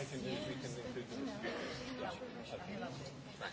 I can do, we can include the. Yeah.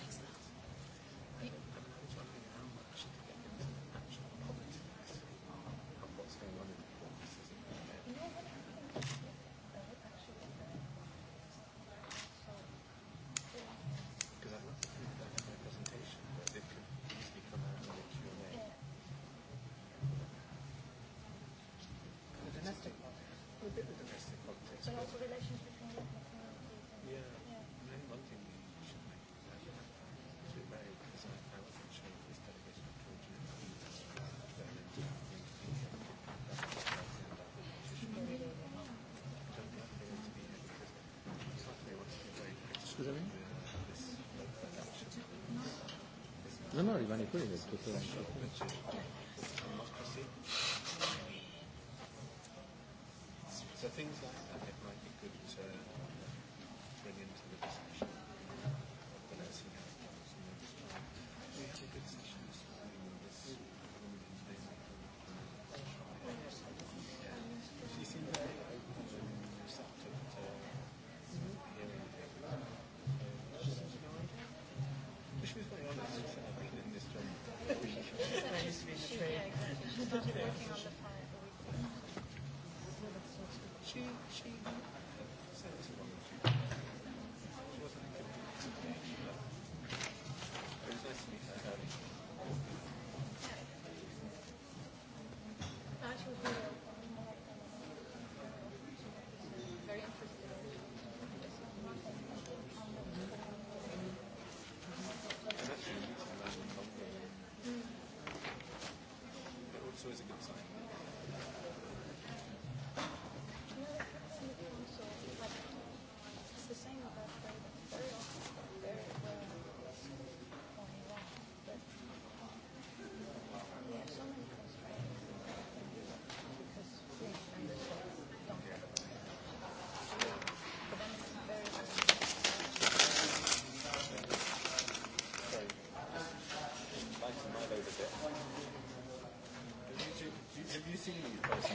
Scusami? No, no, rimane quello del tutto lasciato. So things like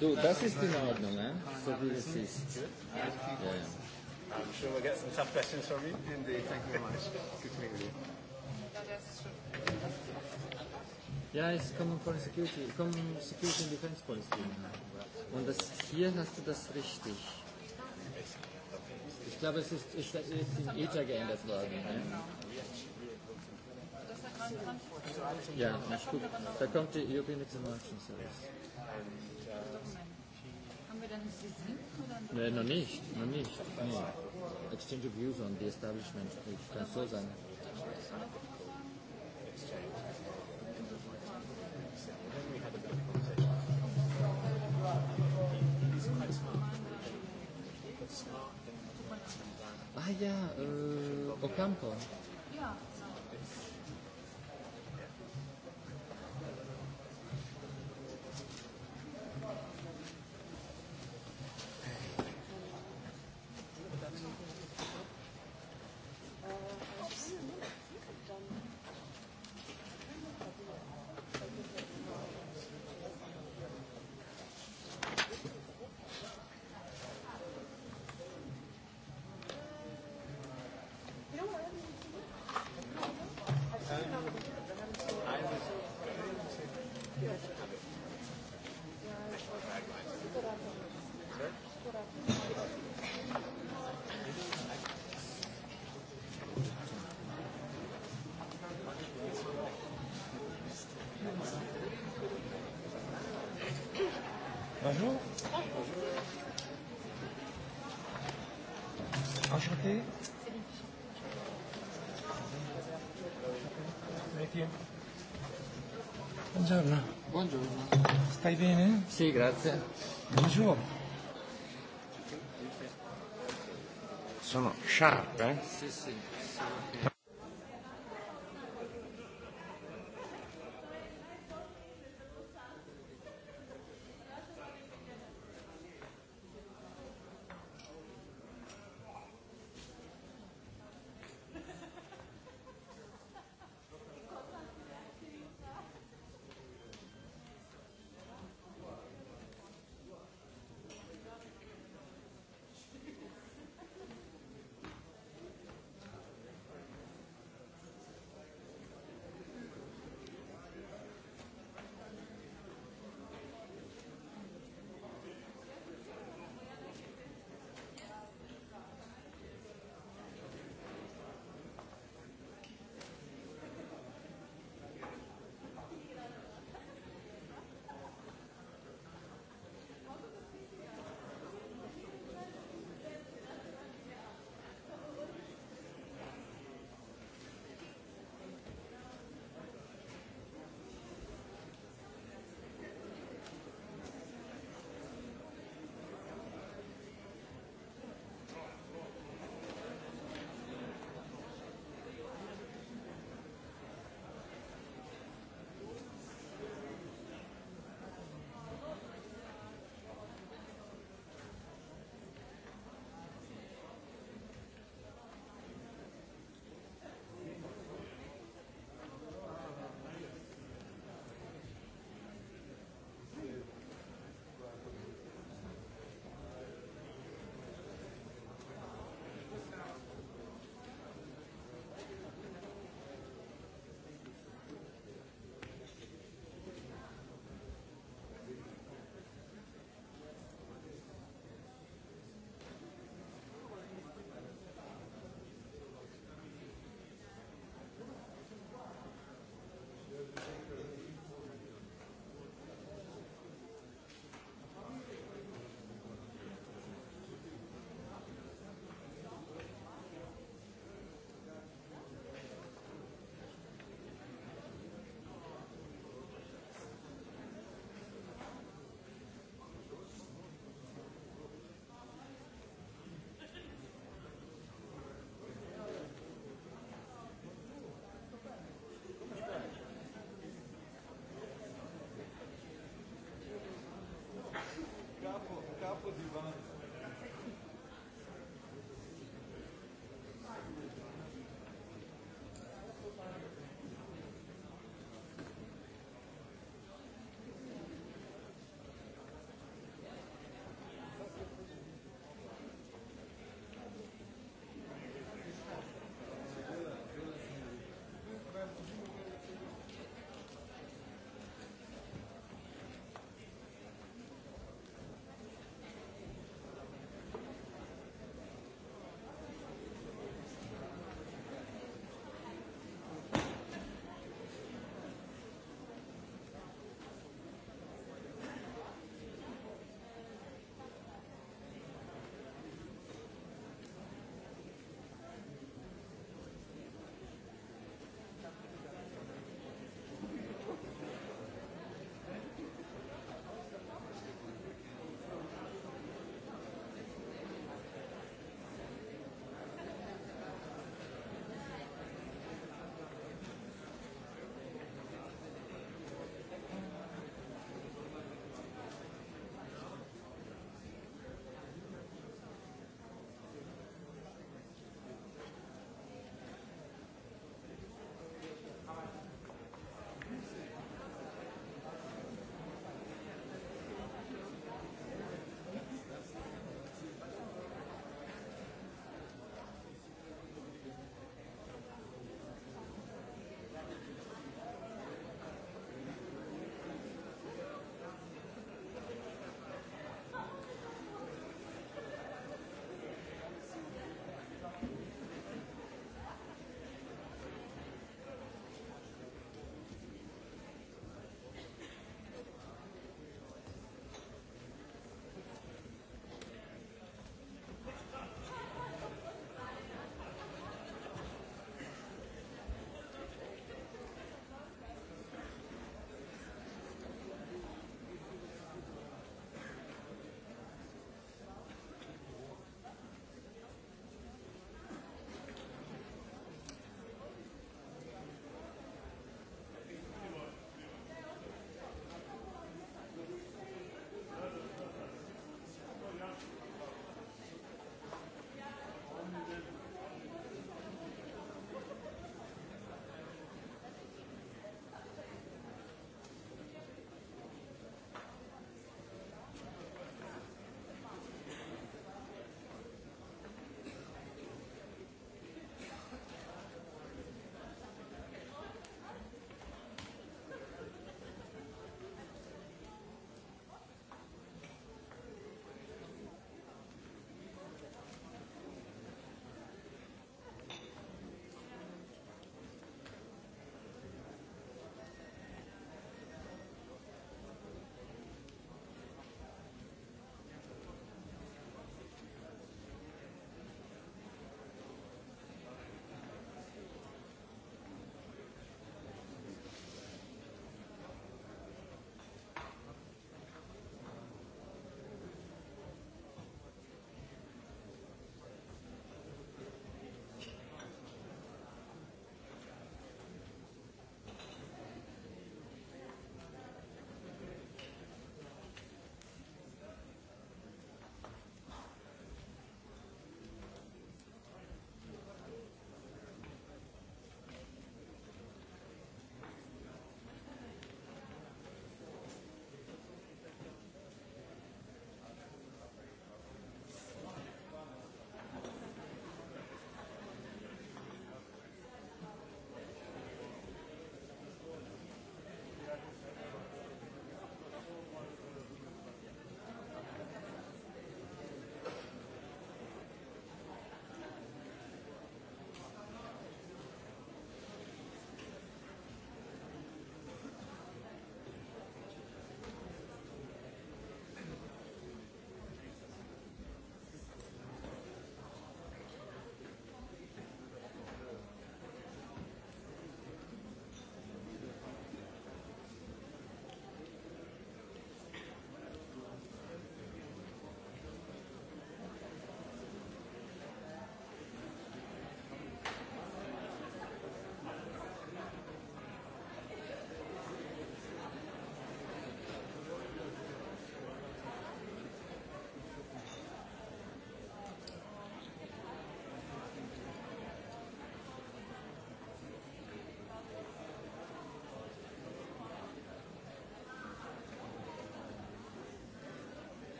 Du, das ist in Ordnung, eh? so wie es ist. Ja, ja. I'm sure we'll get some tough questions from you. Indeed, thank you very much. Good to meet with you. Ja, ich komme von Security, ich komme Security and Defense Policy. Und das hier hast du das richtig. Ich glaube, es ist, ist, ist in ETA geändert worden. Ne? Ja, das gut. Da kommt die European Examination Service. Haben wir dann das oder? Nee, noch nicht, noch nicht. Nee. Exchange of views on the establishment, ich kann so sagen. Ah ja, äh, Ocampo. Buongiorno. Buongiorno. Stai bene? Sì, grazie. Bonjour. Sono sharp, eh? Sì, sì.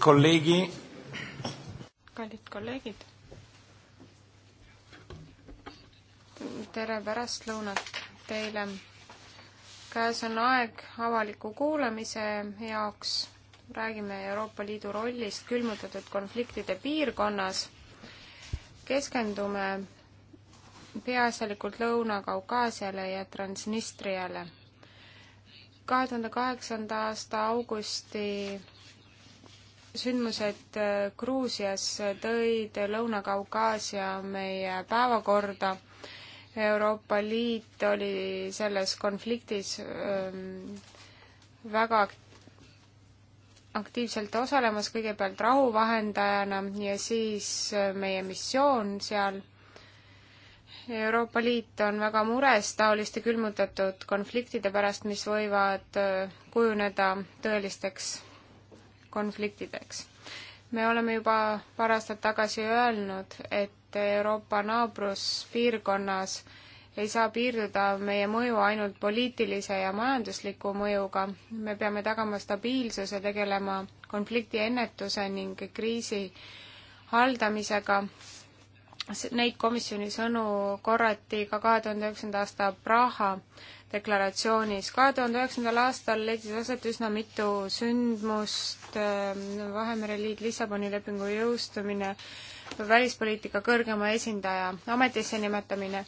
kolleegi. kallid kolleegid. tere pärastlõunat teile. käes on aeg avaliku kuulamise jaoks. räägime Euroopa Liidu rollist külmutatud konfliktide piirkonnas. keskendume peaasjalikult Lõuna-Kaukaasiale ja Transnistriale kahe tuhande kaheksanda aasta augusti sündmused äh, Gruusias tõid Lõuna-Kaukaasia meie päevakorda. Euroopa Liit oli selles konfliktis ähm, väga aktiivselt osalemas, kõigepealt rahuvahendajana ja siis äh, meie missioon seal. Euroopa Liit on väga mures taoliste külmutatud konfliktide pärast, mis võivad äh, kujuneda tõelisteks konfliktideks. me oleme juba paar aastat tagasi öelnud, et Euroopa naabruspiirkonnas ei saa piirduda meie mõju ainult poliitilise ja majandusliku mõjuga, me peame tagama stabiilsuse, tegelema konflikti ennetuse ning kriisi haldamisega. Neid komisjoni sõnu korrati ka kahe tuhande üheksanda aasta Praha deklaratsioonis. kahe tuhande üheksandal aastal leidis aset üsna mitu sündmust, ähm, Vahemere Liit, Lissaboni lepingu jõustumine, välispoliitika kõrgema esindaja ametisse nimetamine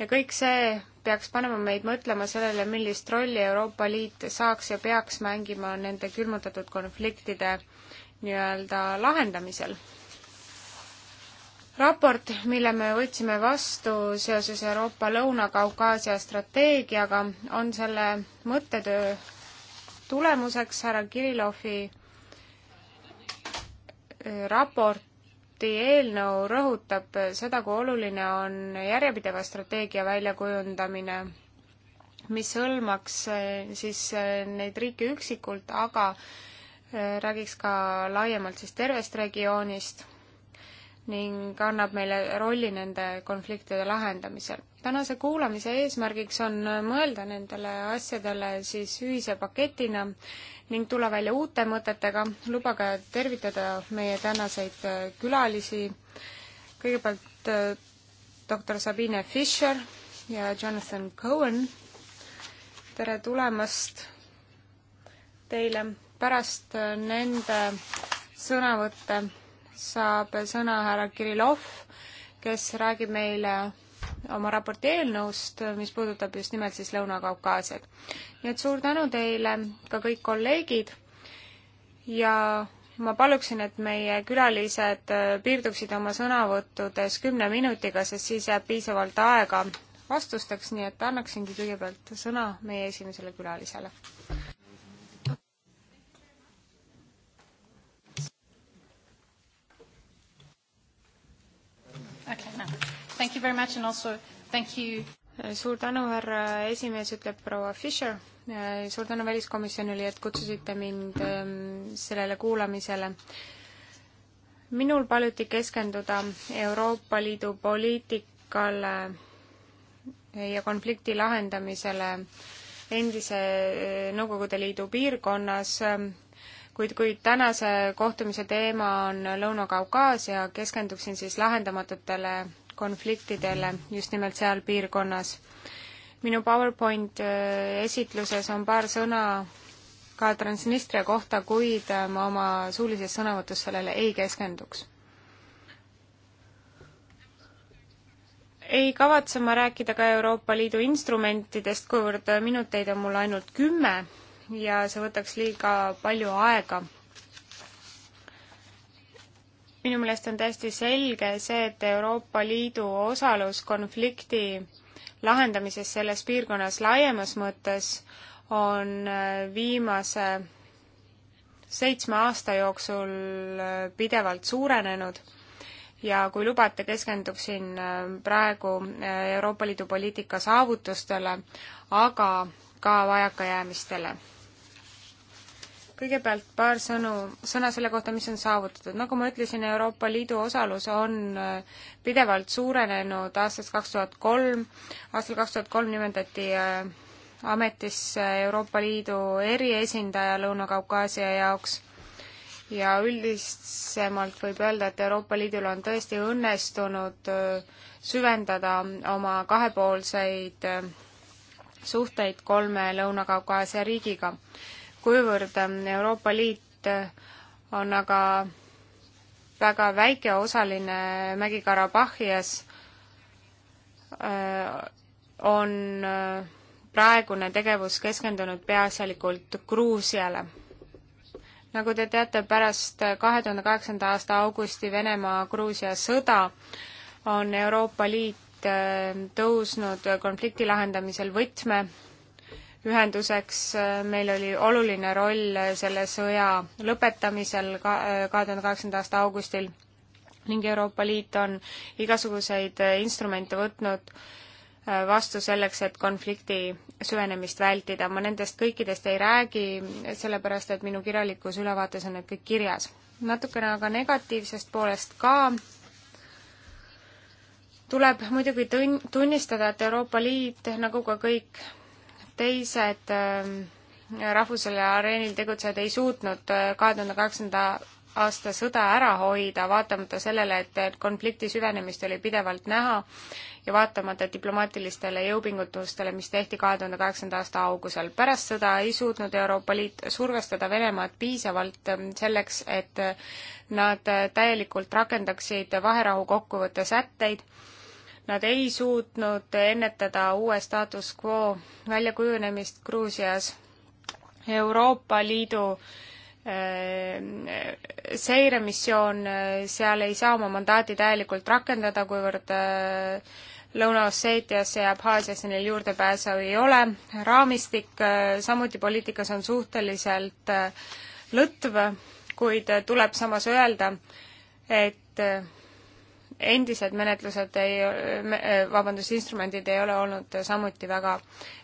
ja kõik see peaks panema meid mõtlema sellele, millist rolli Euroopa Liit saaks ja peaks mängima nende külmutatud konfliktide nii-öelda lahendamisel raport, mille me võtsime vastu seoses Euroopa Lõuna-Kaukaasia strateegiaga, on selle mõttetöö tulemuseks härra Kirillovi äh, raporti eelnõu rõhutab seda, kui oluline on järjepideva strateegia väljakujundamine, mis hõlmaks äh, siis äh, neid riike üksikult, aga räägiks ka laiemalt siis tervest regioonist ning annab meile rolli nende konfliktide lahendamisel. tänase kuulamise eesmärgiks on mõelda nendele asjadele siis ühise paketina ning tulla välja uute mõtetega. lubage tervitada meie tänaseid äh, külalisi. kõigepealt äh, doktor Sabine Fischer ja Jonathan Cohen. tere tulemast teile pärast äh, nende sõnavõtte saab sõna härra Kirillov, kes räägib meile oma raporti eelnõust, mis puudutab just nimelt siis Lõuna-Kaukaasiat. nii et suur tänu teile, ka kõik kolleegid ja ma paluksin, et meie külalised piirduksid oma sõnavõttudes kümne minutiga, sest siis jääb piisavalt aega vastusteks, nii et annaksingi kõigepealt sõna meie esimesele külalisele. Thank you very much and also thank you suur tänu, härra esimees, ütleb proua Fischer. Eh, suur tänu väliskomisjonile, et kutsusite mind ehm, sellele kuulamisele. minul paluti keskenduda Euroopa Liidu poliitikale ja konflikti lahendamisele endise eh, Nõukogude Liidu piirkonnas, ehm, kuid, kuid tänase kohtumise teema on Lõuna-Kaukaasia, keskenduksin siis lahendamatutele konfliktidele just nimelt seal piirkonnas. minu PowerPoint äh, esitluses on paar sõna ka Transnistria kohta, kuid äh, ma oma suulises sõnavõtus sellele ei keskenduks. ei kavatse ma rääkida ka Euroopa Liidu instrumentidest, kuivõrd minuteid on mul ainult kümme ja see võtaks liiga palju aega minu meelest on täiesti selge see, et Euroopa Liidu osalus konflikti lahendamises selles piirkonnas laiemas mõttes on äh, viimase seitsme aasta jooksul äh, pidevalt suurenenud ja kui lubate, keskenduksin äh, praegu Euroopa Liidu poliitika saavutustele, aga ka vajakajäämistele kõigepealt paar sõnu, sõna selle kohta, mis on saavutatud. nagu ma ütlesin, Euroopa Liidu osalus on äh, pidevalt suurenenud aastast kaks tuhat kolm, aastal kaks tuhat kolm nimetati äh, ametisse Euroopa Liidu eriesindaja Lõuna-Kaukaasia jaoks ja üldisemalt võib öelda, et Euroopa Liidul on tõesti õnnestunud äh, süvendada oma kahepoolseid suhteid kolme Lõuna-Kaukaasia riigiga kuivõrd ähm, Euroopa Liit äh, on aga väga väike osaline Mägi-Karabahhias, äh, on äh, praegune tegevus keskendunud peaasjalikult Gruusiale. nagu te teate, pärast kahe tuhande kaheksanda aasta augusti Venemaa-Gruusia sõda on Euroopa Liit tõusnud konflikti lahendamisel võtme ühenduseks, äh, meil oli oluline roll äh, selle sõja lõpetamisel ka äh, kahe tuhande kaheksanda aasta augustil ning Euroopa Liit on igasuguseid instrumente võtnud vastu selleks, et konflikti süvenemist vältida. ma nendest kõikidest ei räägi, sellepärast et minu kirjalikus ülevaates on need kõik kirjas. natukene aga negatiivsest poolest ka tuleb muidugi tunnistada, et Euroopa Liit, nagu ka kõik teised ähm, rahvusel ja areenil tegutsejad ei suutnud äh, kahe tuhande kaheksanda aasta sõda ära hoida, vaatamata sellele, et konflikti süvenemist oli pidevalt näha ja vaatamata diplomaatilistele jõupingutustele, mis tehti kahe tuhande kaheksanda aasta augusel. pärast sõda ei suutnud Euroopa Liit survestada Venemaad piisavalt ähm, selleks, et äh, nad äh, täielikult rakendaksid vaherahu kokkuvõtte sätteid Nad ei suutnud ennetada uue status quo väljakujunemist Gruusias. Euroopa Liidu eh, seiremissioon eh, seal ei saa oma mandaati täielikult rakendada, kuivõrd eh, Lõuna-Osseetiasse ja Abhaasiasse neil juurdepääsu ei ole. raamistik samuti poliitikas on suhteliselt lõtv, kuid tuleb samas öelda, et endised menetlused ei, vabandust, instrumendid ei ole olnud samuti väga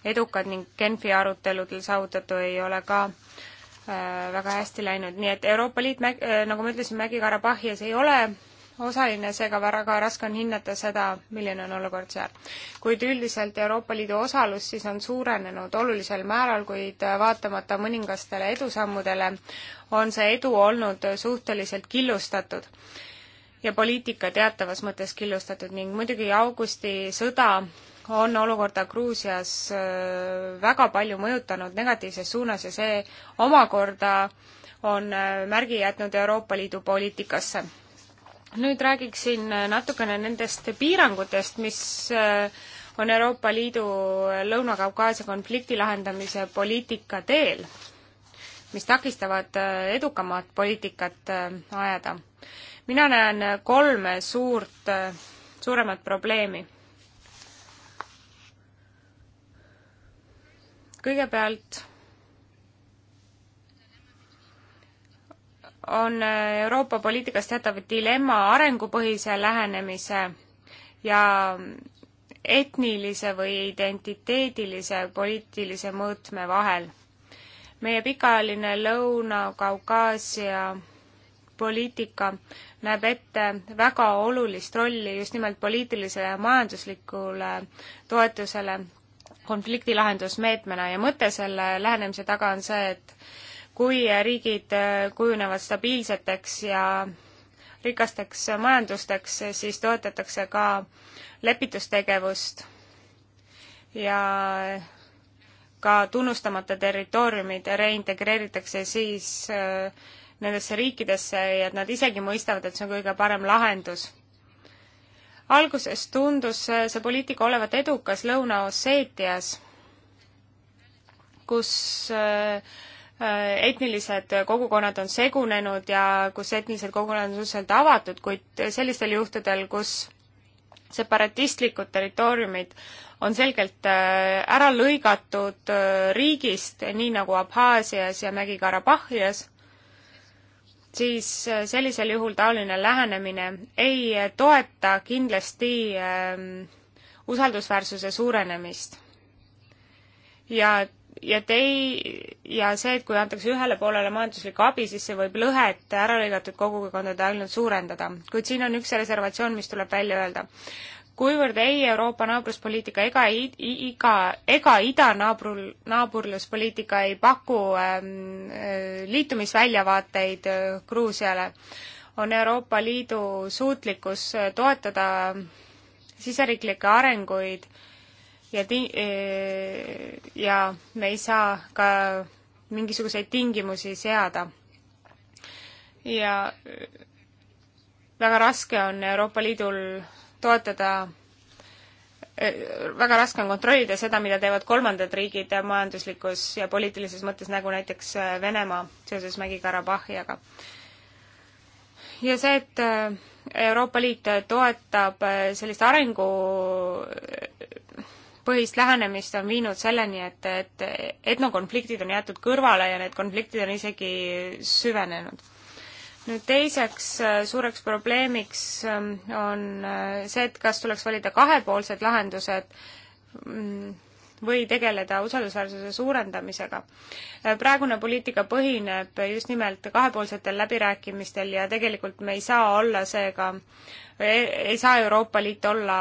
edukad ning Genfi aruteludel saavutatu ei ole ka äh, väga hästi läinud, nii et Euroopa Liit, äh, nagu ma ütlesin, Mägi-Karabahhias ei ole osaline, seega väga raske on hinnata seda, milline on olukord seal. kuid üldiselt Euroopa Liidu osalus siis on suurenenud olulisel määral, kuid äh, vaatamata mõningastele edusammudele on see edu olnud suhteliselt killustatud ja poliitika teatavas mõttes killustatud ning muidugi augusti sõda on olukorda Gruusias äh, väga palju mõjutanud negatiivses suunas ja see omakorda on äh, märgi jätnud Euroopa Liidu poliitikasse. nüüd räägiksin äh, natukene nendest piirangutest, mis on Euroopa Liidu Lõuna-Kaukaasia konflikti lahendamise poliitika teel, mis takistavad edukamat poliitikat ajada mina näen kolme suurt, suuremat probleemi. kõigepealt on Euroopa poliitikast teatav dilemma arengupõhise lähenemise ja etnilise või identiteedilise poliitilise mõõtme vahel. meie pikaajaline Lõuna-Kaukaasia poliitika näeb ette väga olulist rolli just nimelt poliitilisele ja majanduslikule toetusele konflikti lahendusmeetmena ja mõte selle lähenemise taga on see, et kui riigid kujunevad stabiilseteks ja rikasteks majandusteks, siis toetatakse ka lepitustegevust ja ka tunnustamata territooriumid reintegreeritakse siis äh, nendesse riikidesse ja et nad isegi mõistavad, et see on kõige parem lahendus. alguses tundus see poliitika olevat edukas Lõuna-Osseetias, kus äh, äh, etnilised kogukonnad on segunenud ja kus etnilised kogukonnad on suhteliselt avatud, kuid sellistel juhtudel, kus separatistlikud territooriumid on selgelt äh, ära lõigatud riigist, nii nagu Abhaasias ja Mägi-Karabahhias, siis äh, sellisel juhul taoline lähenemine ei äh, toeta kindlasti ähm, usaldusväärsuse suurenemist. ja, ja tei-, ja see, et kui antakse ühele poolele majanduslikku abi, siis see võib lõhet äralõigatud kogukondade ainult suurendada. kuid siin on üks reservatsioon, mis tuleb välja öelda kuivõrd ei Euroopa naabruspoliitika ega iga, ega idanaabrul, naabruspoliitika ei paku ähm, äh, liitumisväljavaateid äh, Gruusiale, on Euroopa Liidu suutlikkus äh, toetada siseriiklikke arenguid ja ti-, äh, ja me ei saa ka mingisuguseid tingimusi seada. ja äh, väga raske on Euroopa Liidul toetada eh, väga raske on kontrollida seda, mida teevad kolmandad riigid majanduslikus ja poliitilises mõttes, nagu näiteks eh, Venemaa seoses Mägi-Karabahhiaga. ja see, et eh, Euroopa Liit toetab sellist arengu põhist lähenemist on viinud selleni, et, et etnokonfliktid on jäetud kõrvale ja need konfliktid on isegi süvenenud nüüd teiseks äh, suureks probleemiks ähm, on äh, see, et kas tuleks valida kahepoolsed lahendused mm, või tegeleda usaldusväärsuse suurendamisega. Äh, praegune poliitika põhineb just nimelt kahepoolsetel läbirääkimistel ja tegelikult me ei saa olla seega, e, ei saa Euroopa Liit olla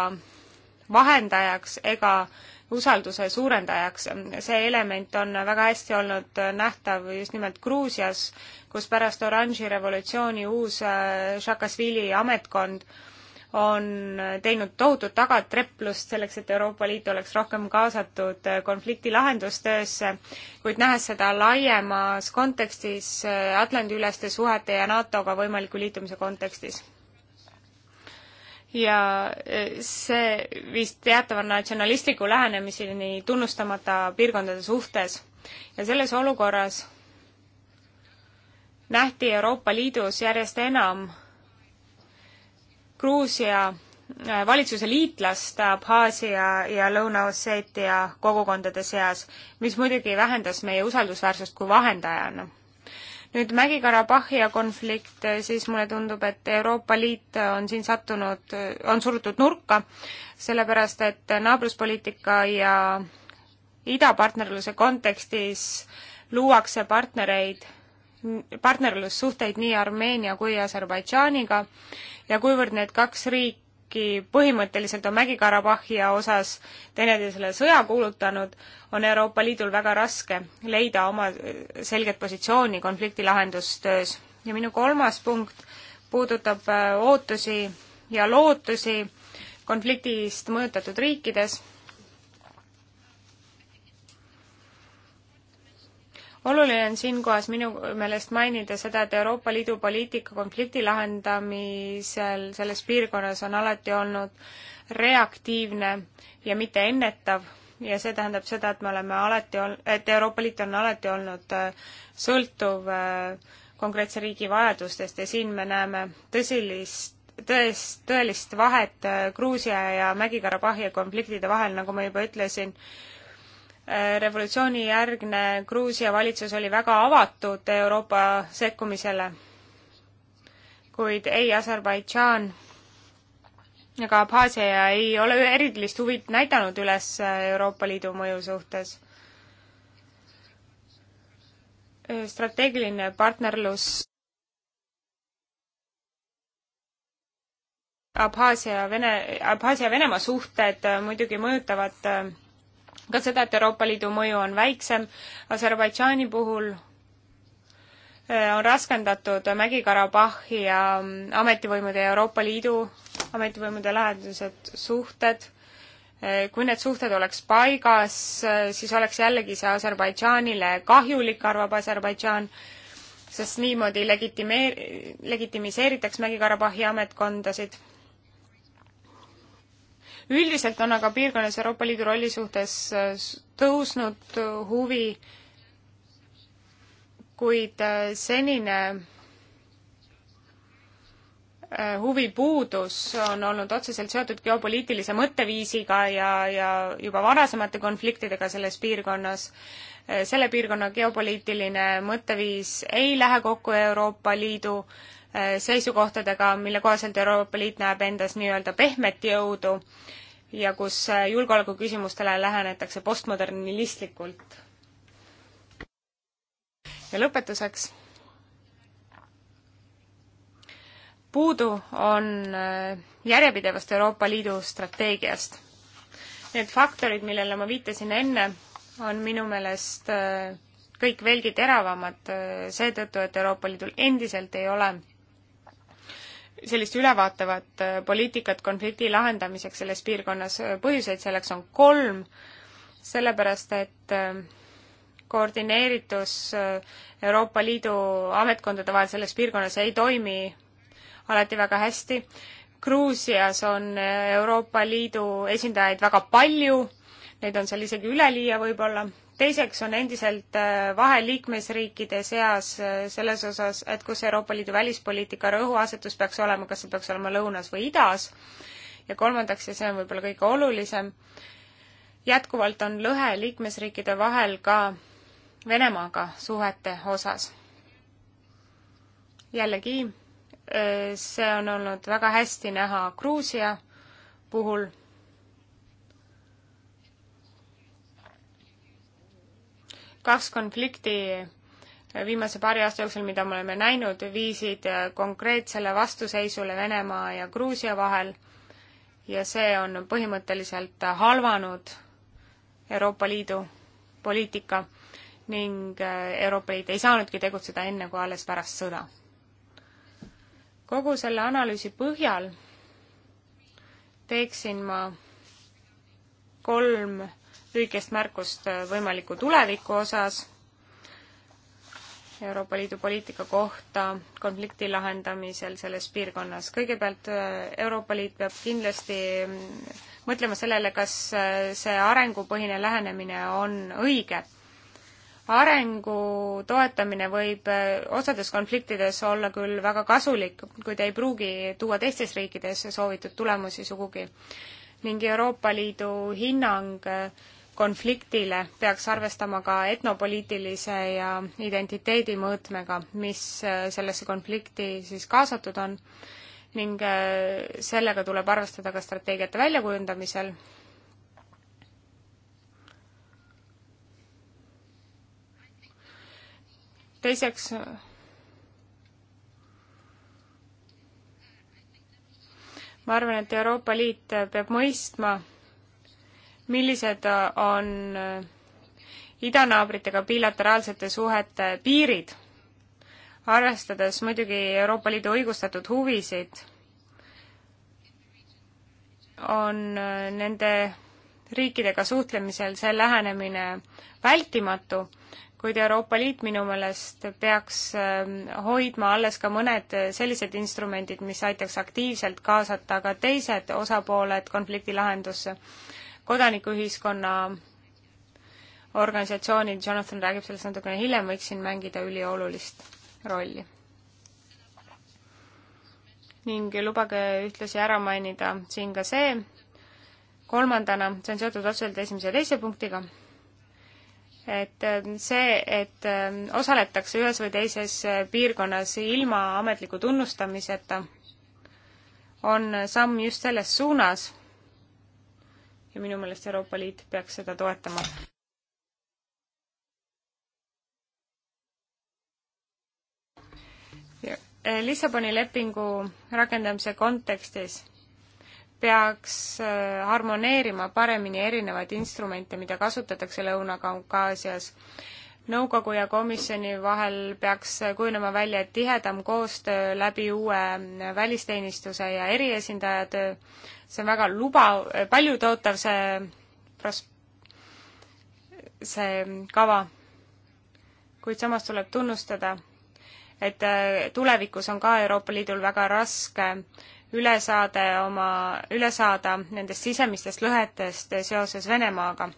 vahendajaks ega äh, usalduse suurendajaks. see element on väga hästi olnud nähtav just nimelt Gruusias, kus pärast oranži revolutsiooni uus Šakašvili äh, ametkond on teinud tohutut tagatreplust selleks, et Euroopa Liit oleks rohkem kaasatud äh, konflikti lahendustöösse, kuid nähes seda laiemas kontekstis äh, Atlandi-üleste suhete ja NATO-ga võimaliku liitumise kontekstis ja e, see viis teatava natsionalistliku lähenemiseni tunnustamata piirkondade suhtes. ja selles olukorras nähti Euroopa Liidus järjest enam Gruusia e, valitsuse liitlast Abhaasia ja Lõuna-Osseetia kogukondade seas, mis muidugi vähendas meie usaldusväärsust kui vahendajana nüüd Mägi-Karabahhia konflikt, siis mulle tundub, et Euroopa Liit on siin sattunud, on surutud nurka, sellepärast et naabruspoliitika ja idapartnerluse kontekstis luuakse partnereid, partnerlussuhteid nii Armeenia kui Aserbaidžaaniga ja kuivõrd need kaks riiki kuigi põhimõtteliselt on Mägi-Karabahhia osas teineteisele sõja kuulutanud, on Euroopa Liidul väga raske leida oma äh, selget positsiooni konflikti lahendustöös. ja minu kolmas punkt puudutab äh, ootusi ja lootusi konfliktist mõjutatud riikides oluline on siinkohas minu meelest mainida seda, et Euroopa Liidu poliitika konflikti lahendamisel selles piirkonnas on alati olnud reaktiivne ja mitte ennetav ja see tähendab seda, et me oleme alati ol-, et Euroopa Liit on alati olnud äh, sõltuv äh, konkreetse riigi vajadustest ja siin me näeme tõsilist tõest, tõelist vahet äh, Gruusia ja Mägi-Karabahhi konfliktide vahel, nagu ma juba ütlesin, revolutsioonijärgne Gruusia valitsus oli väga avatud Euroopa sekkumisele, kuid ei Aserbaidžaan ega Abhaasia ei ole erilist huvit näidanud üles Euroopa Liidu mõju suhtes. strateegiline partnerlus Abhaasia, Vene, Abhaasia-Venemaa suhted muidugi mõjutavad ka seda, et Euroopa Liidu mõju on väiksem. Aserbaidžaani puhul äh, on raskendatud Mägi-Karabahhi ja mm, ametivõimude ja Euroopa Liidu ametivõimude lahendused, suhted. Äh, kui need suhted oleks paigas, äh, siis oleks jällegi see Aserbaidžaanile kahjulik, arvab Aserbaidžaan, sest niimoodi legitimeer-, legitimiseeritaks Mägi-Karabahhi ametkondasid üldiselt on aga piirkonnas Euroopa Liidu rolli suhtes äh, tõusnud äh, huvi, kuid äh, senine huvipuudus on olnud otseselt seotud geopoliitilise mõtteviisiga ja, ja juba varasemate konfliktidega selles piirkonnas. selle piirkonna geopoliitiline mõtteviis ei lähe kokku Euroopa Liidu äh, Äh, seisukohtadega, mille kohaselt Euroopa Liit näeb endas nii-öelda pehmet jõudu ja kus äh, julgeolekuküsimustele lähenetakse postmodernistlikult. ja lõpetuseks. puudu on äh, järjepidevast Euroopa Liidu strateegiast. Need faktorid, millele ma viitasin enne, on minu meelest kõik veelgi teravamad seetõttu, et Euroopa Liidul endiselt ei ole sellist ülevaatavat äh, poliitikat konflikti lahendamiseks selles piirkonnas, äh, põhjuseid selleks on kolm, sellepärast et äh, koordineeritus Euroopa Liidu ametkondade vahel selles piirkonnas ei toimi alati väga hästi. Gruusias on Euroopa Liidu esindajaid väga palju, neid on seal isegi üleliia võib-olla teiseks on endiselt äh, vahe liikmesriikide seas äh, selles osas, et kus Euroopa Liidu välispoliitika rõhuasetus peaks olema, kas see peaks olema lõunas või idas. ja kolmandaks, ja see on võib-olla kõige olulisem, jätkuvalt on lõhe liikmesriikide vahel ka Venemaaga suhete osas. jällegi, äh, see on olnud väga hästi näha Gruusia puhul kaks konflikti viimase paari aasta jooksul, mida me oleme näinud, viisid konkreetsele vastuseisule Venemaa ja Gruusia vahel ja see on põhimõtteliselt halvanud Euroopa Liidu poliitika ning Euroopa Liit ei saanudki tegutseda enne kui alles pärast sõda. kogu selle analüüsi põhjal teeksin ma kolm lühikest märkust äh, võimaliku tuleviku osas Euroopa Liidu poliitika kohta konflikti lahendamisel selles piirkonnas. kõigepealt äh, Euroopa Liit peab kindlasti mm, mõtlema sellele, kas äh, see arengupõhine lähenemine on õige. arengu toetamine võib osades konfliktides olla küll väga kasulik, kuid ei pruugi tuua teistes riikides soovitud tulemusi sugugi. ning Euroopa Liidu hinnang konfliktile peaks arvestama ka etnopoliitilise ja identiteedi mõõtmega, mis äh, sellesse konflikti siis kaasatud on ning äh, sellega tuleb arvestada ka strateegiate väljakujundamisel. teiseks ma arvan, et Euroopa Liit peab mõistma, millised on idanaabritega bilateraalsete suhete piirid, arvestades muidugi Euroopa Liidu õigustatud huvisid, on nende riikidega suhtlemisel see lähenemine vältimatu, kuid Euroopa Liit minu meelest peaks ähm, hoidma alles ka mõned sellised instrumendid, mis aitaks aktiivselt kaasata ka teised osapooled konflikti lahendusse kodanikuühiskonna organisatsioonid, Jonathan räägib sellest natukene hiljem, võiks siin mängida üliolulist rolli. ning lubage ühtlasi ära mainida siin ka see, kolmandana, see on seotud otseselt esimese ja teise punktiga, et äh, see, et äh, osaletakse ühes või teises äh, piirkonnas ilma ametliku tunnustamiseta, on samm just selles suunas ja minu meelest Euroopa Liit peaks seda toetama. Eh, Lissaboni lepingu rakendamise kontekstis peaks eh, harmoneerima paremini erinevaid instrumente, mida kasutatakse Lõuna-Kaukaasias nõukogu ja komisjoni vahel peaks kujunema välja tihedam koostöö läbi uue välisteenistuse ja eriesindaja töö. see on väga luba, paljutootav see pros-, see kava. kuid samas tuleb tunnustada, et äh, tulevikus on ka Euroopa Liidul väga raske üle saada oma, üle saada nendest sisemistest lõhetest seoses Venemaaga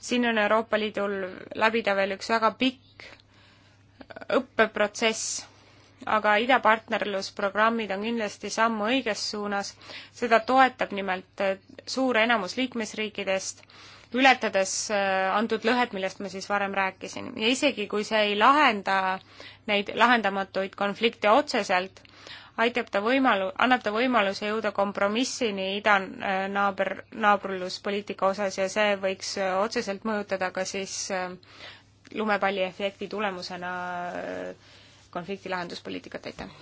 siin on Euroopa Liidul läbida veel üks väga pikk õppeprotsess, aga idapartnerlusprogrammid on kindlasti samm õiges suunas, seda toetab nimelt äh, suur enamus liikmesriikidest, ületades äh, antud lõhed, millest ma siis varem rääkisin. ja isegi, kui see ei lahenda neid lahendamatuid konflikte otseselt, aitab ta võimalu-, annab ta võimaluse jõuda kompromissini idanaaber, äh, naabruspoliitika osas ja see võiks äh, otseselt mõjutada ka siis äh, lumepalliefekti tulemusena konflikti lahenduspoliitikat, aitäh!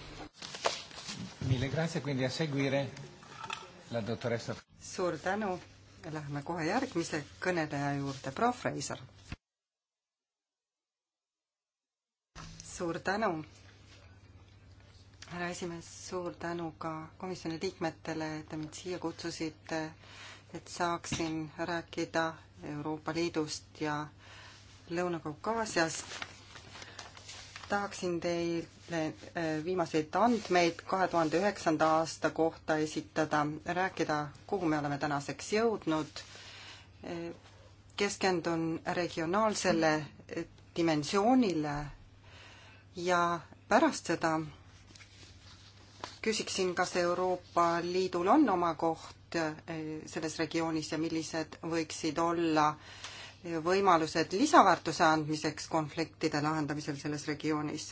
suur tänu ja läheme kohe järgmise kõneleja juurde, proua Freiser. suur tänu härra esimees, suur tänu ka komisjoni liikmetele, et te mind siia kutsusite, et saaksin rääkida Euroopa Liidust ja Lõuna-Kaukaasiast tahaksin teile eh, viimaseid andmeid kahe tuhande üheksanda aasta kohta esitada, rääkida, kuhu me oleme tänaseks jõudnud. Eh, keskendun regionaalsele eh, dimensioonile ja pärast seda küsiksin, kas Euroopa Liidul on oma koht eh, selles regioonis ja millised võiksid olla võimalused lisaväärtuse andmiseks konfliktide lahendamisel selles regioonis?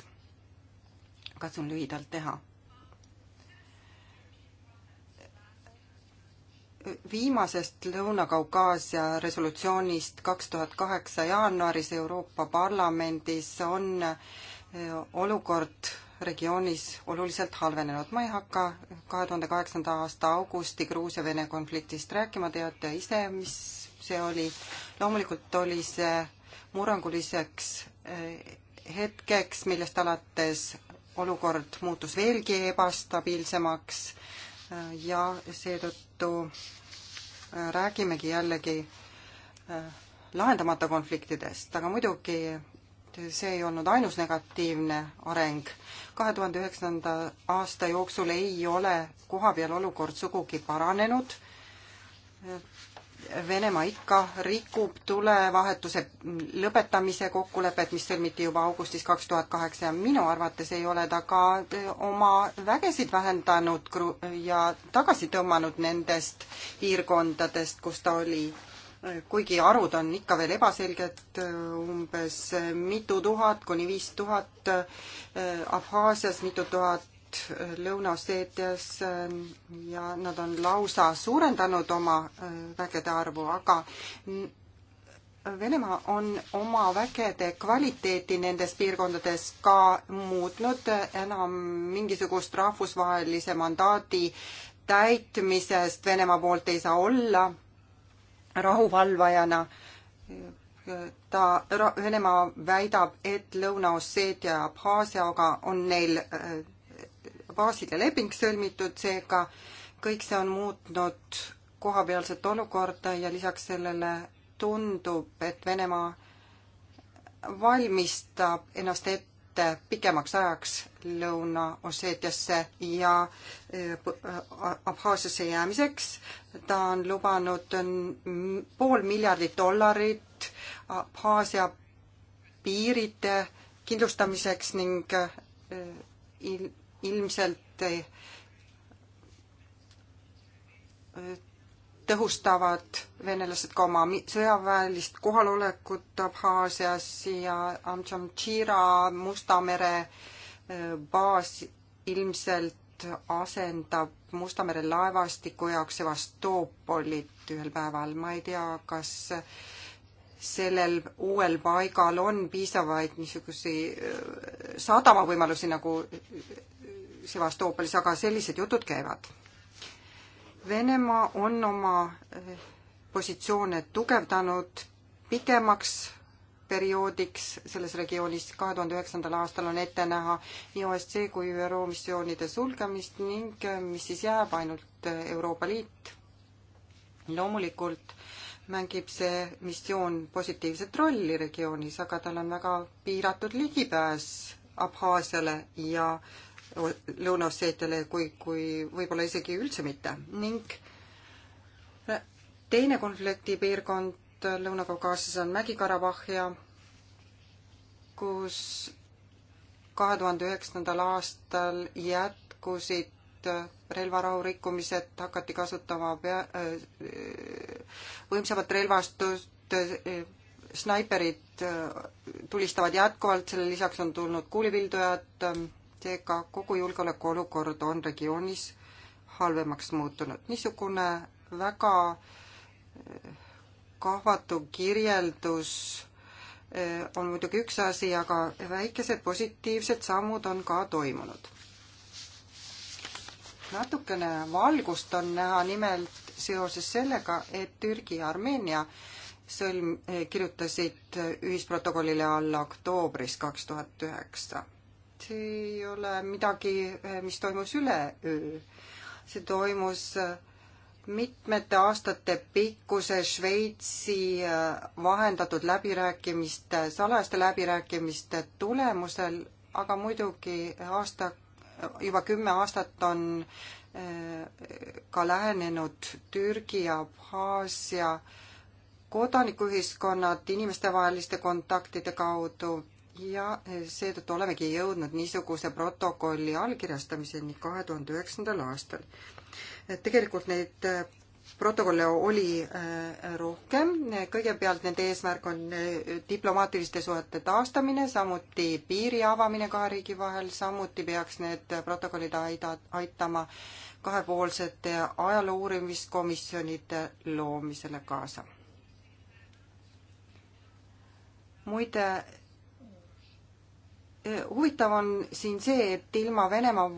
katsun lühidalt teha. viimasest Lõuna-Kaukaasia resolutsioonist kaks tuhat kaheksa jaanuaris Euroopa Parlamendis on eh, olukord regioonis oluliselt halvenenud. ma ei hakka kahe tuhande kaheksanda aasta augusti Gruusia-Vene konfliktist rääkima, teate ise, mis see oli. loomulikult oli see murranguliseks eh, hetkeks, millest alates olukord muutus veelgi ebastabiilsemaks eh, ja seetõttu eh, räägimegi jällegi lahendamata konfliktidest, aga muidugi see ei olnud ainus negatiivne areng. kahe tuhande üheksanda aasta jooksul ei ole kohapeal olukord sugugi paranenud. Venemaa ikka rikub tulevahetuse lõpetamise kokkulepet, mis sõlmiti juba augustis kaks tuhat kaheksa ja minu arvates ei ole ta ka oma vägesid vähendanud ja tagasi tõmmanud nendest piirkondadest, kus ta oli kuigi arvud on ikka veel ebaselged, umbes mitu tuhat kuni viis tuhat äh, Abhaasias, mitu tuhat äh, Lõuna-Osseetias äh, ja nad on lausa suurendanud oma vägede arvu, aga Venemaa on oma vägede kvaliteeti nendes piirkondades ka muutnud, enam mingisugust rahvusvahelise mandaadi täitmisest Venemaa poolt ei saa olla rahuvalvajana. ta, Venemaa väidab, et Lõuna-Osseetia ja Abhaasiaga on neil äh, baaside leping sõlmitud, seega kõik see on muutnud kohapealset olukorda ja lisaks sellele tundub, et Venemaa valmistab ennast ette pikemaks ajaks Lõuna-Osseetiasse ja äh, Abhaasiasse jäämiseks. ta on lubanud pool miljardit dollarit Abhaasia piiride kindlustamiseks ning äh, il-, ilmselt äh, tõhustavad venelased ka oma sõjaväelist kohalolekut Abhaasias ja Amtšamtšira Musta mere äh, baas ilmselt asendab Musta mere laevastiku jaoks Sevastoopolit ühel päeval. ma ei tea, kas sellel uuel paigal on piisavaid niisuguseid äh, sadamavõimalusi nagu Sevastoopolis, aga sellised jutud käivad Venemaa on oma eh, positsioone tugevdanud pikemaks perioodiks selles regioonis kahe tuhande üheksandal aastal on ette näha nii OSCE kui ÜRO missioonide sulgemist ning eh, mis siis jääb, ainult eh, Euroopa Liit. loomulikult mängib see missioon positiivset rolli regioonis, aga tal on väga piiratud ligipääs Abhaasiale ja Lõuna-Osseetiale kui, kui võib-olla isegi üldse mitte ning teine konfliktipiirkond Lõuna-Kaukaasias on Mägi-Karabahhia, kus kahe tuhande üheksandal aastal jätkusid relvarahu rikkumised, hakati kasutama pea- äh,, võimsamat relvastust äh,, snaiperid äh, tulistavad jätkuvalt, selle lisaks on tulnud kuulipildujad äh,, seega kogu julgeolekuolukord on regioonis halvemaks muutunud. niisugune väga eh, kahvatu kirjeldus eh, on muidugi üks asi, aga väikesed positiivsed sammud on ka toimunud. natukene valgust on näha nimelt seoses sellega, et Türgi ja Armeenia sõlm, eh, kirjutasid ühisprotokollile alla oktoobris kaks tuhat üheksa see ei ole midagi, mis toimus üleöö. see toimus mitmete aastate pikkuse Šveitsi vahendatud läbirääkimiste, salajaste läbirääkimiste tulemusel, aga muidugi aasta, juba kümme aastat on eh, ka lähenenud Türgi ja Abhaasia kodanikuühiskonnad inimestevaheliste kontaktide kaudu ja eh, seetõttu olemegi jõudnud niisuguse protokolli allkirjastamiseni kahe tuhande üheksandal aastal. tegelikult neid eh, protokolle oli eh, rohkem, kõigepealt nende eesmärk on diplomaatiliste suhete taastamine, samuti piiri avamine kahe riigi vahel, samuti peaks need protokollid aida, aitama kahepoolsete ajaloo uurimiskomisjonide loomisele kaasa. muide, huvitav on siin see, et ilma Venemaa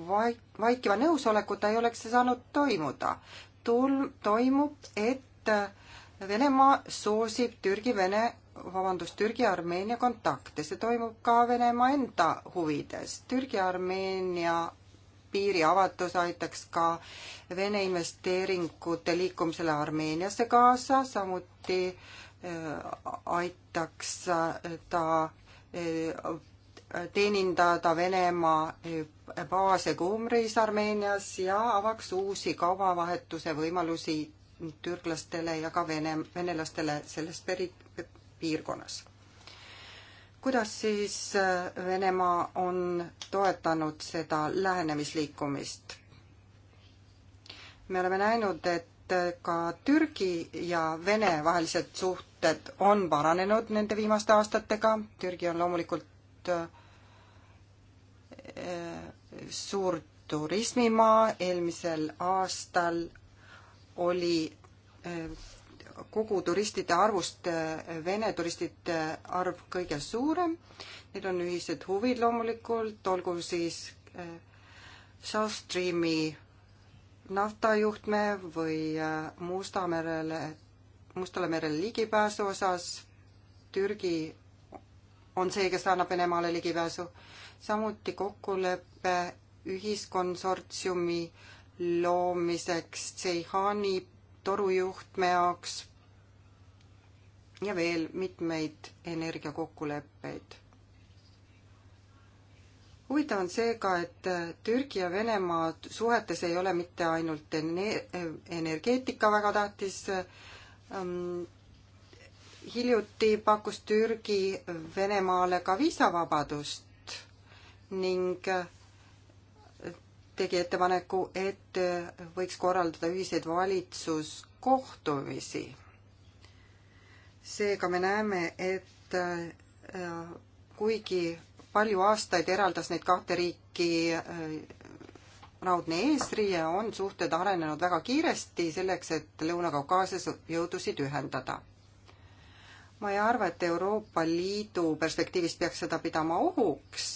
vaikiva nõusolekuta ei oleks see saanud toimuda. Tul-, toimub, et äh, Venemaa soosib Türgi-Vene, vabandust, Türgi-Armeenia kontakte, see toimub ka Venemaa enda huvides. Türgi-Armeenia piiri avatus aitaks ka Vene investeeringute liikumisele Armeeniasse kaasa, samuti äh, aitaks äh, ta äh, teenindada Venemaa baase Kumris Armeenias ja avaks uusi kaubavahetuse võimalusi türklastele ja ka vene, venelastele selles peri-, piirkonnas. kuidas siis äh, Venemaa on toetanud seda lähenemisliikumist? me oleme näinud, et äh, ka Türgi ja Vene vahelised suhted on paranenud nende viimaste aastatega. Türgi on loomulikult suur eh, turismimaa, eelmisel aastal oli eh, kogu turistide arvust eh, Vene turistide arv kõige suurem. Need on ühised huvid loomulikult, olgu siis South Streami naftajuhtme või Musta merele, Mustale merele ligipääsu osas Türgi on see, kes annab Venemaale ligipääsu. samuti kokkulepe ühiskonsortsiumi loomiseks Tseihani torujuhtme jaoks ja veel mitmeid energiakokkuleppeid. huvitav on see ka, et Türgi ja Venemaa suhetes ei ole mitte ainult energeetika väga tähtis ähm, hiljuti pakkus Türgi Venemaale ka viisavabadust ning tegi ettepaneku, et võiks korraldada ühiseid valitsuskohtumisi. seega me näeme, et äh, kuigi palju aastaid eraldas neid kahte riiki äh, raudne eesriie, on suhted arenenud väga kiiresti selleks, et Lõuna-Kaukaasias jõudusid ühendada ma ei arva, et Euroopa Liidu perspektiivist peaks seda pidama ohuks.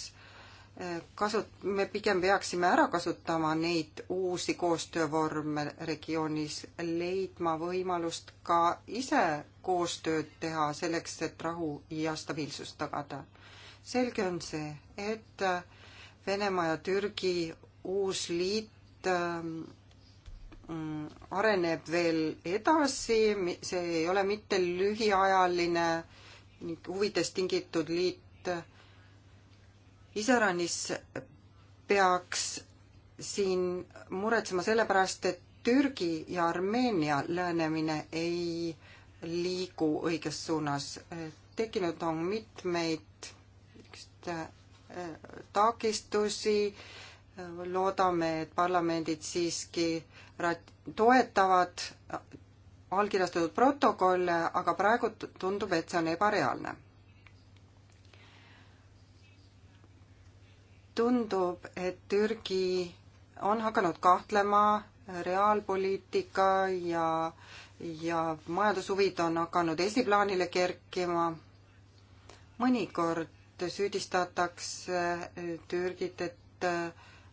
kasut-, me pigem peaksime ära kasutama neid uusi koostöövorme regioonis, leidma võimalust ka ise koostööd teha selleks, et rahu ja stabiilsust tagada. selge on see, et Venemaa ja Türgi uus liit ähm, Mm, areneb veel edasi, see ei ole mitte lühiajaline huvidest tingitud liit. iseäranis peaks siin muretsema selle pärast, et Türgi ja Armeenia lähenemine ei liigu õiges suunas. tekkinud on mitmeid äh, takistusi, loodame, et parlamendid siiski toetavad allkirjastatud protokolle, aga praegu tundub, et see on ebareaalne. tundub, et Türgi on hakanud kahtlema reaalpoliitika ja, ja majandushuvid on hakanud esiplaanile kerkima. mõnikord süüdistatakse Türgit, et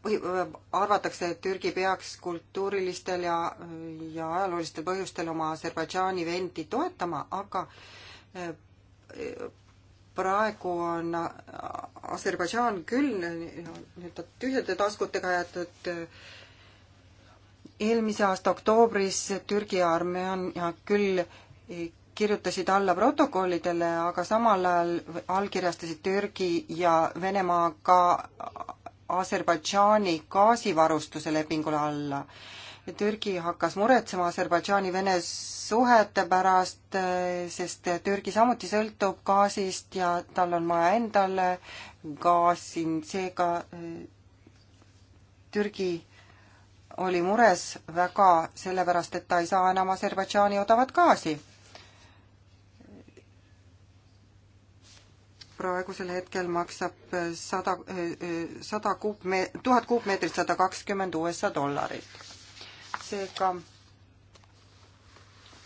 põhi, arvatakse, et Türgi peaks kultuurilistel ja, ja ajaloolistel põhjustel oma Aserbaidžaani vendi toetama, aga praegu on Aserbaidžaan küll nii-öelda tühjade taskutega jäetud eelmise aasta oktoobris Türgi armee on ja küll e, kirjutasid alla protokollidele, aga samal ajal allkirjastasid Türgi ja Venemaa ka Aserbaidžaani gaasivarustuse lepingule alla. Türgi hakkas muretsema Aserbaidžaani-Vene suhete pärast, sest Türgi samuti sõltub gaasist ja tal on vaja endale gaasi, seega eh, Türgi oli mures väga sellepärast, et ta ei saa enam Aserbaidžaani odavat gaasi praegusel hetkel maksab eh, sada, eh, eh, sada kuupme-, tuhat kuupmeetrit sada kakskümmend USA dollarit. seega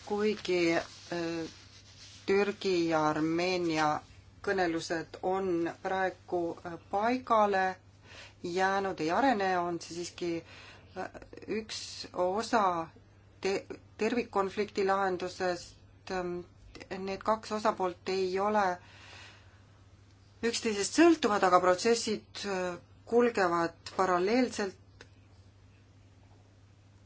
kuigi Türgi ja Armeenia kõnelused on praegu paigale jäänud, ei arene, on see siiski üks osa te-, tervikkonflikti lahendusest, need kaks osapoolt ei ole äh, üksteisest sõltuvad, aga protsessid äh, kulgevad paralleelselt.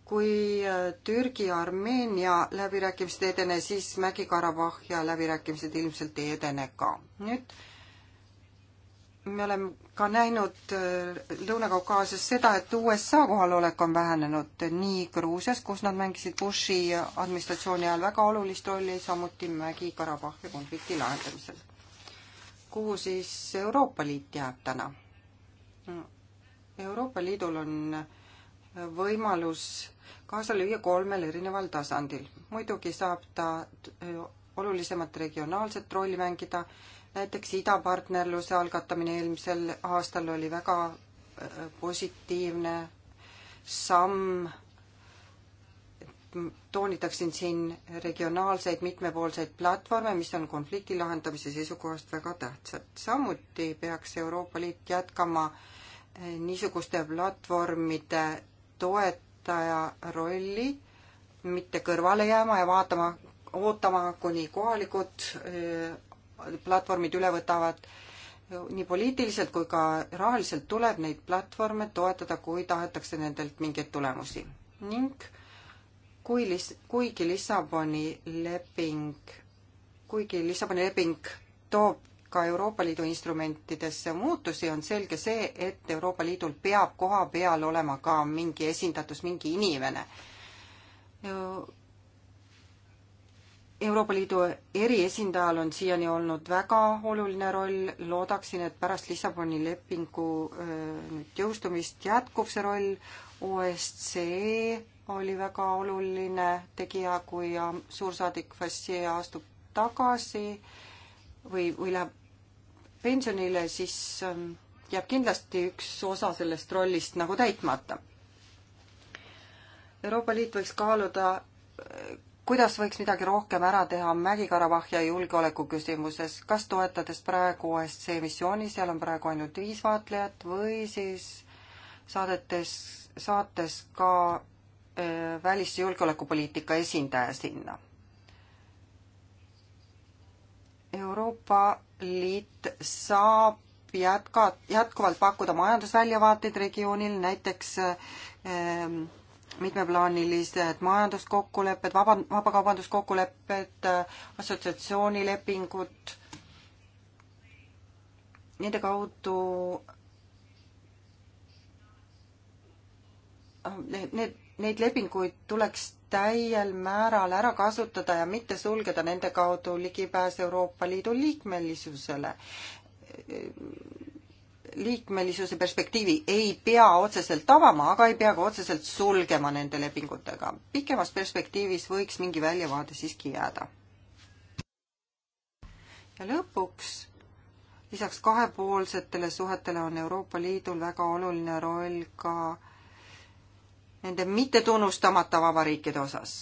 kui äh, Türgi ja Armeenia läbirääkimised ei edene, siis Mägi-Karabahhia läbirääkimised ilmselt ei edene ka. nüüd me oleme ka näinud äh, Lõuna-Kaukaasias seda, et USA kohalolek on vähenenud nii Gruusias, kus nad mängisid Bushi administratsiooni ajal väga olulist rolli, samuti Mägi-Karabahhi konflikti lahendamisel kuhu siis Euroopa Liit jääb täna? Euroopa Liidul on võimalus kaasa lüüa kolmel erineval tasandil. muidugi saab ta äh, olulisemat regionaalset rolli mängida, näiteks idapartnerluse algatamine eelmisel aastal oli väga äh, positiivne samm toonitaksin siin regionaalseid mitmepoolseid platvorme, mis on konflikti lahendamise seisukohast väga tähtsad. samuti peaks Euroopa Liit jätkama eh, niisuguste platvormide toetaja rolli, mitte kõrvale jääma ja vaatama, ootama, kuni kohalikud eh, platvormid üle võtavad. nii poliitiliselt kui ka rahaliselt tuleb neid platvorme toetada, kui tahetakse nendelt mingeid tulemusi. ning äh, kui lis-, kuigi Lissaboni leping, kuigi Lissaboni leping toob ka Euroopa Liidu instrumentidesse muutusi, on selge see, et Euroopa Liidul peab koha peal olema ka mingi esindatus, mingi inimene. Euroopa Liidu eriesindajal on siiani olnud väga oluline roll, loodaksin, et pärast Lissaboni lepingu äh, nüüd jõustumist jätkub see roll, OSCE oli väga oluline tegija, kui suursaadik Fassier astub tagasi või, või läheb pensionile, siis ähm, jääb kindlasti üks osa sellest rollist nagu täitmata. Euroopa Liit võiks kaaluda, äh, kuidas võiks midagi rohkem ära teha Mägi-Karabahhi julgeoleku küsimuses, kas toetades praegu OSCE missiooni, seal on praegu ainult viis vaatlejat, või siis saadetes, saates ka välis- ja julgeolekupoliitika esindaja sinna. Euroopa Liit saab jätka, jätkuvalt pakkuda majandusväljavaateid regioonil, näiteks ähm, mitmeplaanilised majanduskokkulepped, vaba, vabakaubanduskokkulepped, assotsiatsioonilepingud, nende kaudu äh, need, need neid lepinguid tuleks täiel määral ära kasutada ja mitte sulgeda nende kaudu ligipääs Euroopa Liidu liikmelisusele. liikmelisuse perspektiivi ei pea otseselt avama, aga ei pea ka otseselt sulgema nende lepingutega. pikemas perspektiivis võiks mingi väljavaade siiski jääda. ja lõpuks lisaks kahepoolsetele suhetele on Euroopa Liidul väga oluline roll ka äh, nende mittetunnustamata vabariikide osas.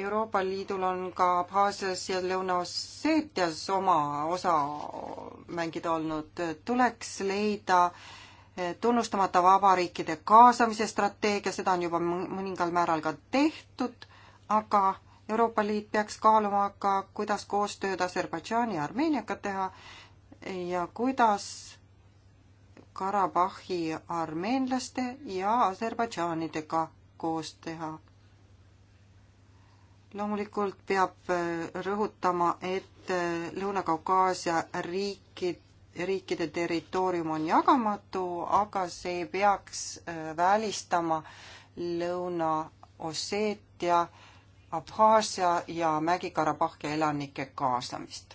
Euroopa Liidul on ka Abhaasias ja Lõuna-Osseetias oma osa mängida olnud, tuleks leida eh, tunnustamata vabariikide kaasamise strateegia, seda on juba mõningal määral ka tehtud, aga Euroopa Liit peaks kaaluma ka, kuidas koostööd Aserbaidžaani ja Armeeniaga teha ja kuidas Karabahhi armeenlaste ja Aserbaidžaanidega koos teha. loomulikult peab äh, rõhutama, et äh, Lõuna-Kaukaasia riikid, riikide territoorium on jagamatu, aga see ei peaks äh, välistama Lõuna-Osseetia, Abhaasia ja Mägi-Karabahhi elanike kaasamist.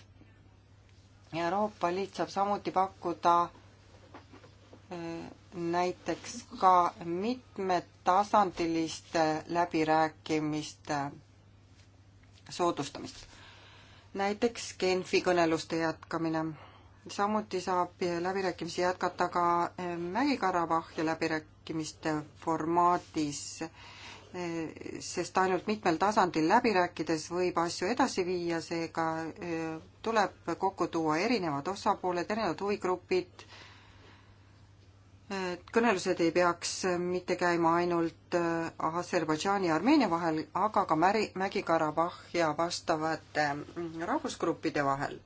Euroopa Liit saab samuti pakkuda näiteks ka mitmetasandiliste läbirääkimiste soodustamist. näiteks Genfi kõneluste jätkamine. samuti saab läbirääkimisi jätkata ka Mägi-Karabahhi läbirääkimiste formaadis, sest ainult mitmel tasandil läbi rääkides võib asju edasi viia, seega eh, tuleb kokku tuua erinevad osapooled, erinevad huvigrupid kõnelused ei peaks äh, mitte käima ainult äh, Aserbaidžaani ja Armeenia vahel, aga ka Märi, Mägi-Karabahh ja vastavate mm, rahvusgruppide vahel.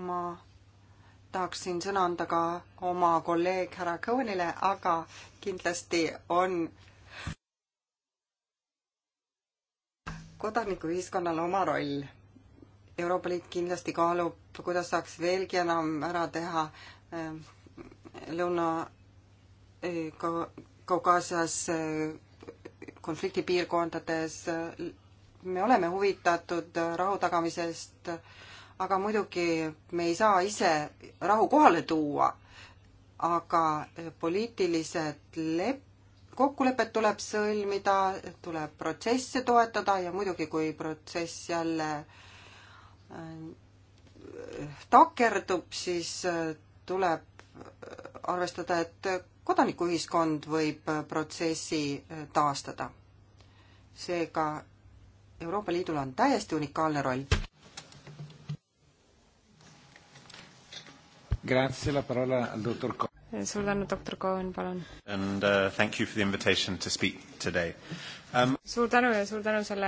ma tahaksin sõna anda ka oma kolleeg härra Cohenile, aga kindlasti on kodanikuühiskonnal oma roll Euroopa Liit kindlasti kaalub, kuidas saaks veelgi enam ära teha ähm, Lõuna äh, Kaukaasias äh, konfliktipiirkondades. Äh, me oleme huvitatud rahu tagamisest, aga muidugi me ei saa ise rahu kohale tuua. aga poliitilised lepped kokkulepped tuleb sõlmida, tuleb protsesse toetada ja muidugi, kui protsess jälle äh, takerdub, siis äh, tuleb äh, arvestada, et kodanikuühiskond võib äh, protsessi taastada. seega Euroopa Liidul on täiesti unikaalne roll. Eh, suur tänu, doktor Cohen, palun. And uh, thank you for the invitation to speak today um.... suur tänu ja suur tänu selle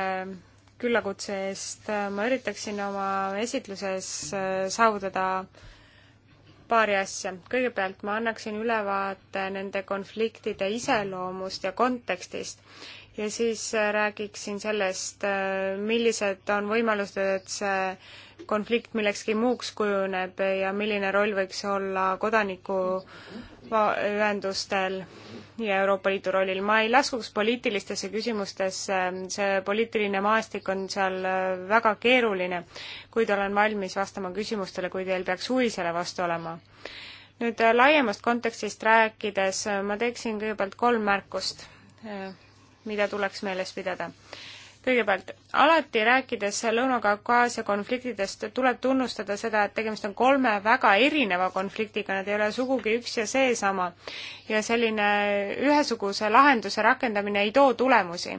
küllakutse eest, ma üritaksin oma esitluses äh, saavutada paari asja. kõigepealt ma annaksin ülevaate nende konfliktide iseloomust ja kontekstist ja siis äh, räägiksin sellest, äh, millised on võimalused, et see konflikt millekski muuks kujuneb ja milline roll võiks olla kodaniku vabaühendustel ja Euroopa Liidu rollil. ma ei laskuks poliitilistesse küsimustesse, see poliitiline maastik on seal äh, väga keeruline, kuid olen valmis vastama küsimustele, kui teil peaks huvi selle vastu olema. nüüd äh, laiemast kontekstist rääkides äh, ma teeksin kõigepealt kolm märkust, mida tuleks meeles pidada kõigepealt, alati rääkides Lõuna-Kaukaasia konfliktidest, tuleb tunnustada seda, et tegemist on kolme väga erineva konfliktiga, nad ei ole sugugi üks ja seesama. ja selline ühesuguse lahenduse rakendamine ei too tulemusi.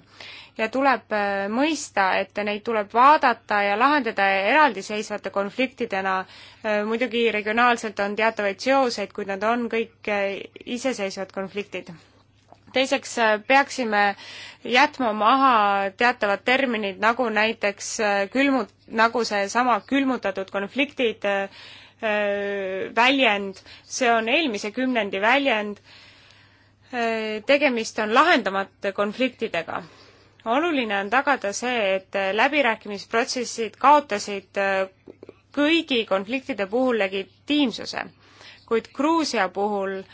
ja tuleb äh, mõista, et neid tuleb vaadata ja lahendada eraldiseisvate konfliktidena, äh, muidugi regionaalselt on teatavaid seoseid, kuid nad on kõik äh, iseseisvad konfliktid teiseks äh, peaksime jätma maha teatavad terminid, nagu näiteks äh, külmut-, nagu seesama külmutatud konfliktid äh, äh, väljend, see on eelmise kümnendi väljend äh,, tegemist on lahendamata konfliktidega oluline on tagada see, et läbirääkimisprotsessid kaotasid kõigi konfliktide puhul legitiimsuse, kuid Gruusia puhul äh,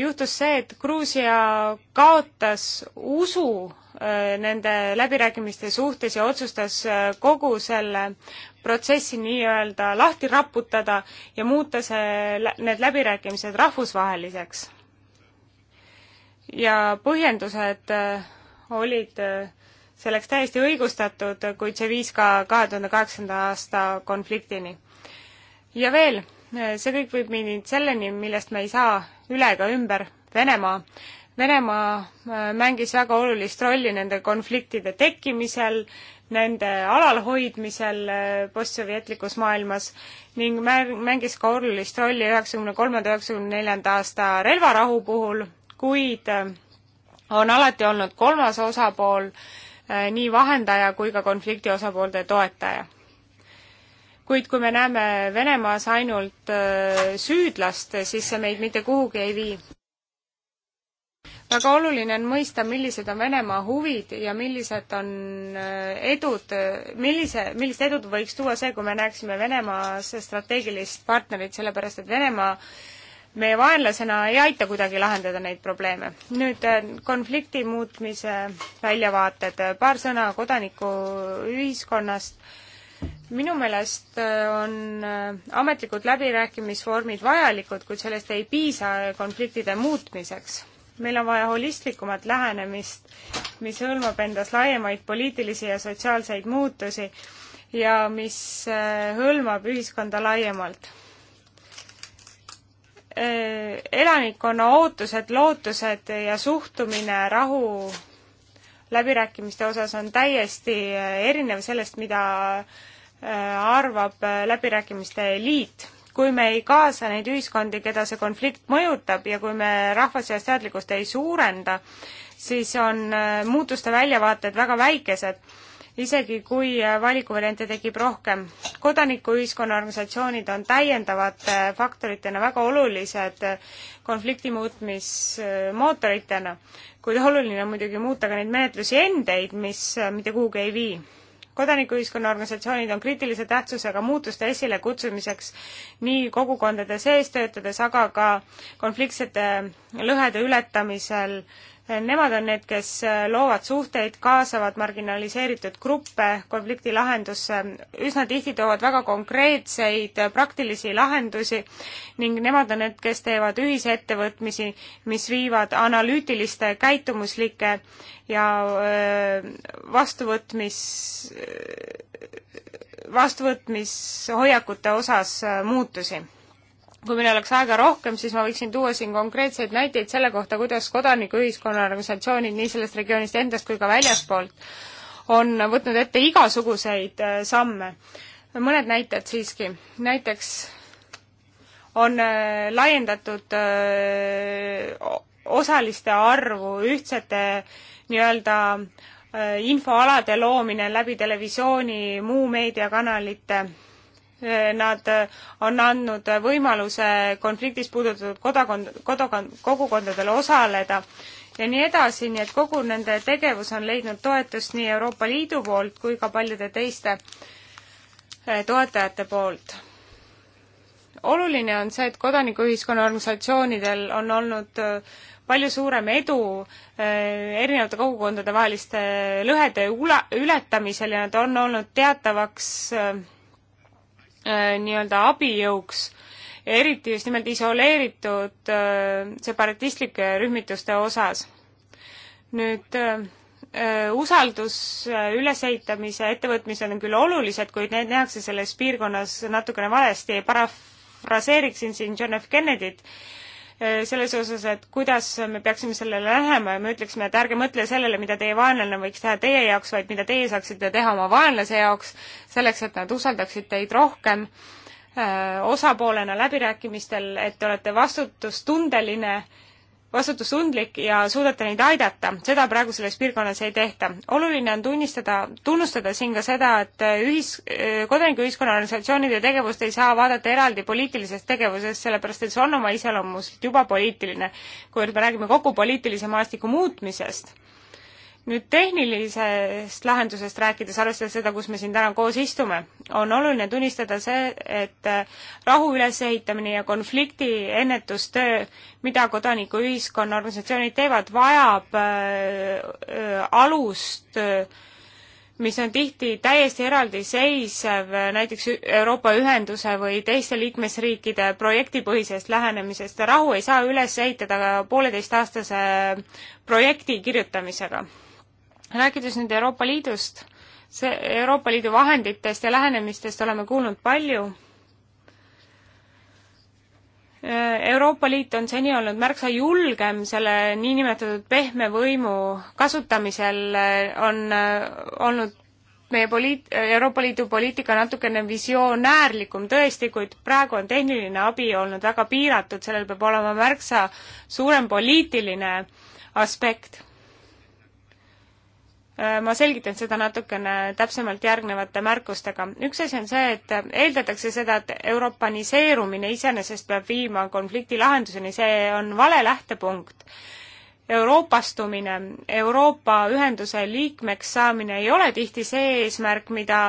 juhtus see, et Gruusia kaotas usu äh, nende läbirääkimiste suhtes ja otsustas äh, kogu selle protsessi nii-öelda lahti raputada ja muuta see, need läbirääkimised rahvusvaheliseks. ja põhjendused äh, olid selleks täiesti õigustatud, kuid see viis ka kahe tuhande kaheksanda aasta konfliktini. ja veel see kõik viib mind selleni, millest me ei saa üle ega ümber, Venemaa. Venemaa äh, mängis väga olulist rolli nende konfliktide tekkimisel, nende alalhoidmisel äh, postsovjetlikus maailmas ning mängis ka olulist rolli üheksakümne kolmanda, üheksakümne neljanda aasta relvarahu puhul, kuid äh, on alati olnud kolmas osapool, nii vahendaja kui ka konflikti osapoolte toetaja kuid kui me näeme Venemaas ainult äh, süüdlast, siis see meid mitte kuhugi ei vii. väga oluline on mõista, millised on Venemaa huvid ja millised on äh, edud, millise, millist edu võiks tuua see, kui me näeksime Venemaas strateegilist partnerit, sellepärast et Venemaa meie vaenlasena ei aita kuidagi lahendada neid probleeme. nüüd äh, konflikti muutmise väljavaated, paar sõna kodanikuühiskonnast minu meelest äh, on äh, ametlikud läbirääkimisvormid vajalikud, kuid sellest ei piisa konfliktide muutmiseks. meil on vaja holistlikumat lähenemist, mis hõlmab endas laiemaid poliitilisi ja sotsiaalseid muutusi ja mis äh, hõlmab ühiskonda laiemalt. Elanikkonna ootused, lootused ja suhtumine rahu läbirääkimiste osas on täiesti erinev sellest, mida Äh, arvab äh, läbirääkimiste eliit. kui me ei kaasa neid ühiskondi, keda see konflikt mõjutab ja kui me rahva seas teadlikkust ei suurenda, siis on äh, muutuste väljavaated väga väikesed, isegi kui valikuvariante tekib rohkem. kodanikuühiskonna organisatsioonid on täiendavate faktoritena väga olulised konflikti muutmismootoritena, kuid oluline on muidugi muuta ka neid menetlusi endeid, mis mitte kuhugi ei vii kodanikuühiskonna organisatsioonid on kriitilise tähtsusega muutuste esilekutsumiseks nii kogukondade sees töötades, aga ka konfliktsete lõhede ületamisel äh, Nemad on need, kes äh, loovad suhteid, kaasavad marginaliseeritud gruppe konflikti lahendusse, üsna tihti toovad väga konkreetseid äh, praktilisi lahendusi ning nemad on need, kes teevad ühisi ettevõtmisi, mis viivad analüütiliste, käitumuslike ja äh, vastuvõtmis, vastuvõtmishoiakute osas muutusi kui meil oleks aega rohkem, siis ma võiksin tuua siin konkreetseid näiteid selle kohta, kuidas kodanikuühiskonna organisatsioonid nii sellest regioonist endast kui ka väljaspoolt on võtnud ette igasuguseid äh, samme. mõned näited siiski, näiteks on äh, laiendatud äh, osaliste arvu ühtsete nii-öelda infoalade loomine läbi televisiooni, muu meediakanalite Nad eh, on andnud võimaluse konfliktis puudutatud kodakond, kodakond, kogukondadel osaleda ja nii edasi, nii et kogu nende tegevus on leidnud toetust nii Euroopa Liidu poolt kui ka paljude teiste eh, toetajate poolt. oluline on see, et kodanikuühiskonna organisatsioonidel on olnud eh, palju suurem edu erinevate kogukondade vaheliste lõhede ületamisel ja nad on olnud teatavaks Äh, nii-öelda abijõuks, eriti just nimelt isoleeritud äh, separatistlike rühmituste osas. nüüd äh, usalduse ülesehitamise ettevõtmised on küll olulised, kuid need nähakse selles piirkonnas natukene valesti, parafraseeriksin siin John F Kennedyt, Eh, selles osas, et kuidas me peaksime sellele lähenema ja me ütleksime, et ärge mõtle sellele, mida teie vaenlane võiks teha teie jaoks, vaid mida teie saaksite teha oma vaenlase jaoks, selleks et nad usaldaksid teid rohkem eh, osapoolena läbirääkimistel, et te olete vastutustundeline vastutustundlik ja suudate neid aidata, seda praegu selles piirkonnas ei tehta. oluline on tunnistada, tunnustada siin ka seda, et äh, ühis, äh, kodanikuühiskonna organisatsioonide tegevust ei saa vaadata eraldi poliitilisest tegevusest, sellepärast et see on oma iseloomust juba poliitiline, kuivõrd me räägime kogu poliitilise maastiku muutmisest nüüd tehnilisest lahendusest rääkides, arvestades seda, kus me siin täna koos istume, on oluline tunnistada see, et äh, rahu ülesehitamine ja konflikti ennetustöö, mida kodanikuühiskonna organisatsioonid teevad, vajab äh, äh alust äh, mis on tihti täiesti eraldiseisev äh, näiteks Euroopa Ühenduse või teiste liikmesriikide projektipõhisest lähenemisest. rahu ei saa üles ehitada pooleteistaastase projekti kirjutamisega rääkides nüüd Euroopa Liidust, see Euroopa Liidu vahenditest ja lähenemistest oleme kuulnud palju. Euroopa Liit on seni olnud märksa julgem selle niinimetatud pehme võimu kasutamisel, on olnud meie poliit-, Euroopa Liidu poliitika natukene visioonäärlikum tõesti, kuid praegu on tehniline abi olnud väga piiratud, sellel peab olema märksa suurem poliitiline aspekt Äh, ma selgitan seda natukene täpsemalt järgnevate märkustega. üks asi on see, et eeldatakse seda, et europaniseerumine iseenesest peab viima konflikti lahenduseni, see on vale lähtepunkt. Euroopastumine, Euroopa ühenduse liikmeks saamine ei ole tihti see eesmärk, mida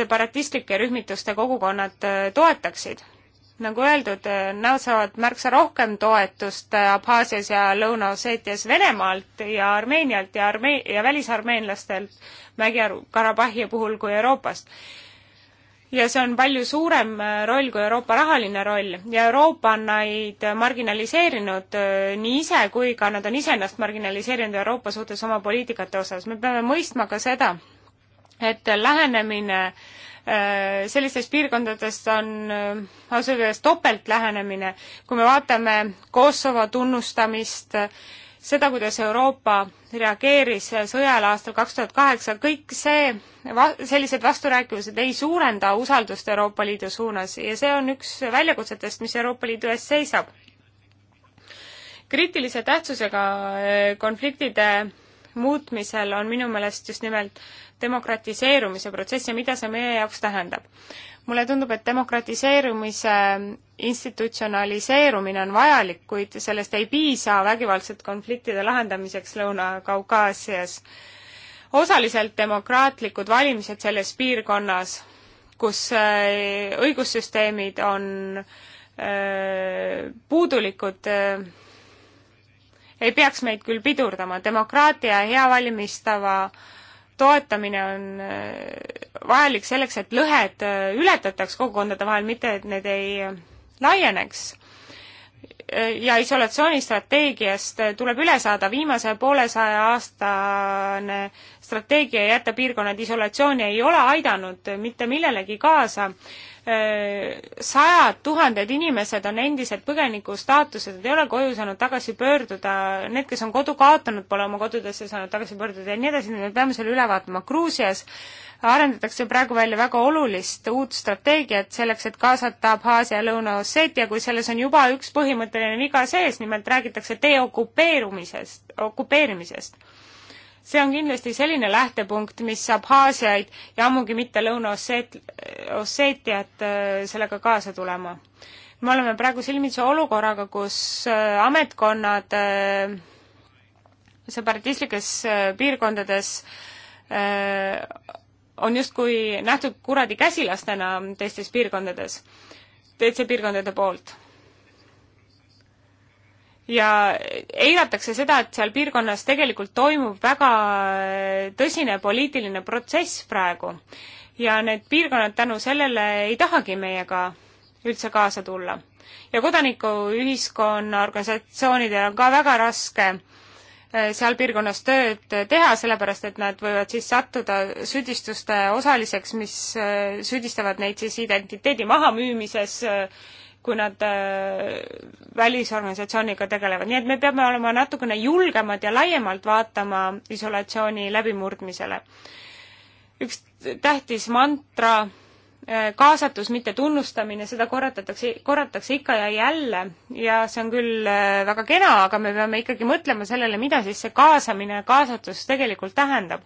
separatistlike rühmituste kogukonnad äh, toetaksid nagu öeldud, eh, nad saavad märksa rohkem toetust eh, Abhaasias ja Lõuna-Osseetias Venemaalt ja Armeenialt ja armee- ja välisarmeenlastelt Mägi-Karabahhi puhul kui Euroopast. ja see on palju suurem eh, roll kui Euroopa rahaline roll ja Euroopa on neid marginaliseerinud nii ise kui ka nad on iseennast marginaliseerinud Euroopa suhtes oma poliitikate osas. me peame mõistma ka seda, et lähenemine äh, Äh, sellistest piirkondadest on äh, ausalt öeldes topeltlähenemine. kui me vaatame Kosovo tunnustamist, seda, kuidas Euroopa reageeris äh, sõjale aastal kaks tuhat kaheksa, kõik see, sellised vasturääkivused ei suurenda usaldust Euroopa Liidu suunas ja see on üks väljakutsetest, mis Euroopa Liidu ees seisab. kriitilise tähtsusega konfliktide muutmisel on minu meelest just nimelt äh, demokratiseerumise protsess ja mida see meie jaoks tähendab. mulle tundub, et demokratiseerumise institutsionaliseerumine on vajalik, kuid sellest ei piisa vägivaldsete konfliktide lahendamiseks Lõuna-Kaukaasias. osaliselt demokraatlikud valimised selles piirkonnas, kus äh, õigussüsteemid on äh, puudulikud äh, ei peaks meid küll pidurdama. demokraatia ja hea valimistava toetamine on äh, vajalik selleks, et lõhed äh, ületataks kogukondade vahel, mitte et need ei äh, laieneks. ja isolatsioonistrateegiast tuleb üle saada, viimase poolesaja aastane strateegia jätta piirkonnad isolatsiooni ei ole aidanud mitte millelegi kaasa Äh, sajad tuhanded inimesed on endised põgeniku staatused, nad ei ole koju saanud tagasi pöörduda, need, kes on kodu kaotanud, pole oma kodudesse saanud tagasi pöörduda ja nii edasi, me peame selle üle vaatama. Gruusias arendatakse praegu välja väga olulist uut strateegiat selleks, et kaasata Abhaasia ja Lõuna-Osseetia, kui selles on juba üks põhimõtteline viga sees, nimelt räägitakse deokupeerumisest, okupeerimisest see on kindlasti selline lähtepunkt, mis Abhaasiaid ja ammugi mitte Lõuna-Osseet-, Osseetiat äh, sellega kaasa tulema. me oleme praegu silmitsi olukorraga, kus äh, ametkonnad äh, separatistlikes piirkondades on justkui nähtud kuradi käsilastena teistes piirkondades, teiste piirkondade poolt ja eiratakse seda, et seal piirkonnas tegelikult toimub väga tõsine poliitiline protsess praegu. ja need piirkonnad tänu sellele ei tahagi meiega üldse kaasa tulla. ja kodanikuühiskonna organisatsioonidel on ka väga raske eh, seal piirkonnas tööd teha, sellepärast et nad võivad siis sattuda süüdistuste osaliseks, mis eh, süüdistavad neid siis identiteedi mahamüümises, eh, kui nad äh, välisorganisatsiooniga tegelevad, nii et me peame olema natukene julgemad ja laiemalt vaatama isolatsiooni läbimurdmisele. üks tähtis mantra, äh, kaasatus, mitte tunnustamine, seda korratatakse, korratakse ikka ja jälle ja see on küll äh, väga kena, aga me peame ikkagi mõtlema sellele, mida siis see kaasamine, kaasatus tegelikult tähendab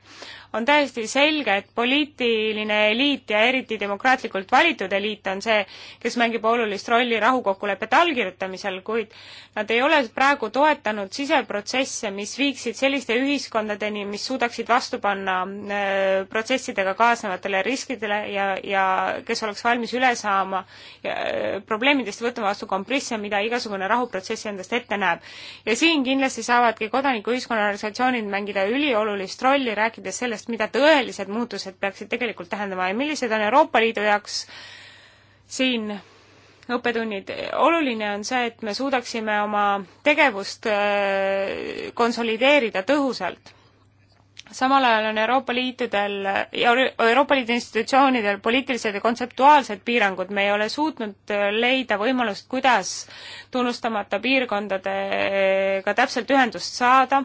on täiesti selge, et poliitiline eliit ja eriti demokraatlikult valitud eliit on see, kes mängib olulist rolli rahukokkulepete allkirjutamisel, kuid nad ei ole praegu toetanud siseprotsesse, mis viiksid selliste ühiskondadeni, mis suudaksid vastu panna äh, protsessidega kaasnevatele riskidele ja, ja kes oleks valmis üle saama ja, äh, probleemidest võtma vastu komprisse, mida igasugune rahuprotsess endast ette näeb. ja siin kindlasti saavadki kodanikuühiskonna organisatsioonid mängida üliolulist rolli, rääkides sellest, sellest, mida tõelised muutused peaksid tegelikult tähendama ja millised on Euroopa Liidu jaoks siin õppetunnid. oluline on see, et me suudaksime oma tegevust äh, konsolideerida tõhusalt. samal ajal on Euroopa Liitudel ja Euroopa Liidu institutsioonidel poliitilised ja kontseptuaalsed piirangud, me ei ole suutnud äh, leida võimalust, kuidas tunnustamata piirkondadega täpselt ühendust saada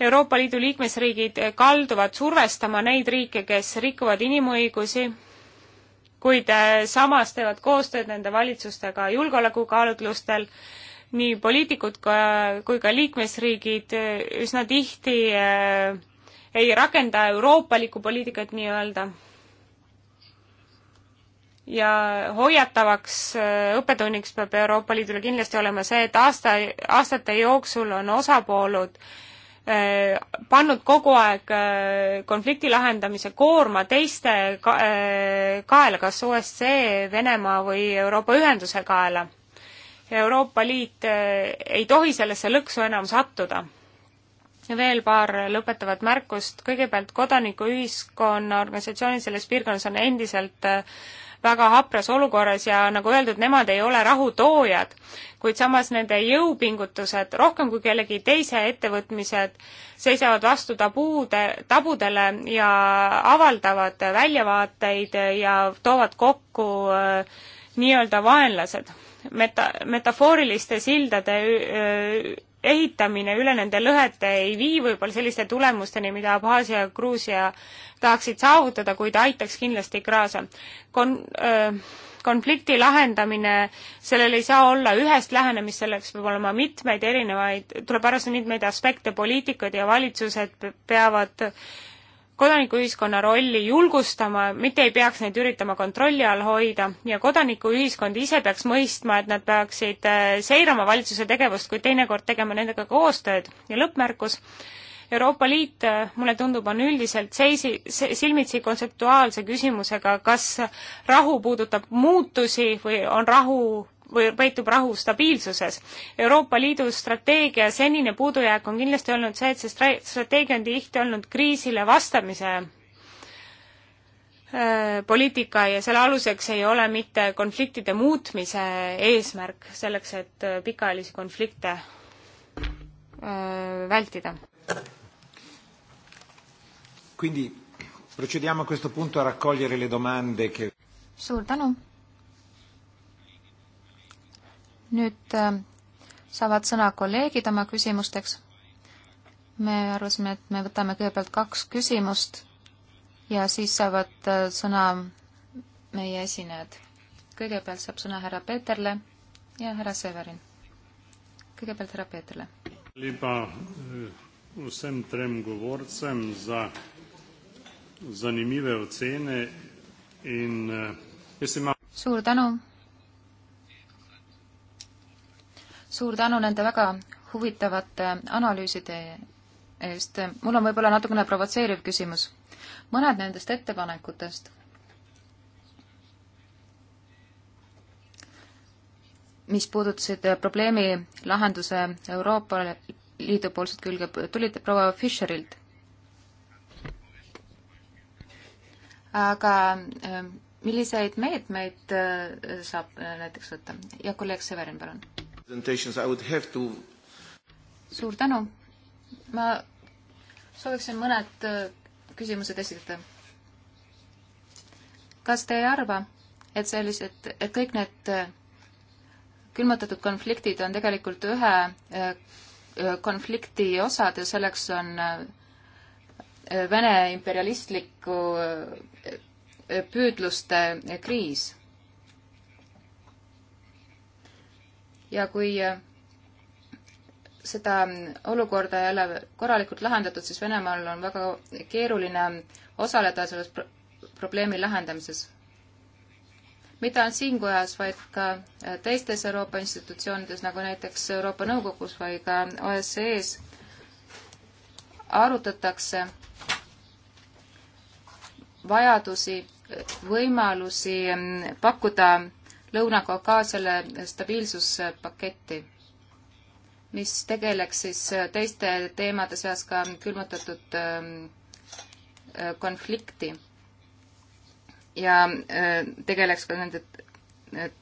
Euroopa Liidu liikmesriigid kalduvad survestama neid riike, kes rikuvad inimõigusi, kuid äh, samas teevad koostööd nende valitsustega julgeolekukaalutlustel, nii poliitikud kui ka liikmesriigid äh, üsna tihti äh, ei rakenda euroopalikku poliitikat nii-öelda ja hoiatavaks õppetunniks peab Euroopa Liidule kindlasti olema see, et aasta, aastate jooksul on osapoolud Äh, pannud kogu aeg äh, konflikti lahendamise koorma teiste äh, kaela, kas OSCE, Venemaa või Euroopa Ühenduse kaela. Euroopa Liit ei tohi sellesse lõksu enam sattuda. veel paar lõpetavat märkust, kõigepealt kodanikuühiskonna organisatsioonid selles piirkonnas on endiselt äh, väga hapras olukorras ja nagu öeldud, nemad ei ole rahutoojad, kuid samas nende jõupingutused rohkem kui kellegi teise ettevõtmised seisavad vastu tabuude, tabudele ja avaldavad väljavaateid ja toovad kokku äh, nii-öelda vaenlased. Meta-, metafooriliste sildade äh, ehitamine üle nende lõhete ei vii võib-olla selliste tulemusteni, mida Abhaasia ja Gruusia tahaksid saavutada, kuid aitaks kindlasti kaasa. Kon-, konflikti lahendamine, sellel ei saa olla ühest lähenemist, selleks peab olema mitmeid erinevaid, tuleb arvestada mitmeid aspekte, poliitikud ja valitsused peavad äh, kodanikuühiskonna rolli julgustama, mitte ei peaks neid üritama kontrolli all hoida ja kodanikuühiskond ise peaks mõistma, et nad peaksid äh, seirama valitsuse tegevust, kuid teinekord tegema nendega koostööd ja lõppmärkus. Euroopa Liit, äh, mulle tundub, on üldiselt seisi, silmitsi kontseptuaalse küsimusega, kas rahu puudutab muutusi või on rahu või peitub rahu stabiilsuses. Euroopa Liidu strateegia senine puudujääk on kindlasti olnud see, et see strateegia on tihti olnud kriisile vastamise äh, poliitika ja selle aluseks ei ole mitte konfliktide muutmise eesmärk selleks, et äh, pikaajalisi konflikte äh, vältida. Quindi procediamo a questo punto a raccogliere le domande che suur tänu nüüd äh, saavad sõna kolleegid oma küsimusteks. me arvasime, et me võtame kõigepealt kaks küsimust ja siis saavad äh, sõna meie esinejad. kõigepealt saab sõna härra Peeterle ja härra Severin. kõigepealt härra Peeterle. Liba äh, vsem trem govorcem za zanimive ocene in jaz imam suur tänu suur tänu nende väga huvitavate analüüside eest. mul on võib-olla natukene provotseeriv küsimus. mõned nendest ettepanekutest, mis puudutasid probleemi lahenduse Euroopa Liidu poolset külge, tulid proua Fischerilt. aga eh, milliseid meetmeid eh, saab eh, näiteks võtta? ja kolleeg Severin, palun To... suur tänu. ma sooviksin mõned äh, küsimused esitada. kas te ei arva, et sellised, et kõik need äh, külmutatud konfliktid on tegelikult ühe äh, konflikti osad ja selleks on Vene imperialistliku püüdluste kriis. ja kui äh, seda olukorda ei ole korralikult lahendatud, siis Venemaal on väga keeruline osaleda selles pro probleemi lahendamises. mitte ainult siin kojas, vaid ka äh, teistes Euroopa institutsioonides, nagu näiteks Euroopa Nõukogus või ka OSCE-s, arutatakse vajadusi, võimalusi mm, pakkuda Lõuna-Kaukaasiale stabiilsuspaketti, mis tegeleks siis teiste teemade seas ka külmutatud äh, konflikti ja äh, tegeleks ka nende äh,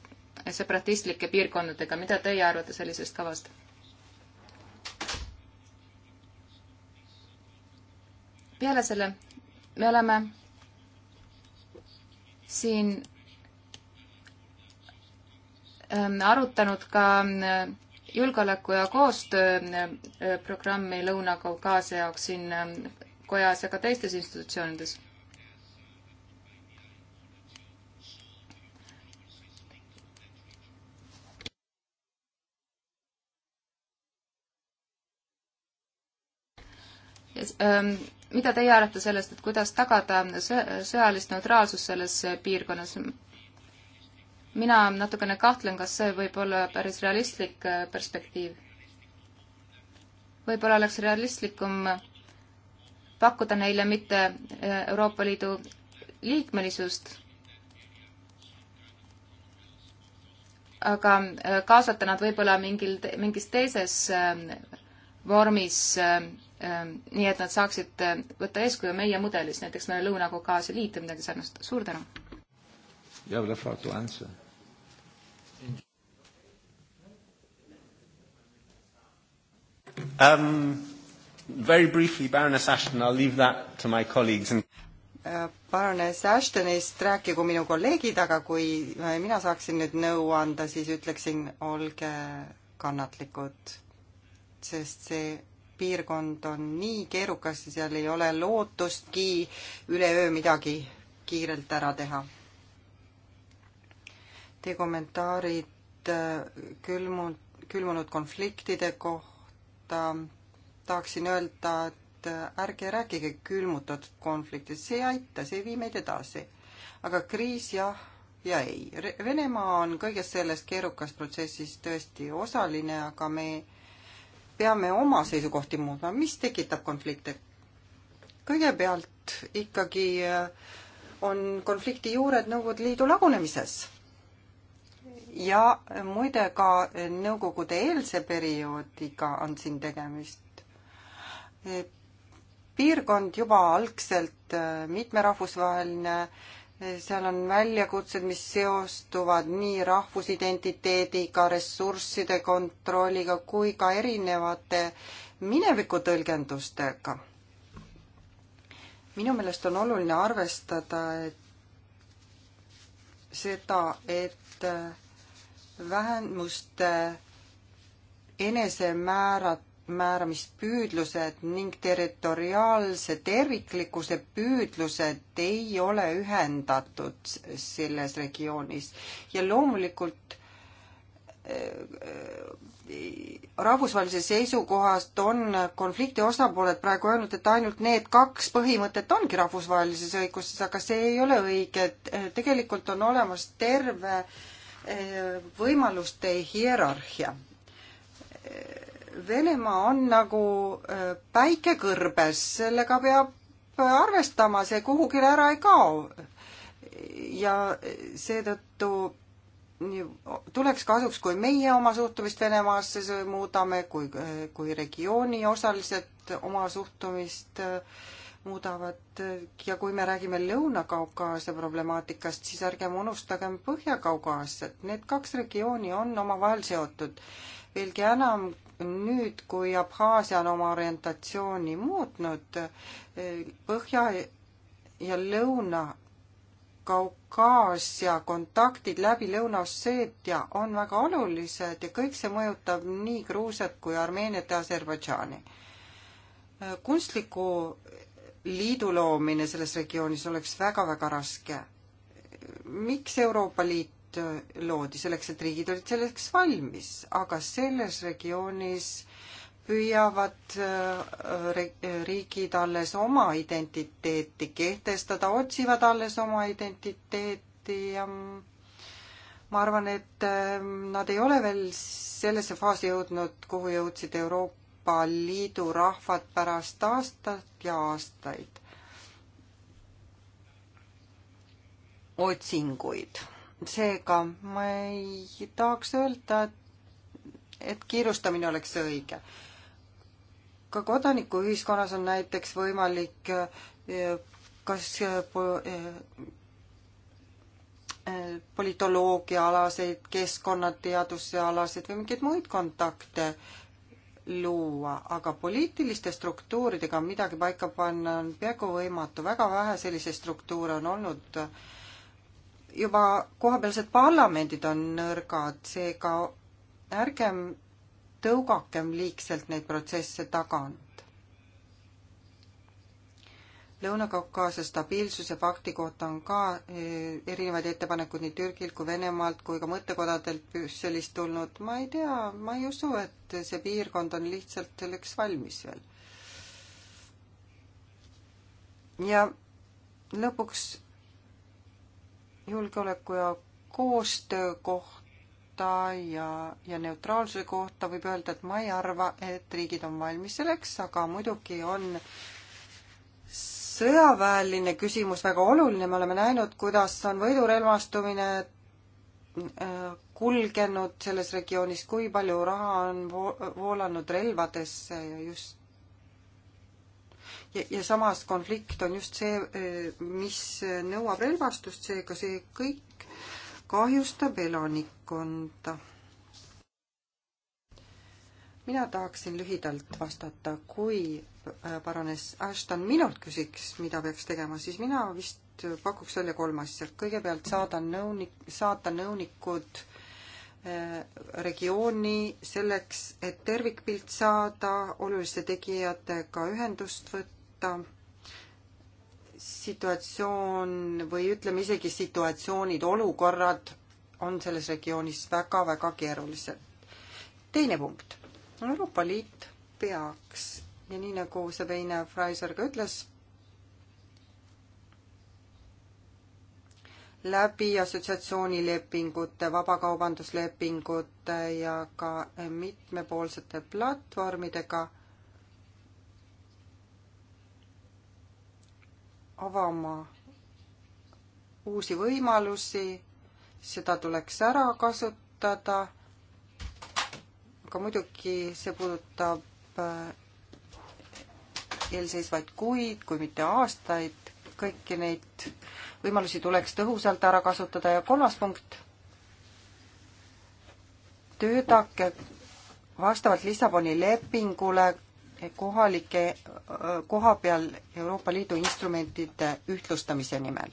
separatistlike piirkondadega. mida teie arvate sellisest kavast? peale selle me oleme siin Ähm, arutanud ka äh, julgeoleku ja koostööprogrammi äh, Lõuna-Kaukaasia jaoks siin ähm, kojas ja ka teistes institutsioonides ähm, mida teie arvate sellest, et kuidas tagada sõjalist neutraalsust selles piirkonnas? mina natukene kahtlen, kas see võib olla päris realistlik äh, perspektiiv. võib-olla oleks realistlikum pakkuda neile mitte äh, Euroopa Liidu liikmelisust, aga äh, kaasata nad võib-olla mingil, mingis teises vormis, nii et nad saaksid võtta eeskuju meie mudelis, näiteks meil Lõuna-Kaukaasia liit või midagi sarnast. suur tänu! you have the floor to answer. Um, very briefly, Baroness Ashton, I'll leave that to my colleagues and äh, Baroness Ashtonist rääkigu minu kolleegid, aga kui äh, mina saaksin nüüd nõu anda, siis ütleksin, olge kannatlikud, sest see piirkond on nii keerukas ja seal ei ole lootustki üleöö midagi kiirelt ära teha. Teie kommentaarid äh, külmu-, külmunud konfliktide kohta, kohta tahaksin öelda, et ärge rääkige külmutatud konfliktist, see ei aita, see ei vii meid edasi. aga kriis jah ja ei. Venemaa on kõiges selles keerukas protsessis tõesti osaline, aga me peame oma seisukohti muutma, mis tekitab konflikte. kõigepealt ikkagi äh, on konflikti juured Nõukogude Liidu lagunemises ja äh, muide ka äh, nõukogude-eelse perioodiga on siin tegemist. Äh, piirkond juba algselt mitmerahvusvaheline, seal on väljakutsed, mis seostuvad nii rahvusidentiteediga, ressursside kontrolliga kui ka erinevate minevikutõlgendustega. minu meelest on oluline arvestada, et seda, et vähemuste enesemäärat-, määramispüüdlused ning territoriaalse terviklikkuse püüdlused ei ole ühendatud selles regioonis ja loomulikult äh, rahvusvahelise seisukohast on konflikti osapooled praegu öelnud, et ainult need kaks põhimõtet ongi rahvusvahelises õiguses, aga see ei ole õige, et äh, tegelikult on olemas terve äh, võimaluste hierarhia. Venemaa on nagu äh, päikekõrbes, sellega peab arvestama, see kuhugile ära ei kao. ja seetõttu tuleks kasuks, kui meie oma suhtumist Venemaasse muudame, kui, äh, kui regiooni osaliselt oma suhtumist äh, muudavad ja kui me räägime Lõuna-Kaukaasia problemaatikast, siis ärgem unustagem Põhja-Kaukaasiat, need kaks regiooni on omavahel seotud. veelgi enam nüüd, kui Abhaasia on oma orientatsiooni muutnud, Põhja ja Lõuna Kaukaasia kontaktid läbi Lõuna-Osseetia on väga olulised ja kõik see mõjutab nii Gruusiat kui Armeeniat ja Aserbaidžaani. kunstliku liidu loomine selles regioonis oleks väga-väga raske. miks Euroopa Liit äh, loodi? selleks, et riigid olid selleks valmis, aga selles regioonis püüavad äh, riigid alles oma identiteeti kehtestada, otsivad alles oma identiteeti ja ma arvan, et äh, nad ei ole veel sellesse faasi jõudnud, kuhu jõudsid Euroopa Euroopa Liidu rahvad pärast aastat ja aastaid otsinguid. seega ma ei tahaks öelda, et, et kiirustamine oleks õige. ka kodanikuühiskonnas on näiteks võimalik eh, kas eh, eh, politoloogiaalaseid, keskkonnateaduse alaseid või mingeid muid kontakte luua, aga poliitiliste struktuuridega midagi paika panna on peaaegu võimatu, väga vähe selliseid struktuure on olnud. juba kohapealsed parlamendid on nõrgad, seega ärgem tõugakem liigselt neid protsesse taga Lõuna-Kaukaasia stabiilsuse pakti kohta on ka eh, erinevaid ettepanekuid nii Türgilt kui Venemaalt kui ka mõttekodadelt Brüsselist tulnud. ma ei tea, ma ei usu, et see piirkond on lihtsalt selleks valmis veel. ja lõpuks julgeoleku ja koostöö kohta ja, ja neutraalsuse kohta võib öelda, et ma ei arva, et riigid on valmis selleks, aga muidugi on äh, sõjaväeline küsimus väga oluline, me oleme näinud, kuidas on võidurelvastumine äh, kulgenud selles regioonis, kui palju raha on voolanud relvadesse ja just ja, ja samas konflikt on just see, äh, mis nõuab relvastust, seega see kõik kahjustab elanikkonda mina tahaksin lühidalt vastata, kui äh, paranes Ashton minult küsiks, mida peaks tegema, siis mina vist pakuks välja kolm asja. kõigepealt saada nõunik, saata nõunikud äh, regiooni selleks, et tervikpilt saada, oluliste tegijatega ühendust võtta, situatsioon või ütleme isegi situatsioonid, olukorrad on selles regioonis väga-väga keerulised. teine punkt Euroopa Liit peaks ja nii nagu Sabine Freiser ka ütles, läbi assotsiatsioonilepingute, vabakaubanduslepingute ja ka mitmepoolsete platvormidega avama uusi võimalusi, seda tuleks ära kasutada aga muidugi see puudutab äh, eelseisvaid kuid, kui mitte aastaid, kõiki neid võimalusi tuleks tõhusalt ära kasutada ja kolmas punkt, töötage vastavalt Lissaboni lepingule kohalike, äh, koha peal Euroopa Liidu instrumentide ühtlustamise nimel.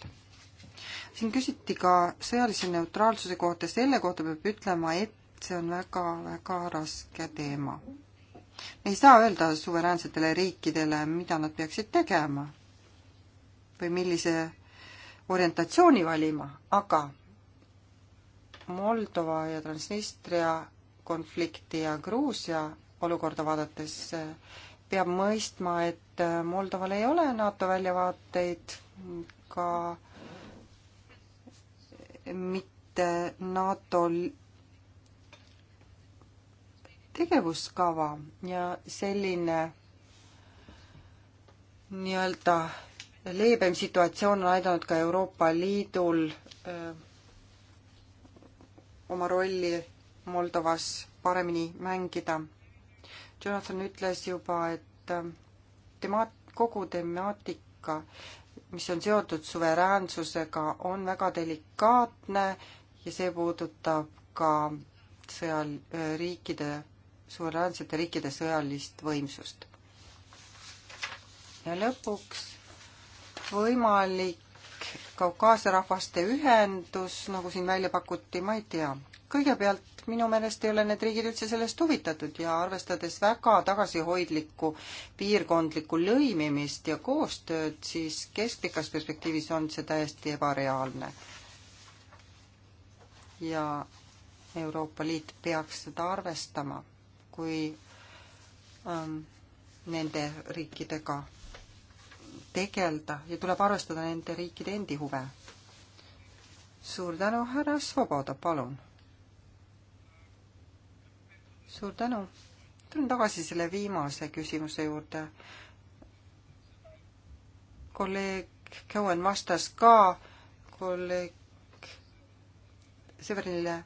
siin küsiti ka sõjalise neutraalsuse kohta, selle kohta peab ütlema, et see on väga-väga raske teema. me ei saa öelda suveräänsetele riikidele, mida nad peaksid tegema või millise orientatsiooni valima, aga Moldova ja Transnistria konflikti ja Gruusia olukorda vaadates eh, peab mõistma, et eh, Moldoval ei ole NATO väljavaateid ka mitte NATO tegevuskava ja selline nii-öelda leebem situatsioon on aidanud ka Euroopa Liidul öö, äh, oma rolli Moldovas paremini mängida. Jonathan ütles juba, et äh, tema-, kogu temaatika, mis on seotud suveräänsusega, on väga delikaatne ja see puudutab ka sõjal äh, riikide suveräänsete riikide sõjalist võimsust. ja lõpuks võimalik Kaukaasia rahvaste ühendus, nagu siin välja pakuti, ma ei tea. kõigepealt minu meelest ei ole need riigid üldse sellest huvitatud ja arvestades väga tagasihoidlikku piirkondlikku lõimimist ja koostööd, siis keskpikas perspektiivis on see täiesti ebareaalne. ja Euroopa Liit peaks seda arvestama kui ähm, nende riikidega tegeleda ja tuleb arvestada nende riikide endi huve. suur tänu, härra Svoboda, palun. suur tänu. tulen tagasi selle viimase küsimuse juurde. kolleeg Cohen vastas ka kolleeg Severinile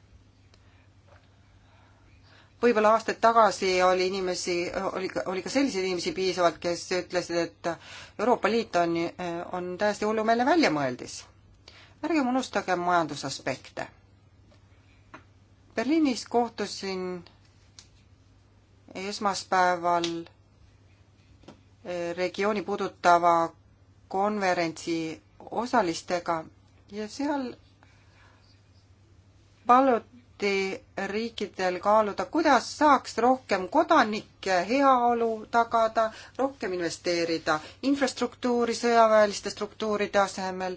võib-olla aastaid tagasi oli inimesi, oli, oli ka selliseid inimesi piisavalt, kes ütlesid, et Euroopa Liit on, on täiesti hullumeelne väljamõeldis. ärgem unustagem majandusaspekte. Berliinis kohtusin esmaspäeval regiooni puudutava konverentsi osalistega ja seal palud samuti riikidel kaaluda, kuidas saaks rohkem kodanike heaolu tagada, rohkem investeerida infrastruktuuri sõjaväeliste struktuuride asemel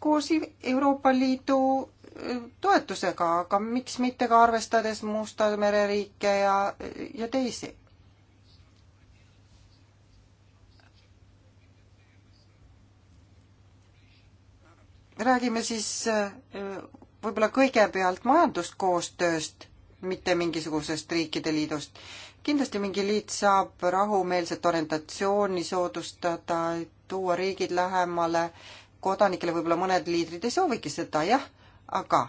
koos Euroopa Liidu äh, toetusega, aga miks mitte ka arvestades Musta mere riike ja, ja teisi räägime siis äh, võib-olla kõigepealt majanduskoostööst, mitte mingisugusest riikide liidust. kindlasti mingi liit saab rahumeelset orientatsiooni soodustada, tuua riigid lähemale, kodanikele võib-olla mõned liidrid ei soovigi seda, jah, aga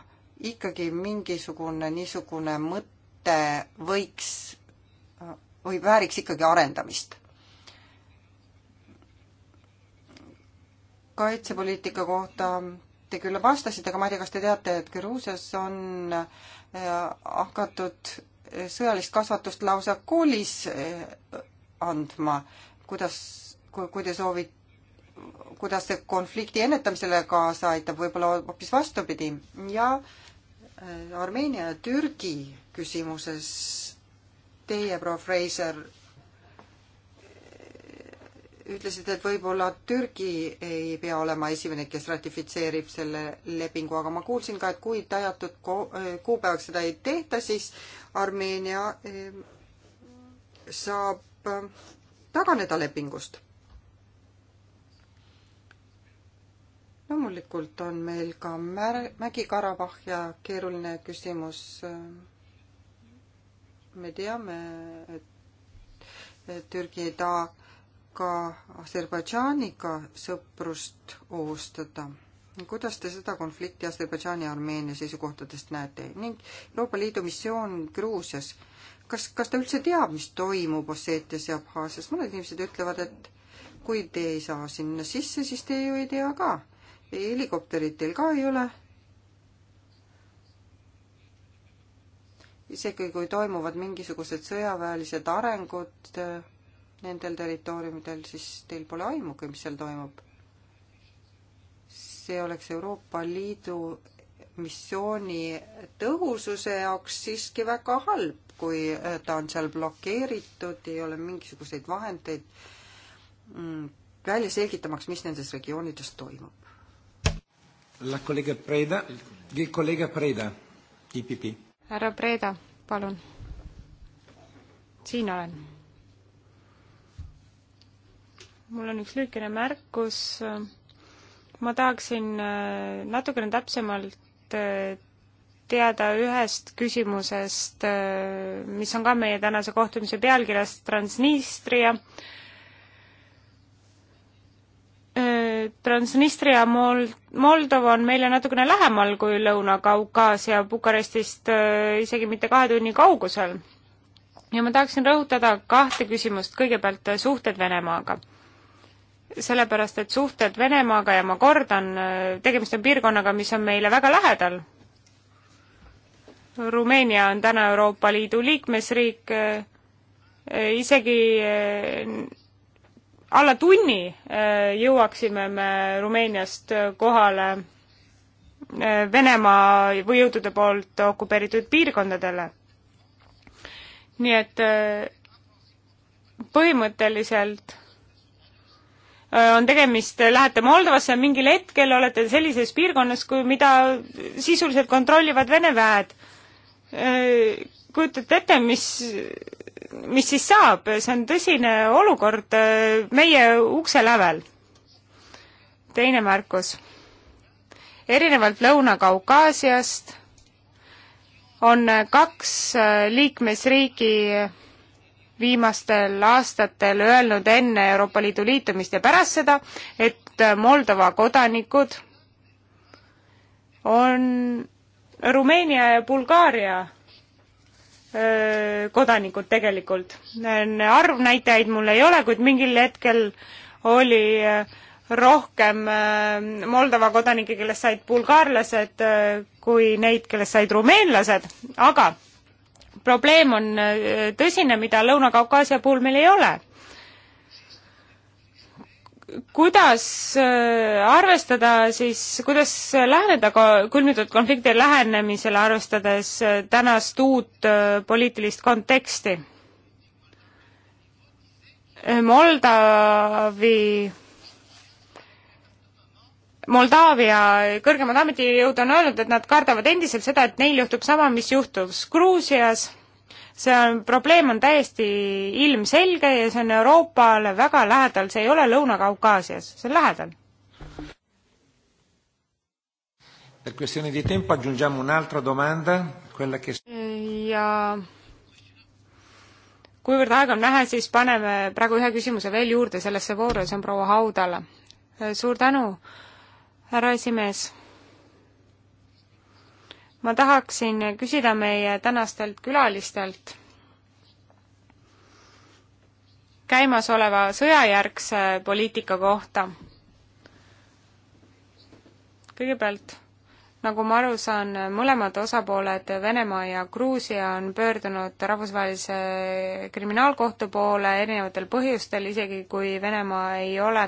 ikkagi mingisugune niisugune mõte võiks või vääriks ikkagi arendamist kaitsepoliitika kohta te küll vastasite, aga ma ei tea, kas te teate, et Gruusias on eh, hakatud eh, sõjalist kasvatust lausa koolis eh, andma, kuidas, kui te soovite, kuidas see konflikti ennetamisele kaasa aitab, võib-olla hoopis vastupidi. ja Armeenia ja Türgi küsimuses teie, proua Freiser, ütlesid, et võib-olla Türgi ei pea olema esimene, kes ratifitseerib selle lepingu, aga ma kuulsin ka, et kui tajatud eh, kuupäevaks seda ei tehta, siis Armeenia eh, saab eh, taganeda lepingust. loomulikult on meil ka Mär-, Mägi-Karabahhi keeruline küsimus. me teame, et Türgi ei taha ka Aserbaidžaaniga sõprust ohustada? kuidas te seda konflikti Aserbaidžaani ja Armeenia seisukohtadest näete ning Euroopa Liidu missioon Gruusias, kas, kas ta üldse teab, mis toimub Osseetias ja Abhaasias, mõned inimesed ütlevad, et kui te ei saa sinna sisse, siis te ju ei tea ka. helikopterit teil ka ei ole isegi kui toimuvad mingisugused sõjaväelised arengud, nendel territooriumidel, siis teil pole aimugi, mis seal toimub. see oleks Euroopa Liidu missiooni tõhususe jaoks siiski väga halb, kui äh, ta on seal blokeeritud, ei ole mingisuguseid vahendeid mm, välja selgitamaks, mis nendes regioonides toimub. La kolleeg Preda, kolleeg Preda, IPP. härra Preda, palun. siin olen mul on üks lühikene märkus. ma tahaksin äh, natukene täpsemalt äh, teada ühest küsimusest, äh, mis on ka meie tänase kohtumise pealkirjas Transnistria. Transnistria Mol-, Moldova on meile natukene lähemal kui Lõuna-Kaukaasia Bukarestist isegi mitte kahe tunni kaugusel. ja ma tahaksin rõhutada kahte küsimust, kõigepealt suhted Venemaaga sellepärast et suhted Venemaaga ja ma kordan, tegemist on piirkonnaga, mis on meile väga lähedal. Rumeenia on täna Euroopa Liidu liikmesriik, isegi alla tunni jõuaksime me Rumeeniast kohale Venemaa või jõudude poolt okupeeritud piirkondadele. nii et põhimõtteliselt Äh, on tegemist, äh, lähete Moldovasse mingil hetkel, olete sellises piirkonnas, kui, mida sisuliselt kontrollivad Vene väed. Äh, kujutate ette, mis, mis siis saab, see on tõsine olukord meie ukse lävel. teine märkus. erinevalt Lõuna-Kaukaasiast on kaks liikmesriigi viimastel aastatel öelnud enne Euroopa Liidu liitumist ja pärast seda, et Moldova kodanikud on Rumeenia ja Bulgaaria kodanikud tegelikult. arvnäitajaid mul ei ole, kuid mingil hetkel oli rohkem Moldova kodanikke, kellest said bulgaarlased, kui neid, kellest said rumeenlased, aga probleem on äh, tõsine, mida Lõuna-Kaukaasia puhul meil ei ole. kuidas äh, arvestada siis, kuidas läheneda külmutatud konflikti lähenemisele, arvestades äh, tänast uut poliitilist konteksti? Moldavi Moldaavia kõrgemad ametijõud on öelnud, et nad kardavad endiselt seda, et neil juhtub sama, mis juhtus Gruusias. see on, probleem on täiesti ilmselge ja see on Euroopale väga lähedal, see ei ole Lõuna-Kaukaasias, see on lähedal. ja kuivõrd aega on vähe, siis paneme praegu ühe küsimuse veel juurde sellesse vooru ja see on proua Haudale. suur tänu härra esimees, ma tahaksin küsida meie tänastelt külalistelt käimasoleva sõjajärgse poliitika kohta. kõigepealt, nagu ma aru saan, mõlemad osapooled, Venemaa ja Gruusia, on pöördunud Rahvusvahelise Kriminaalkohtu poole erinevatel põhjustel, isegi kui Venemaa ei ole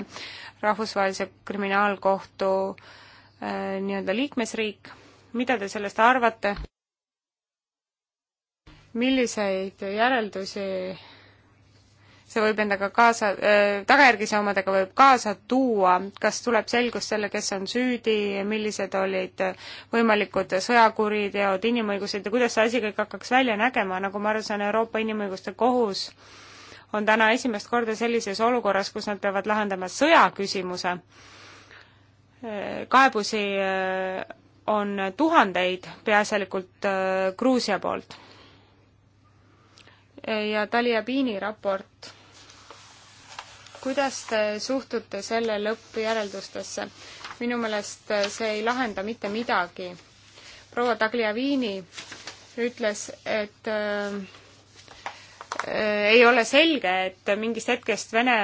rahvusvahelise kriminaalkohtu äh, nii-öelda liikmesriik. mida te sellest arvate? milliseid järeldusi see võib endaga kaasa äh,, tagajärgi see omadega võib kaasa tuua, kas tuleb selgus selle, kes on süüdi, millised olid võimalikud sõjakuriteod, inimõigused ja kuidas see asi kõik hakkaks välja nägema, nagu ma aru saan, Euroopa Inimõiguste Kohus äh, on täna esimest korda sellises olukorras, kus nad peavad lahendama sõjaküsimuse. kaebusi äh, on tuhandeid, peaasjalikult äh, Gruusia poolt. ja Taliabini raport, kuidas te suhtute selle lõppjäreldustesse? minu meelest äh, see ei lahenda mitte midagi. proua Tagliavini ütles, et äh, Äh, ei ole selge, et mingist hetkest Vene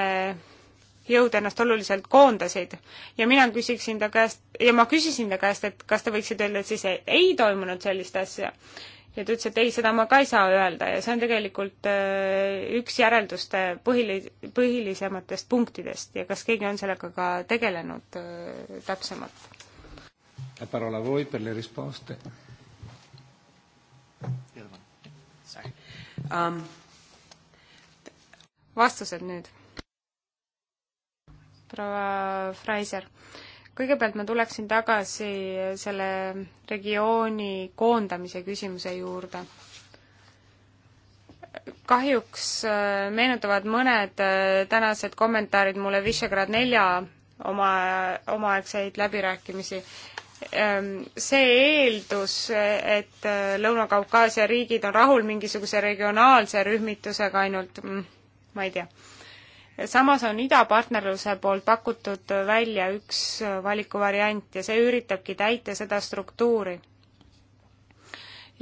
jõud ennast oluliselt koondasid ja mina küsiksin ta käest ja ma küsisin ta käest, et kas te võiksite öelda, et siis ei, ei toimunud sellist asja. ja ta ütles, et ei, seda ma ka ei saa öelda ja see on tegelikult äh, üks järelduste põhili-, põhilisematest punktidest ja kas keegi on sellega ka tegelenud äh, täpsemalt? La parola a voi per le risposte. Um, vastused nüüd. proua Freiser, kõigepealt ma tuleksin tagasi selle regiooni koondamise küsimuse juurde. kahjuks äh, meenutavad mõned äh, tänased kommentaarid mulle Visegrad nelja oma, omaaegseid läbirääkimisi ähm, see eeldus, et äh, Lõuna-Kaukaasia riigid on rahul mingisuguse regionaalse rühmitusega ainult, mm, ma ei tea. samas on idapartnerluse poolt pakutud välja üks valikuvariant ja see üritabki täita seda struktuuri.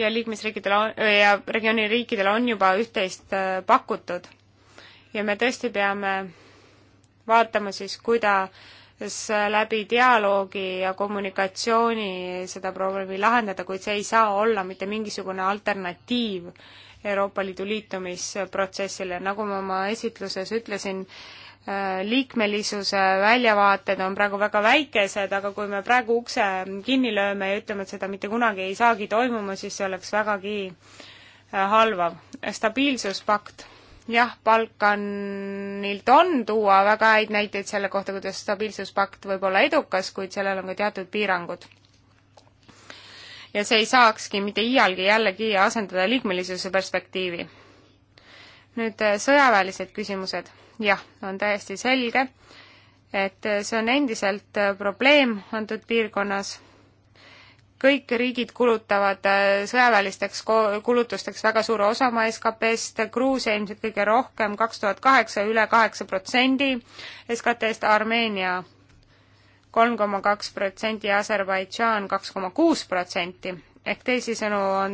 ja liikmesriikidel on, ja regiooni riikidel on juba üht-teist äh, pakutud. ja me tõesti peame vaatama siis, kuida kuidas läbi dialoogi ja kommunikatsiooni seda probleemi lahendada, kuid see ei saa olla mitte mingisugune alternatiiv Euroopa Liidu liitumisprotsessile, nagu ma oma esitluses ütlesin, äh, liikmelisuse väljavaated on praegu väga väikesed, aga kui me praegu ukse kinni lööme ja ütleme, et seda mitte kunagi ei saagi toimuma, siis see oleks vägagi äh, halvav. stabiilsuspakt, jah, Balkanilt on tuua väga häid näiteid selle kohta, kuidas stabiilsuspakt võib olla edukas, kuid sellel on ka teatud piirangud ja see ei saakski mitte iialgi jällegi asendada liikmelisuse perspektiivi. nüüd äh, sõjaväelised küsimused. jah, on täiesti selge, et äh, see on endiselt äh, probleem antud piirkonnas kõik riigid kulutavad sõjaväelisteks kulutusteks väga suure osa oma SKP-st, Gruusia ilmselt kõige rohkem, kaks tuhat kaheksa üle kaheksa protsendi SKT-st, Armeenia kolm koma kaks protsenti ja Aserbaidžaan kaks koma kuus protsenti. ehk teisisõnu on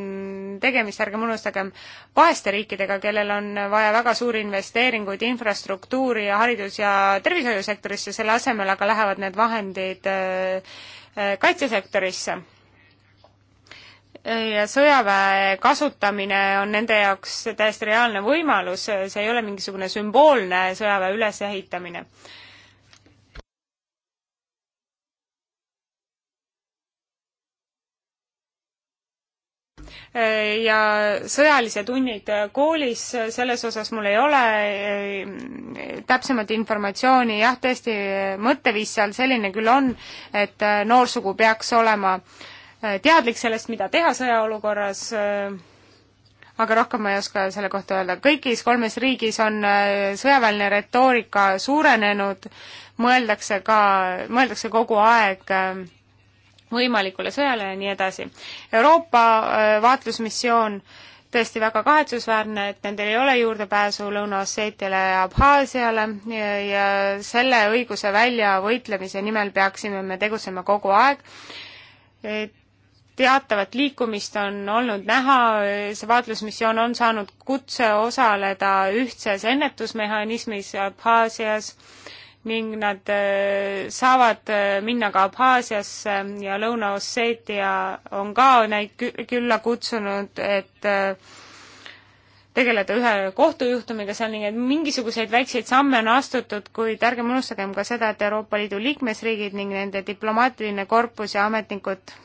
tegemist, ärgem unustagem, vaeste riikidega, kellel on vaja väga suuri investeeringuid infrastruktuuri ja haridus- ja tervishoiusektorisse, selle asemel aga lähevad need vahendid äh, äh, kaitsesektorisse ja sõjaväe kasutamine on nende jaoks täiesti reaalne võimalus, see ei ole mingisugune sümboolne sõjaväe ülesehitamine. ja sõjalised hunnid koolis, selles osas mul ei ole eh, täpsemat informatsiooni, jah, tõesti, mõtteviis seal selline küll on, et eh, noorsugu peaks olema eh, teadlik sellest, mida teha sõjaolukorras, aga rohkem ma ei oska selle kohta öelda. kõigis kolmes riigis on sõjaväeline retoorika suurenenud, mõeldakse ka, mõeldakse kogu aeg äh, võimalikule sõjale ja nii edasi. Euroopa äh, vaatlusmissioon tõesti väga kahetsusväärne, et nendel ei ole juurdepääsu Lõuna-Osseetiale ja Abhaasiale ja, ja selle õiguse väljavõitlemise nimel peaksime me tegutsema kogu aeg. teatavat liikumist on olnud näha, see vaatlusmissioon on saanud kutse osaleda ühtses ennetusmehhanismis Abhaasias äh, ning nad äh, saavad äh, minna ka Abhaasiasse ja Lõuna-Osseetia on ka neid külla kutsunud, et äh, tegeleda ühe kohtujuhtumiga seal, nii et mingisuguseid väikseid samme on astutud, kuid ärgem unustagem ka seda, et Euroopa Liidu liikmesriigid ning nende diplomaatiline korpus ja ametnikud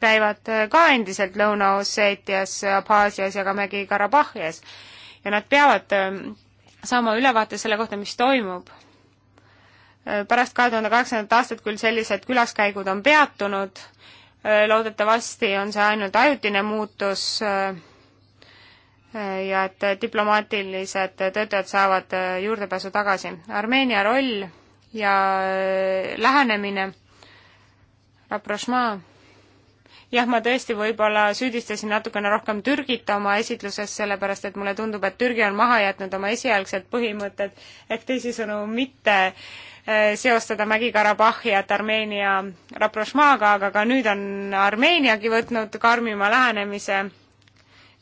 käivad ka endiselt Lõuna-Osseetias, Abhaasias ja ka Mägi-Karabahhias ja nad peavad saama ülevaate selle kohta, mis toimub Äh, pärast kahe tuhande kaheksandat aastat küll sellised külaskäigud on peatunud, äh, loodetavasti on see ainult ajutine muutus äh, ja et diplomaatilised töötajad saavad juurdepääsu tagasi. Armeenia roll ja lähenemine, rapprochement, jah, ma tõesti võib-olla süüdistasin natukene rohkem Türgit oma esitluses, sellepärast et mulle tundub, et Türgi on maha jätnud oma esialgsed põhimõtted, ehk teisisõnu mitte äh, Äh, seostada Mägi-Karabahhi ja Armeenia raprošmaaga, aga ka nüüd on Armeeniagi võtnud karmima lähenemise.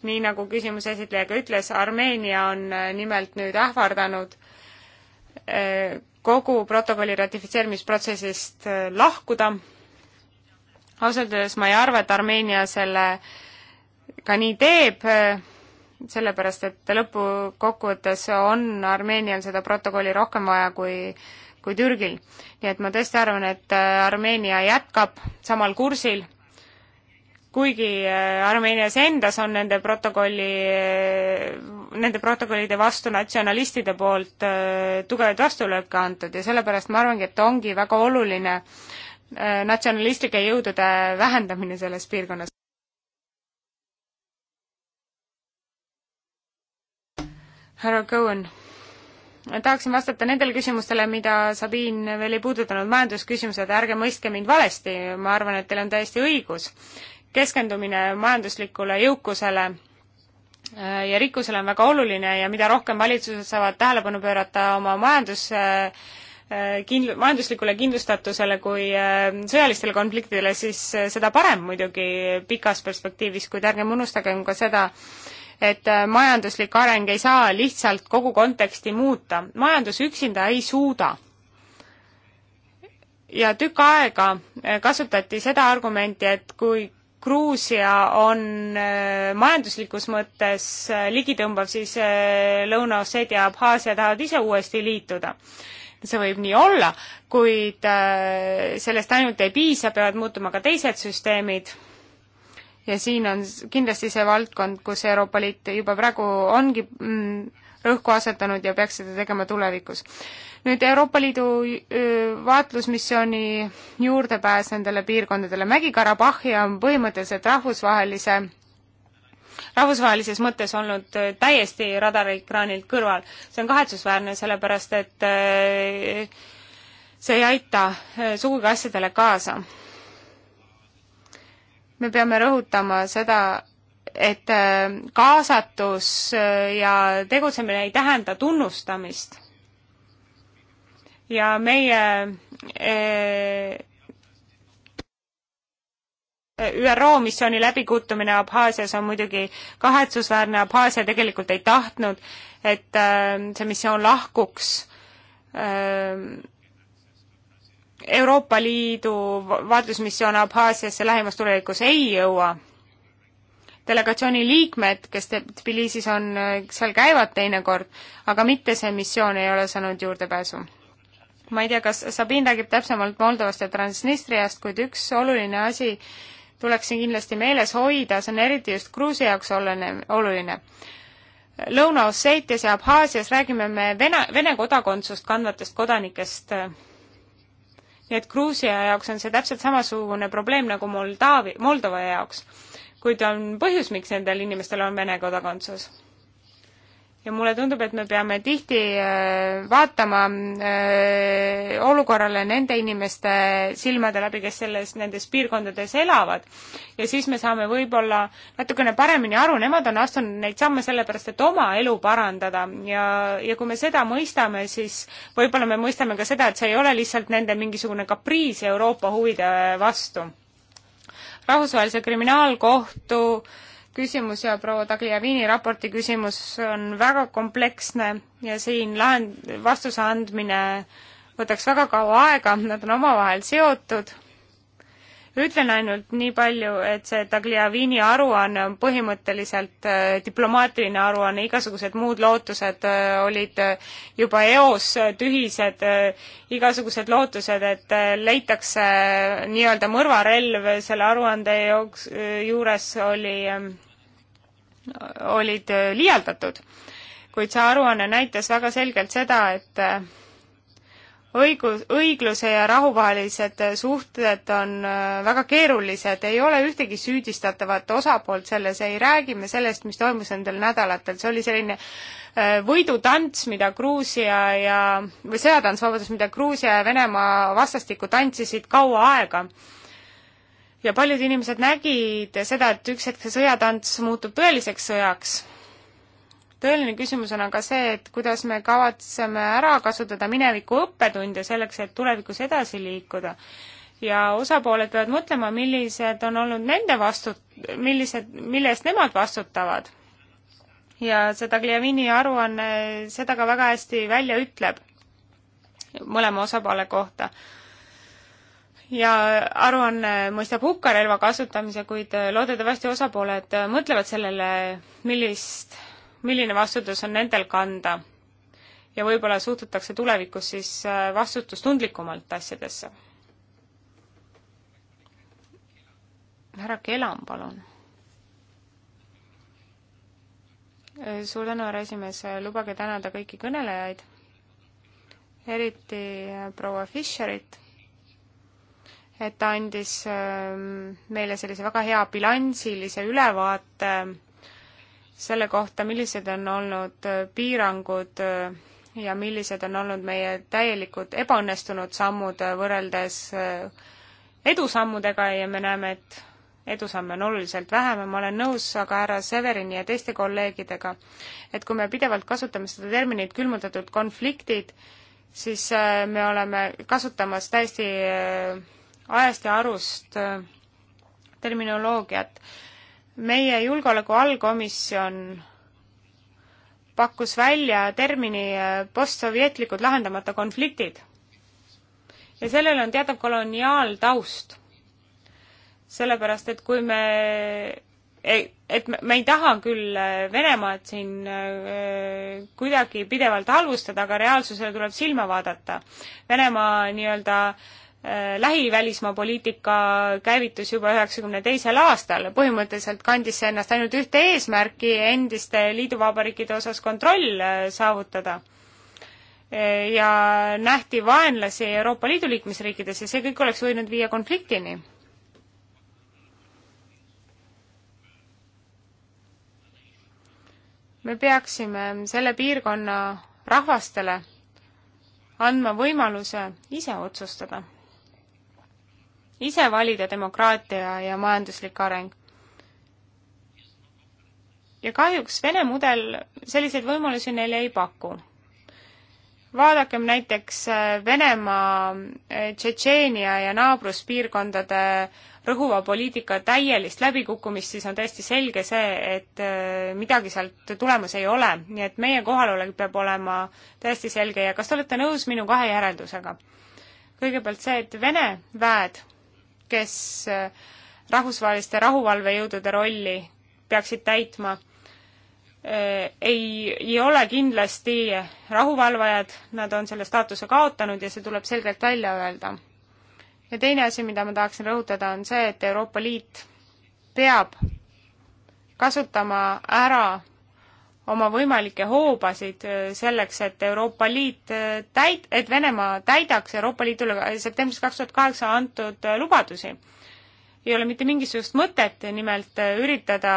nii nagu küsimuse esitleja ka ütles, Armeenia on äh, nimelt nüüd ähvardanud äh, kogu protokolli ratifitseerimisprotsessist lahkuda. ausalt öeldes ma ei arva, et Armeenia selle ka nii teeb sellepärast, et lõpukokkuvõttes on Armeenial seda protokolli rohkem vaja kui kui Türgil. nii et ma tõesti arvan, et äh, Armeenia jätkab samal kursil, kuigi äh, Armeenias endas on nende protokolli, äh, nende protokollide vastu natsionalistide poolt tugevaid vastulööke antud ja sellepärast ma arvangi, et ongi väga oluline natsionalistlike jõudude vähendamine selles piirkonnas. härra Cohen tahaksin vastata nendele küsimustele, mida Sabin veel ei puudutanud, majandusküsimused, ärge mõistke mind valesti, ma arvan, et teil on täiesti õigus. keskendumine majanduslikule jõukusele äh, ja rikkusele on väga oluline ja mida rohkem valitsused saavad tähelepanu pöörata oma majandus äh, kindl-, majanduslikule kindlustatusele kui äh, sõjalistele konfliktidele, siis seda parem muidugi pikas perspektiivis, kuid ärgem unustagem ka seda, et äh, majanduslik areng ei saa lihtsalt kogu konteksti muuta. majandus üksinda ei suuda. ja tükk aega äh, kasutati seda argumenti, et kui Gruusia on äh, majanduslikus mõttes ligitõmbav, siis Lõuna-Osseetia ja Abhaasia tahavad ise uuesti liituda see võib nii olla, kuid sellest ainult ei piisa, peavad muutuma ka teised süsteemid ja siin on kindlasti see valdkond, kus Euroopa Liit juba praegu ongi mm, rõhku asetanud ja peaks seda tegema tulevikus. nüüd Euroopa Liidu vaatlusmissiooni juurdepääs nendele piirkondadele, Mägi-Karabahhi on põhimõtteliselt rahvusvahelise rahvusvahelises mõttes olnud täiesti radariekraanilt kõrval. see on kahetsusväärne, sellepärast et see ei aita sugugi asjadele kaasa me peame rõhutama seda, et äh, kaasatus äh, ja tegutsemine ei tähenda tunnustamist. ja meie e ÜRO missiooni läbikuutumine Abhaasias on muidugi kahetsusväärne, Abhaasia tegelikult ei tahtnud, et see missioon lahkuks Euroopa Liidu vaatlusmissioon Abhaasiasse lähimas tulevikus ei jõua. delegatsiooni liikmed, kes Tbilisis on, seal käivad teinekord, aga mitte see missioon ei ole saanud juurdepääsu. ma ei tea, kas Sabin räägib täpsemalt Moldovast ja Transnistriast, kuid üks oluline asi tuleks siin kindlasti meeles hoida, see on eriti just Gruusia jaoks oluline, oluline Lõuna-Osseetias ja Abhaasias räägime me vene, Vene kodakondsust kandvatest kodanikest nii et Gruusia jaoks on see täpselt samasugune probleem nagu Moldaavi, Moldova jaoks. kuid on põhjus, miks nendel inimestel on Vene kodakondsus ja mulle tundub, et me peame tihti äh, vaatama äh, olukorrale nende inimeste silmade läbi, kes selles, nendes piirkondades elavad. ja siis me saame võib-olla natukene paremini aru, nemad on astunud neid samme sellepärast, et oma elu parandada ja, ja kui me seda mõistame, siis võib-olla me mõistame ka seda, et see ei ole lihtsalt nende mingisugune kapriis Euroopa huvide vastu. rahvusvahelise kriminaalkohtu äh, küsimus ja proua Tagliavini raporti küsimus on väga kompleksne ja siin lahend-, vastuse andmine võtaks väga kaua aega, nad on omavahel seotud. ütlen ainult nii palju, et see Tagliavini aruanne on põhimõtteliselt äh, diplomaatiline aruanne, igasugused muud lootused äh, olid äh, juba eos tühised, igasugused lootused, et leitakse nii-öelda mõrvarelv selle aruande jooks-, juures oli ähm, olid äh, liialdatud, kuid see aruanne näitas väga selgelt seda, et äh, õigus, õigluse ja rahuvahelised äh, suhted on väga keerulised, ei ole ühtegi süüdistatavat osapoolt selles, ei räägi me sellest, mis toimus nendel nädalatel, see oli selline võidutants, mida Gruusia ja, või sõjatants, vabandust, mida Gruusia ja Venemaa vastastikku tantsisid kaua aega ja paljud inimesed nägid seda, et üks hetk see sõjatants muutub tõeliseks sõjaks. tõeline küsimus on aga see, et kuidas me kavatseme ära kasutada mineviku õppetunde selleks, et tulevikus edasi liikuda. ja osapooled peavad mõtlema, millised on olnud nende vastu-, millised, mille eest nemad vastutavad. ja seda Gliavini aruanne seda ka väga hästi välja ütleb mõlema osapoole kohta ja aruanne mõistab hukka relva kasutamise, kuid äh, loodetavasti osapooled äh, mõtlevad sellele, millist, milline vastutus on nendel kanda. ja võib-olla suhtutakse tulevikus siis äh, vastutustundlikumalt asjadesse. härra Kelam, palun. suur tänu, härra esimees, lubage tänada kõiki kõnelejaid, eriti proua Fischerit et ta andis ähm, meile sellise väga hea bilansilise ülevaate selle kohta, millised on olnud äh, piirangud äh, ja millised on olnud meie täielikud ebaõnnestunud sammud äh, võrreldes edusammudega ja me näeme, et edusamme on oluliselt vähem ja ma olen nõus aga härra Severini ja teiste kolleegidega, et kui me pidevalt kasutame seda terminit külmutatud konfliktid, siis me oleme kasutamas täiesti ajast ja arust äh, terminoloogiat. meie julgeoleku allkomisjon pakkus välja termini äh, postsovjetlikud lahendamata konfliktid. ja sellel on teatav koloniaaltaust. sellepärast, et kui me, e, et me, me ei taha küll äh, Venemaad siin kuidagi pidevalt halvustada, aga reaalsusele tuleb silma vaadata. Venemaa nii-öelda äh, Äh, lähivälismaa poliitika käivitus juba üheksakümne teisel aastal, põhimõtteliselt kandis see ennast ainult ühte eesmärki, endiste liiduvabariikide osas kontroll äh, saavutada. Äh, ja nähti vaenlasi Euroopa Liidu liikmesriikides ja see kõik oleks võinud viia konfliktini me peaksime selle piirkonna rahvastele andma võimaluse ise otsustada ise valida demokraatia ja majanduslik areng. ja kahjuks Vene mudel selliseid võimalusi neile ei paku. vaadakem näiteks äh, Venemaa, äh, Tšetšeenia ja naabruspiirkondade rõhuva poliitika täielist läbikukkumist, siis on täiesti selge see, et äh, midagi sealt tulemas ei ole, nii et meie kohalolek peab olema täiesti selge ja kas te olete nõus minu kahe järeldusega? kõigepealt see, et Vene väed kes äh, rahvusvaheliste rahuvalvejõudude rolli peaksid täitma, äh, ei, ei ole kindlasti rahuvalvajad, nad on selle staatuse kaotanud ja see tuleb selgelt välja öelda. ja teine asi, mida ma tahaksin rõhutada, on see, et Euroopa Liit peab kasutama ära oma võimalikke hoobasid äh, selleks, et Euroopa Liit äh, täit-, et Venemaa täidaks Euroopa Liidule septembris kaks tuhat kaheksa antud äh, lubadusi. ei ole mitte mingisugust mõtet nimelt üritada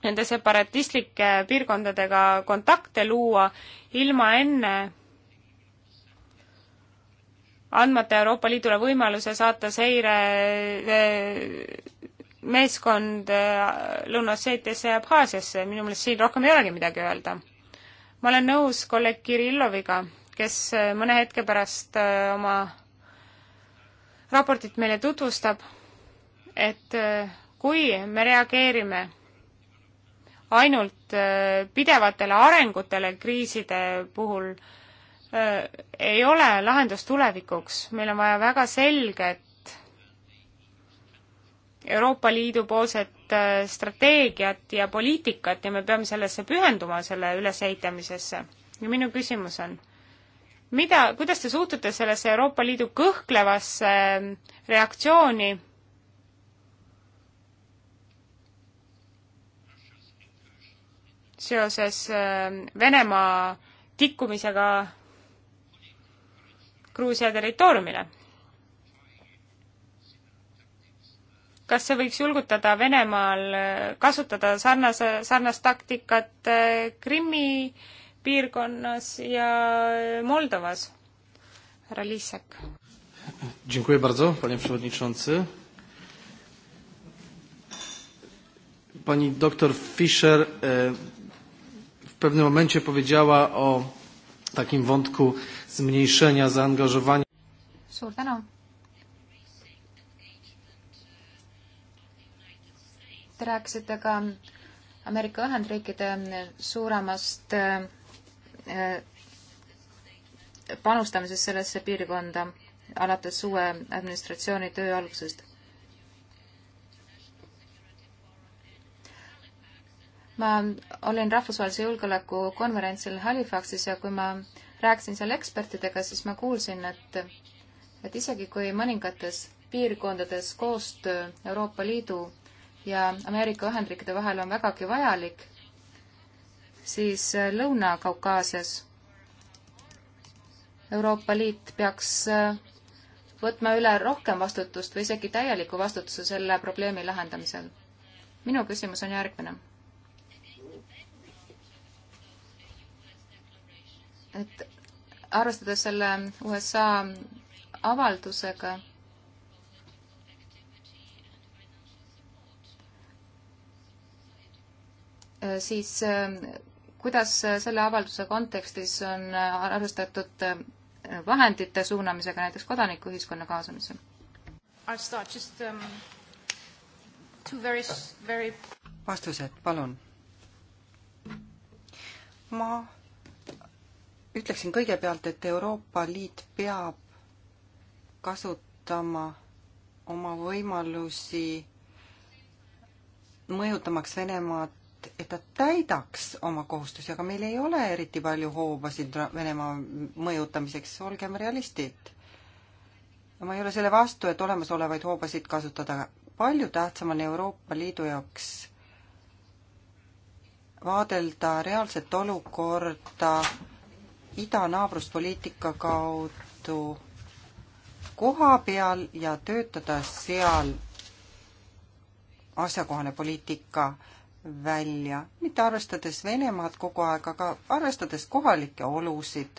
nende separatistlike piirkondadega kontakte luua ilma enne andmata Euroopa Liidule võimaluse saata seire meeskond äh, Lõuna-Osseetiasse ja Abhaasiasse, minu meelest siin rohkem ei olegi midagi öelda. ma olen nõus kolleeg Kirilloviga, kes äh, mõne hetke pärast äh, oma raportit meile tutvustab, et kui me reageerime ainult pidevatele arengutele kriiside puhul, ei ole lahendus tulevikuks, meil on vaja väga selget Euroopa Liidu poolset äh, strateegiat ja poliitikat ja me peame sellesse pühenduma, selle ülesehitamisesse. ja minu küsimus on, mida, kuidas te suhtute sellesse Euroopa Liidu kõhklevasse ähm, reaktsiooni seoses ähm, Venemaa tikkumisega Gruusia territooriumile? kas see võiks julgutada Venemaal äh, kasutada sarnase, sarnast taktikat äh, Krimmi piirkonnas ja äh, Moldovas? härra Liisek. Dziękuję bardzo, panie przewodniczący. Pani doktor Fischer e, w pewnym momencie powiedziała o takim wątku zmniejszenia zaangażowania. Suur tänu Te rääkisite ka Ameerika Ühendriikide suuremast äh, panustamisest sellesse piirkonda alates uue administratsiooni töö algusest. ma olin rahvusvahelise julgeoleku konverentsil Halifaxis ja kui ma rääkisin seal ekspertidega, siis ma kuulsin, et, et isegi kui mõningates piirkondades koostöö Euroopa Liidu ja Ameerika Ühendriikide vahel on vägagi vajalik, siis äh, Lõuna-Kaukaasias Euroopa Liit peaks äh, võtma üle rohkem vastutust või isegi täieliku vastutuse selle probleemi lahendamisel. minu küsimus on järgmine. et arvestades selle USA avaldusega Äh, siis äh, kuidas äh, selle avalduse kontekstis on arvestatud vahendite suunamisega näiteks kodanikuühiskonna kaasamisse? Um, vastused, palun. ma ütleksin kõigepealt, et Euroopa Liit peab kasutama oma võimalusi mõjutamaks Venemaad et, et ta täidaks oma kohustusi, aga meil ei ole eriti palju hoobasid Venemaa mõjutamiseks, olgem realistid. ma ei ole selle vastu, et olemasolevaid hoobasid kasutada. palju tähtsam on Euroopa Liidu jaoks vaadelda reaalset olukorda idanaabruspoliitika kaudu koha peal ja töötada seal asjakohane poliitika välja, mitte arvestades Venemaad kogu aeg, aga arvestades kohalikke olusid.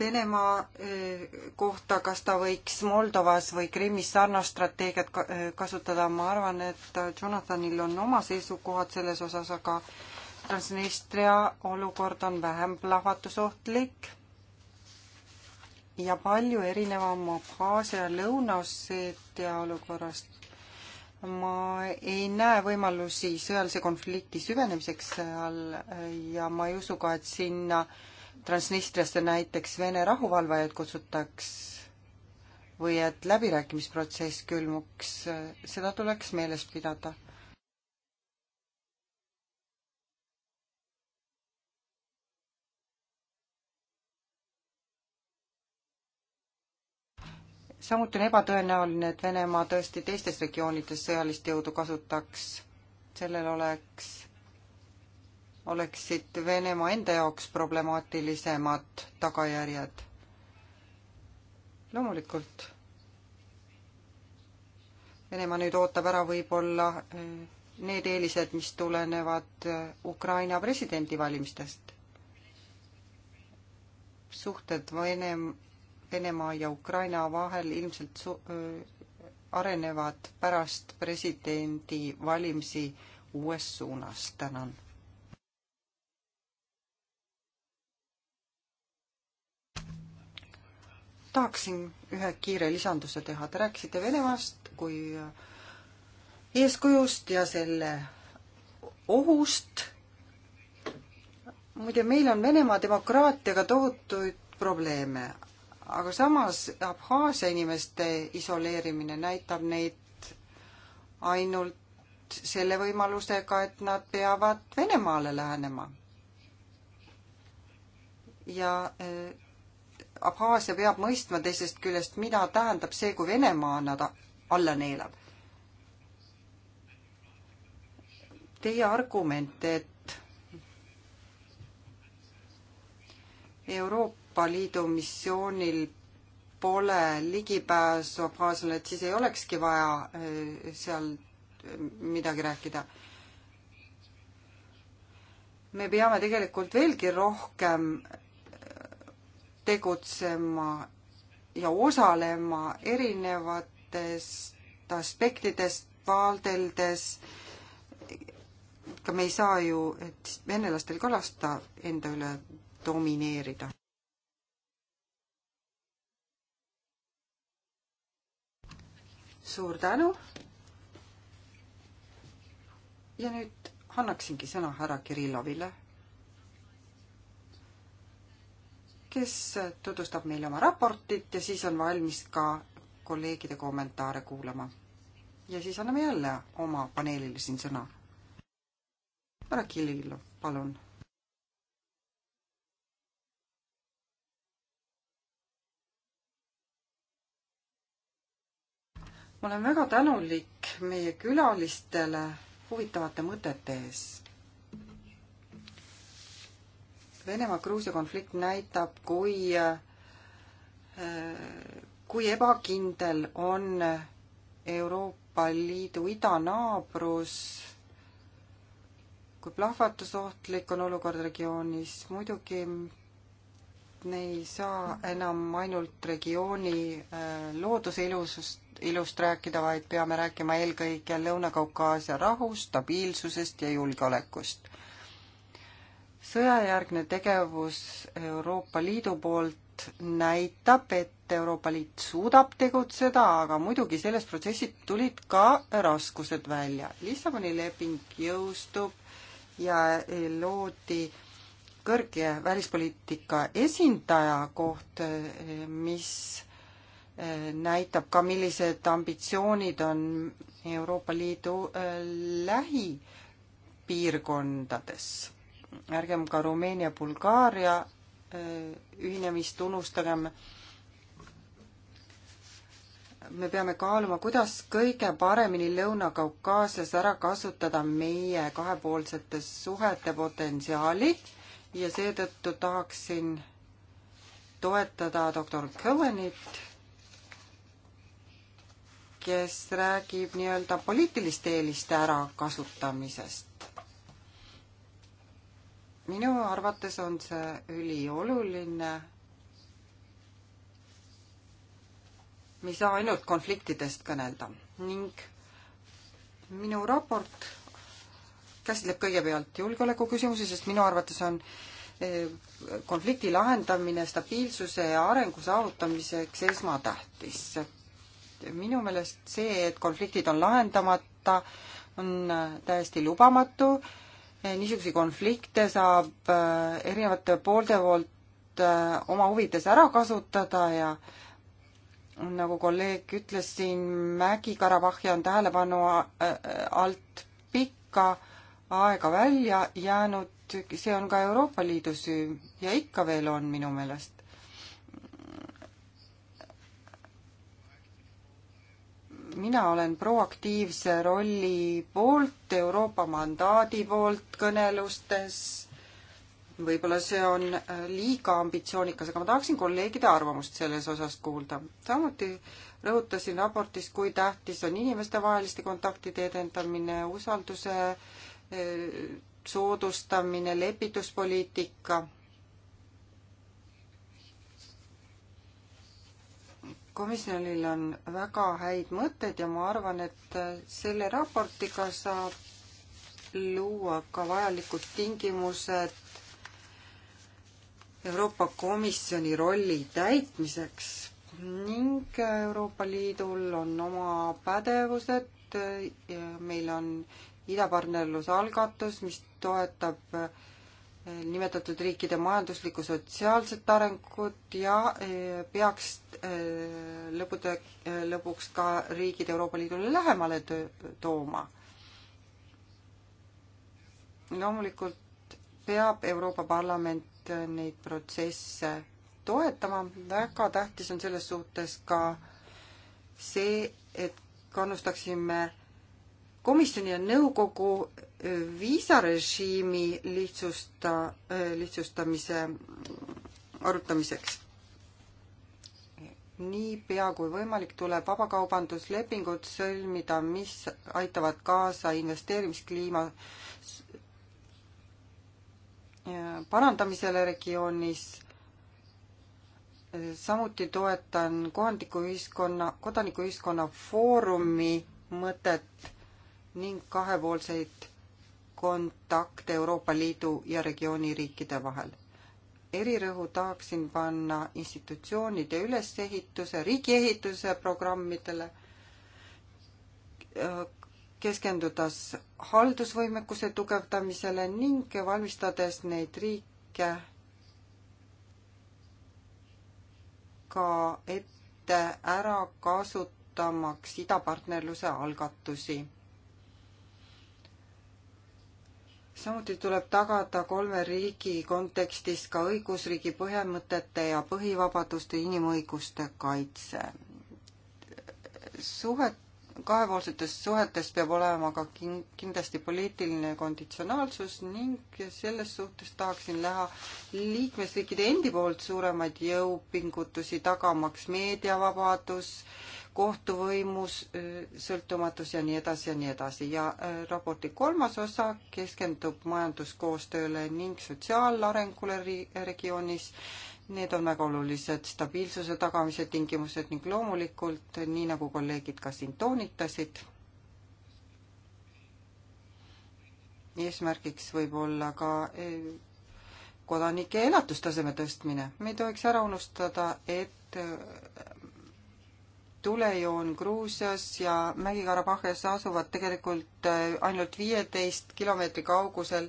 Venemaa eh, kohta, kas ta võiks Moldovas või Krimmis sarnast strateegiat eh, kasutada, ma arvan, et Jonathanil on oma seisukohad selles osas, aga Transnistria olukord on vähem plahvatusohtlik ja palju erinevam Abhaasia Lõuna-Osseetia olukorrast. ma ei näe võimalusi sõjalise konflikti süvenemiseks seal ja ma ei usu ka, et sinna Transnistriasse näiteks Vene rahuvalvajaid kutsutaks või et läbirääkimisprotsess külmuks, seda tuleks meeles pidada samuti on ebatõenäoline, et Venemaa tõesti teistes regioonides sõjalist jõudu kasutaks. sellel oleks, oleksid Venemaa enda jaoks problemaatilisemad tagajärjed. loomulikult. Venemaa nüüd ootab ära võib-olla eh, need eelised, mis tulenevad eh, Ukraina presidendivalimistest. suhted Venem-, Venemaa ja Ukraina vahel ilmselt arenevad pärast presidendivalimisi uues suunas. tänan tahaksin ühe kiire lisanduse teha. Te rääkisite Venemaast kui eeskujust ja selle ohust. muide, meil on Venemaa demokraatiaga tohutuid probleeme, aga samas Abhaasia inimeste isoleerimine näitab neid ainult selle võimalusega, et nad peavad Venemaale lähenema. ja eh, Abhaasia peab mõistma teisest küljest, mida tähendab see, kui Venemaa nad alla neelab. Teie argument, et Euroopa Euroopa Liidu missioonil pole ligipääsu Abhaasiale, et siis ei olekski vaja äh, seal äh, midagi rääkida. me peame tegelikult veelgi rohkem äh, tegutsema ja osalema erinevatest aspektidest vaadeldes. ega me ei saa ju venelatel ka lasta enda üle domineerida. suur tänu. ja nüüd annaksingi sõna härra Kirillovile, kes tutvustab meile oma raportit ja siis on valmis ka kolleegide kommentaare kuulama. ja siis anname jälle oma paneelile siin sõna. härra Kirillov, palun ma olen väga tänulik meie külalistele huvitavate mõtete ees. Venemaa-Gruusia konflikt näitab, kui, äh, kui ebakindel on Euroopa Liidu idanaabrus, kui plahvatusohtlik on olukord regioonis, muidugi me ei saa enam ainult regiooni äh, looduse ilusust ilust rääkida, vaid peame rääkima eelkõige Lõuna-Kaukaasia rahust, stabiilsusest ja julgeolekust. sõjajärgne tegevus Euroopa Liidu poolt näitab, et Euroopa Liit suudab tegutseda, aga muidugi sellest protsessist tulid ka raskused välja. Lissaboni leping jõustub ja loodi kõrge välispoliitika esindaja koht, mis näitab ka, millised ambitsioonid on Euroopa Liidu äh, lähipiirkondades. ärgem ka Rumeenia, Bulgaaria äh, ühinemist unustagem. me peame kaaluma, kuidas kõige paremini Lõuna-Kaukaasias ära kasutada meie kahepoolsetes suhete potentsiaali ja seetõttu tahaksin toetada doktor Cohenit kes räägib nii-öelda poliitiliste eeliste ärakasutamisest. minu arvates on see ülioluline. me ei saa ainult konfliktidest kõnelda ning minu raport käsitleb kõigepealt julgeolekuküsimusi, sest minu arvates on eh, konflikti lahendamine stabiilsuse ja arengu saavutamiseks esmatähtis minu meelest see, et konfliktid on lahendamata, on äh, täiesti lubamatu. niisuguseid konflikte saab äh, erinevate poolte poolt äh, oma huvides ära kasutada ja nagu kolleeg ütles siin, Mägi-Karabahhi on tähelepanu alt pikka aega välja jäänud, see on ka Euroopa Liidu süü ja ikka veel on minu meelest. mina olen proaktiivse rolli poolt, Euroopa mandaadi poolt kõnelustes. võib-olla see on äh, liiga ambitsioonikas, aga ma tahaksin kolleegide arvamust selles osas kuulda. samuti rõhutasin raportis, kui tähtis on inimestevaheliste kontaktide edendamine, usalduse äh, soodustamine, lepituspoliitika komisjonil on väga häid mõtteid ja ma arvan, et selle raportiga saab luua ka vajalikud tingimused Euroopa Komisjoni rolli täitmiseks ning Euroopa Liidul on oma pädevused, meil on idapartnerluse algatus, mis toetab äh, nimetatud riikide majanduslikku, sotsiaalset arengut ja eh, peaks eh, lõppude, eh, lõpuks ka riigid Euroopa Liidule lähemale tooma. loomulikult peab Euroopa Parlament neid protsesse toetama, väga tähtis on selles suhtes ka see, et kannustaksime komisjoni ja nõukogu viisarežiimi lihtsusta, lihtsustamise arutamiseks. niipea kui võimalik, tuleb vabakaubanduslepingud sõlmida, mis aitavad kaasa investeerimiskliima parandamisele regioonis. samuti toetan kohandikuühiskonna, kodanikuühiskonna foorumi mõtet ning kahepoolseid kontakte Euroopa Liidu ja regiooni riikide vahel. erirõhu tahaksin panna institutsioonide ülesehituse, riigiehituse programmidele, äh, keskendudes haldusvõimekuse tugevdamisele ning valmistades neid riike ka ette ära kasutamaks idapartnerluse algatusi samuti tuleb tagada kolme riigi kontekstis ka õigusriigi põhimõtete ja põhivabaduste inimõiguste kaitse. suhet, kahepoolsetes suhetes peab olema ka kin-, kindlasti poliitiline konditsionaalsus ning selles suhtes tahaksin näha liikmesriikide endi poolt suuremaid jõupingutusi, tagamaks meediavabadus äh,, kohtuvõimus, sõltumatus ja nii edasi ja nii edasi ja raporti kolmas osa keskendub majanduskoostööle ning sotsiaalarengule regioonis. Need on väga olulised stabiilsuse tagamise tingimused ning loomulikult, nii nagu kolleegid ka siin toonitasid, eesmärgiks võib olla ka kodanike elatustaseme tõstmine. me ei tohiks ära unustada, et tulejoon Gruusias ja Mägi-Karabahhes asuvad tegelikult äh, ainult viieteist kilomeetri kaugusel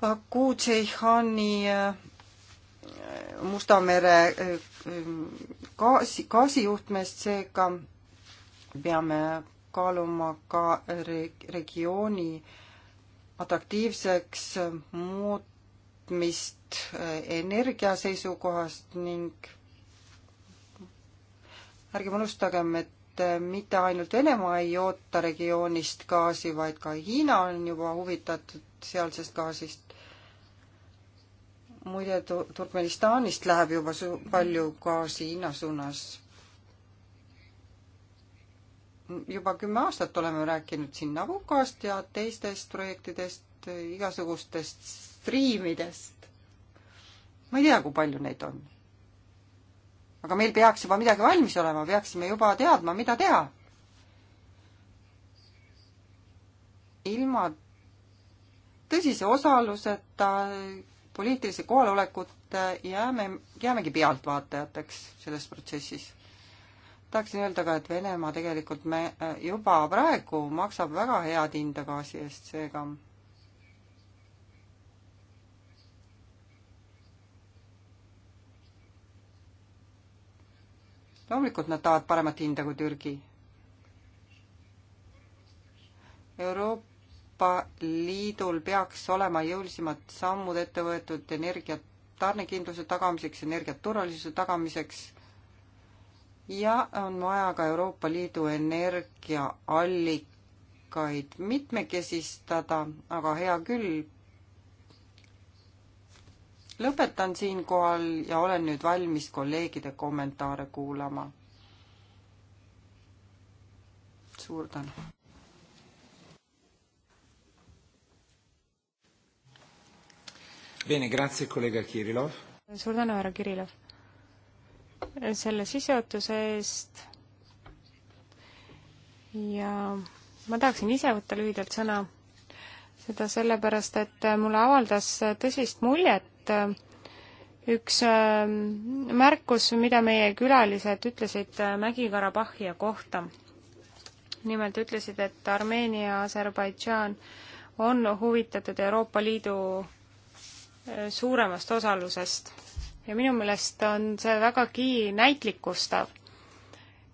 Baku Tšeihani äh, Musta mere äh, gaasi, gaasijuhtmest, seega peame kaaluma ka regiooni atraktiivseks muutmist energia seisukohast ning ärgem unustagem, et äh, mitte ainult Venemaa ei oota regioonist gaasi, vaid ka Hiina on juba huvitatud sealsest gaasist. muide, Turkmenistanist läheb juba su-, palju gaasi Hiina suunas. juba kümme aastat oleme rääkinud siin Nabucost ja teistest projektidest, igasugustest striimidest. ma ei tea, kui palju neid on aga meil peaks juba midagi valmis olema, peaksime juba teadma, mida teha. ilma tõsise osaluseta, poliitilise kohalolekuta jääme, jäämegi pealtvaatajateks selles protsessis tahaksin öelda ka, et Venemaa tegelikult me eh, juba praegu maksab väga head hinda gaasi eest, seega loomulikult nad tahavad paremat hinda kui Türgi. Euroopa Liidul peaks olema jõulisemad sammud ette võetud energia tarnekindluse tagamiseks, energiaturvalisuse tagamiseks ja on vaja ka Euroopa Liidu energiaallikaid mitmekesistada, aga hea küll, lõpetan siinkohal ja olen nüüd valmis kolleegide kommentaare kuulama. suur tänu. Bene, grazie kolleeg Kirillov. suur tänu, härra Kirillov. selle sissejuhatuse eest ja ma tahaksin ise võtta lühidalt sõna, seda sellepärast, et mulle avaldas tõsist muljet et äh, üks äh, märkus, mida meie külalised ütlesid äh, Mägi-Karabahhi kohta. nimelt ütlesid, et Armeenia ja Aserbaidžaan on huvitatud Euroopa Liidu suuremast osalusest ja minu meelest on see vägagi näitlikustav.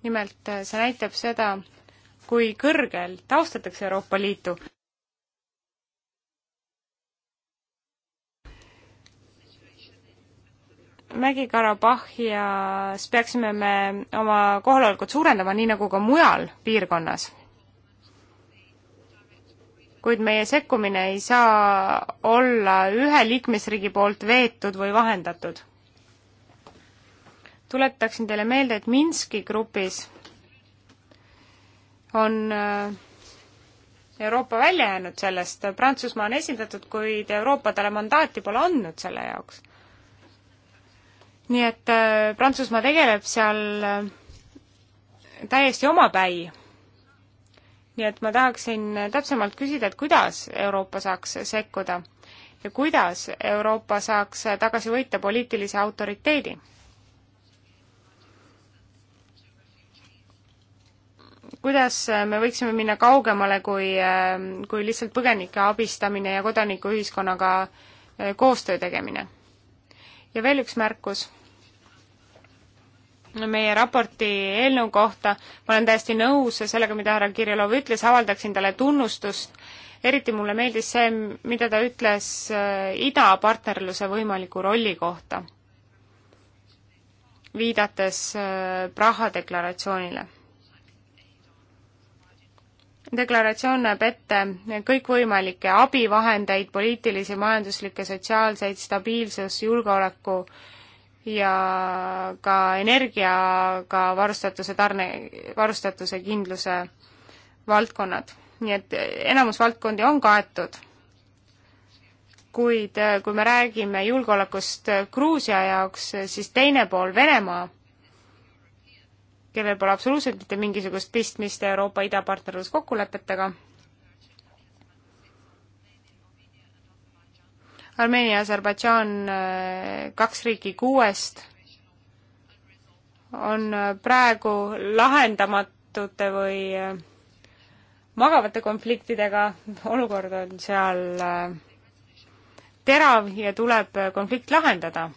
nimelt see näitab seda, kui kõrgel taustatakse Euroopa Liitu Mägi-Karabahhias peaksime me oma kohalolekut suurendama, nii nagu ka mujal piirkonnas. kuid meie sekkumine ei saa olla ühe liikmesriigi poolt veetud või vahendatud. tuletaksin teile meelde, et Minski grupis on äh, Euroopa välja jäänud sellest, Prantsusmaa on esindatud, kuid Euroopa talle mandaati pole andnud selle jaoks nii et äh, Prantsusmaa tegeleb seal äh, täiesti omapäi. nii et ma tahaksin äh, täpsemalt küsida, et kuidas Euroopa saaks sekkuda ja kuidas Euroopa saaks tagasi võita poliitilise autoriteedi? kuidas me võiksime minna kaugemale kui, kui lihtsalt põgenike abistamine ja kodanikuühiskonnaga koostöö tegemine? ja veel üks märkus meie raporti eelnõu kohta, ma olen täiesti nõus sellega, mida härra Kirillov ütles, avaldaksin talle tunnustust. eriti mulle meeldis see, mida ta ütles äh, idapartnerluse võimaliku rolli kohta, viidates äh, Praha deklaratsioonile. deklaratsioon näeb ette kõikvõimalikke abivahendeid, poliitilisi, majanduslikke, sotsiaalseid, stabiilsus, julgeoleku äh, ja ka energiaga varustatuse tarne, varustatuse kindluse valdkonnad. nii et enamus valdkondi on kaetud. kuid eh, kui me räägime julgeolekust Gruusia jaoks, siis teine pool, Venemaa, kellel pole absoluutselt mitte mingisugust pistmist Euroopa idapartnerlus kokkulepetega Armeenia ja Aserbaidžaan, äh, kaks riiki kuuest, on äh, praegu lahendamatute või äh, magavate konfliktidega, olukord on seal terav ja tuleb konflikt lahendada.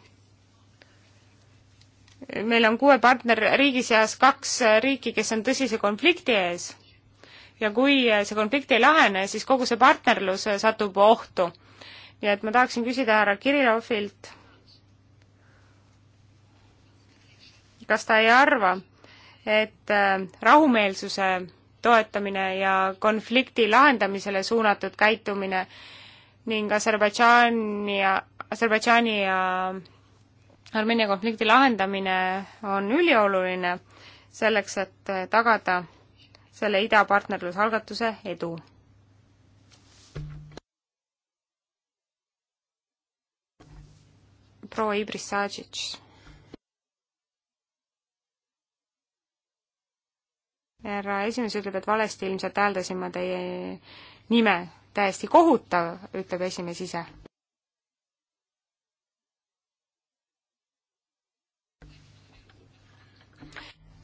meil on kuue partnerriigi seas kaks riiki, kes on tõsise konflikti ees ja kui see konflikt ei lahene, siis kogu see partnerlus satub ohtu ja et ma tahaksin küsida härra Kirillovilt, kas ta ei arva, et äh, rahumeelsuse toetamine ja konflikti lahendamisele suunatud käitumine ning Aserbaidžaani ja, Aserbaidžaani ja Armeenia konflikti lahendamine on ülioluline selleks, et tagada selle idapartnerlusalgatuse edu proua Ibris Sajic. härra esimees ütleb, et valesti ilmselt hääldasin ma teie nime. täiesti kohutav, ütleb esimees ise.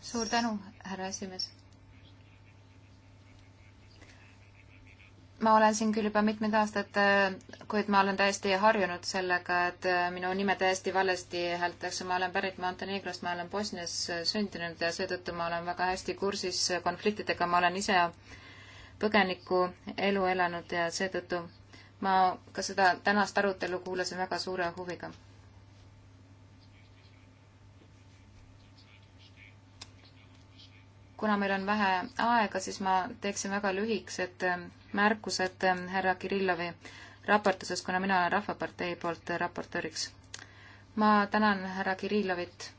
suur tänu, härra esimees ma olen siin küll juba mitmed aastad, äh, kuid ma olen täiesti harjunud sellega, et äh, minu nime täiesti valesti hääldatakse. ma olen pärit Montenegrost, ma olen Bosnias äh, sündinud ja seetõttu ma olen väga hästi kursis konfliktidega. ma olen ise põgeniku elu elanud ja seetõttu ma ka seda tänast arutelu kuulasin väga suure huviga kuna meil on vähe aega, siis ma teeksin väga lühikesed ähm, märkused ähm, härra Kirillovi raportuses, kuna mina olen Rahvapartei poolt raportööriks. ma tänan härra Kirillovit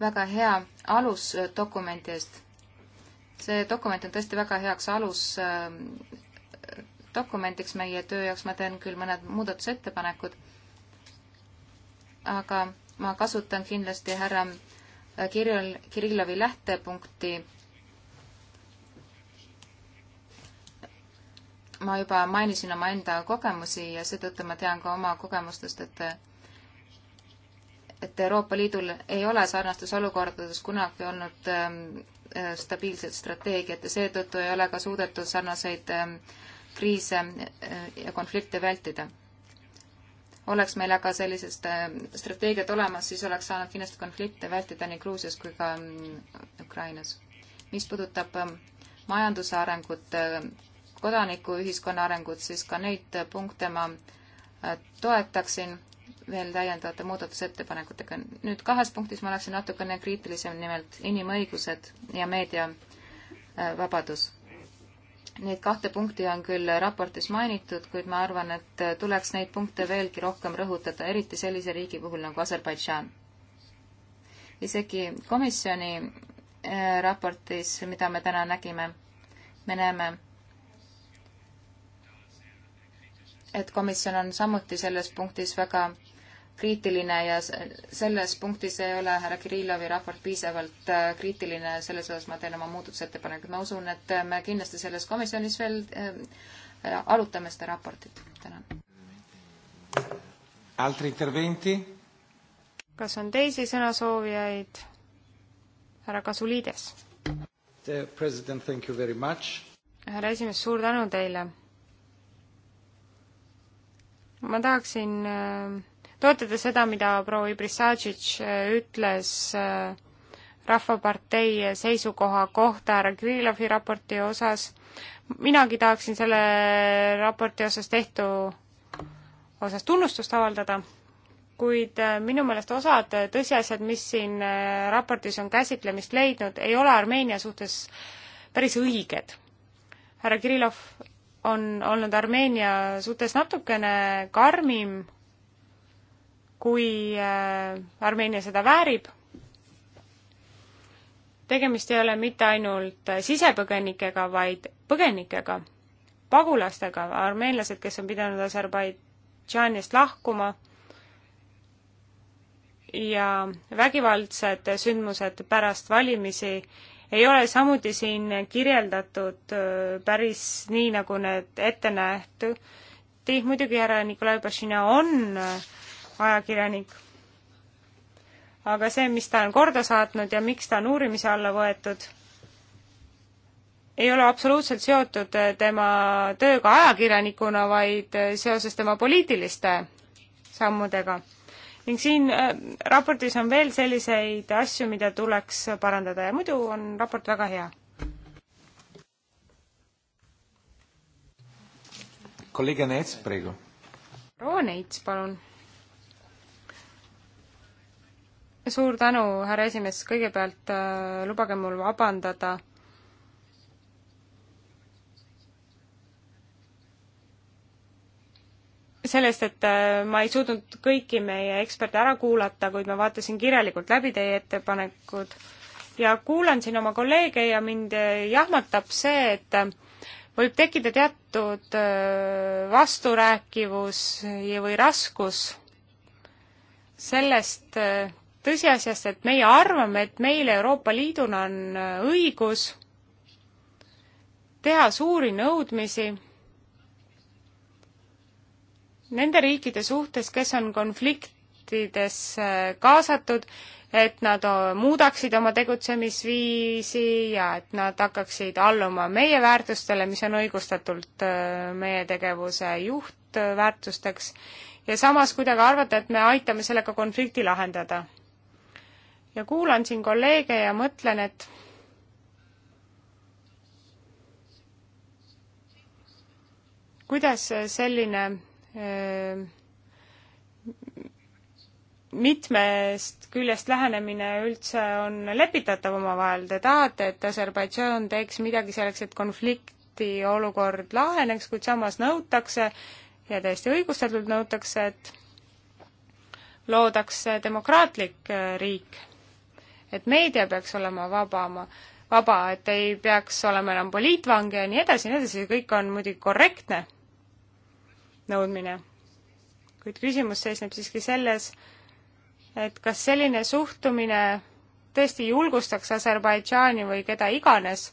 väga hea alusdokumendi eest. see dokument on tõesti väga heaks alusdokumendiks ähm, meie töö jaoks, ma teen küll mõned muudatusettepanekud, aga ma kasutan kindlasti härra Kirjal, Kirillovi lähtepunkti ma juba mainisin omaenda kogemusi ja seetõttu ma tean ka oma kogemustest, et et Euroopa Liidul ei ole sarnastes olukordades kunagi olnud ähm, äh, stabiilset strateegiat ja seetõttu ei ole ka suudetud sarnaseid ähm, kriise äh, ja konflikte vältida oleks meil aga sellised äh, strateegiad olemas, siis oleks saanud kindlasti konflikte vältida nii Gruusias kui ka mm, Ukrainas. mis puudutab ähm, majanduse arengut, äh, kodanikuühiskonna arengut, siis ka neid punkte ma äh, toetaksin veel täiendavate muudatusettepanekutega. nüüd kahes punktis ma oleksin natukene kriitilisem, nimelt inimõigused ja meediavabadus Neid kahte punkti on küll raportis mainitud, kuid ma arvan, et tuleks neid punkte veelgi rohkem rõhutada, eriti sellise riigi puhul nagu Aserbaidžaan. isegi komisjoni äh, raportis, mida me täna nägime, me näeme, et komisjon on samuti selles punktis väga kriitiline ja selles punktis ei ole härra Kirillovi raport piisavalt äh, kriitiline, selles osas ma teen oma muudatusettepanekud. ma usun, et me kindlasti selles komisjonis veel äh, äh, arutame seda raportit. tänan. kas on teisi sõnasoovijaid? härra Kasuliides. härra esimees, suur tänu teile. ma tahaksin äh, toetada seda, mida proua Ibrisadžič äh, ütles äh, Rahvapartei äh, seisukoha kohta härra Kirillovi raporti osas. minagi tahaksin selle raporti osas tehtu osas tunnustust avaldada, kuid minu meelest osad tõsiasjad, mis siin raportis on käsitlemist leidnud, ei ole Armeenia suhtes päris õiged. härra Kirillov on olnud Armeenia suhtes natukene karmim kui äh, Armeenia seda väärib. tegemist ei ole mitte ainult sisepõgenikega, vaid põgenikega, pagulastega, armeenlased, kes on pidanud Aserbaidžaanist lahkuma ja vägivaldsed sündmused pärast valimisi ei ole samuti siin kirjeldatud äh, päris nii, nagu need ette nähti. muidugi härra Nikolai Bašina on äh, ajakirjanik. aga see, mis ta on korda saatnud ja miks ta on uurimise alla võetud, ei ole absoluutselt seotud eh, tema tööga ajakirjanikuna, vaid eh, seoses tema poliitiliste sammudega. ning siin eh, raportis on veel selliseid asju, mida tuleks parandada ja muidu on raport väga hea. kolleeg Neits, praegu proua Neits, palun suur tänu, härra esimees, kõigepealt äh, lubage mul vabandada sellest, et äh, ma ei suutnud kõiki meie eksperte ära kuulata, kuid ma vaatasin kirjalikult läbi teie ettepanekud ja kuulan siin oma kolleege ja mind äh, jahmatab see, et äh, võib tekkida teatud vasturääkivus või raskus sellest, tõsiasjast, et meie arvame, et meil Euroopa Liiduna on äh, õigus teha suuri nõudmisi nende riikide suhtes, kes on konfliktidesse äh, kaasatud, et nad äh, muudaksid oma tegutsemisviisi ja et nad hakkaksid alluma meie väärtustele, mis on õigustatult meie tegevuse juhtväärtusteks, ja samas kuidagi arvata, et me aitame sellega konflikti lahendada ja kuulan siin kolleege ja mõtlen, et kuidas selline öö, äh, mitmest küljest lähenemine üldse on lepitatav omavahel, te tahate, et Aserbaidžaan teeks midagi selleks, et konflikti olukord laheneks, kuid samas nõutakse ja täiesti õigustatult nõutakse, et loodaks demokraatlik äh, riik et meedia peaks olema vabama, vaba, et ei peaks olema enam poliitvange ja nii edasi ja nii edasi, kõik on muidugi korrektne nõudmine. kuid küsimus seisneb siiski selles, et kas selline suhtumine tõesti julgustaks Aserbaidžaani või keda iganes,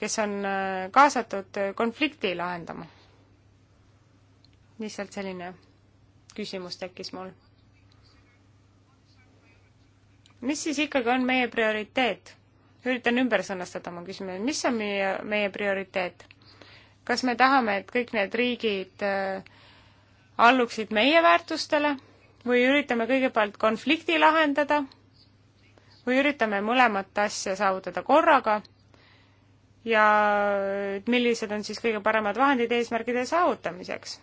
kes on äh, kaasatud äh, konflikti lahendama. lihtsalt selline küsimus tekkis mul mis siis ikkagi on meie prioriteet? üritan ümber sõnastada oma küsimuse, mis on meie, meie prioriteet? kas me tahame, et kõik need riigid äh, alluksid meie väärtustele või üritame kõigepealt konflikti lahendada või üritame mõlemat asja saavutada korraga ja millised on siis kõige paremad vahendid eesmärgide saavutamiseks?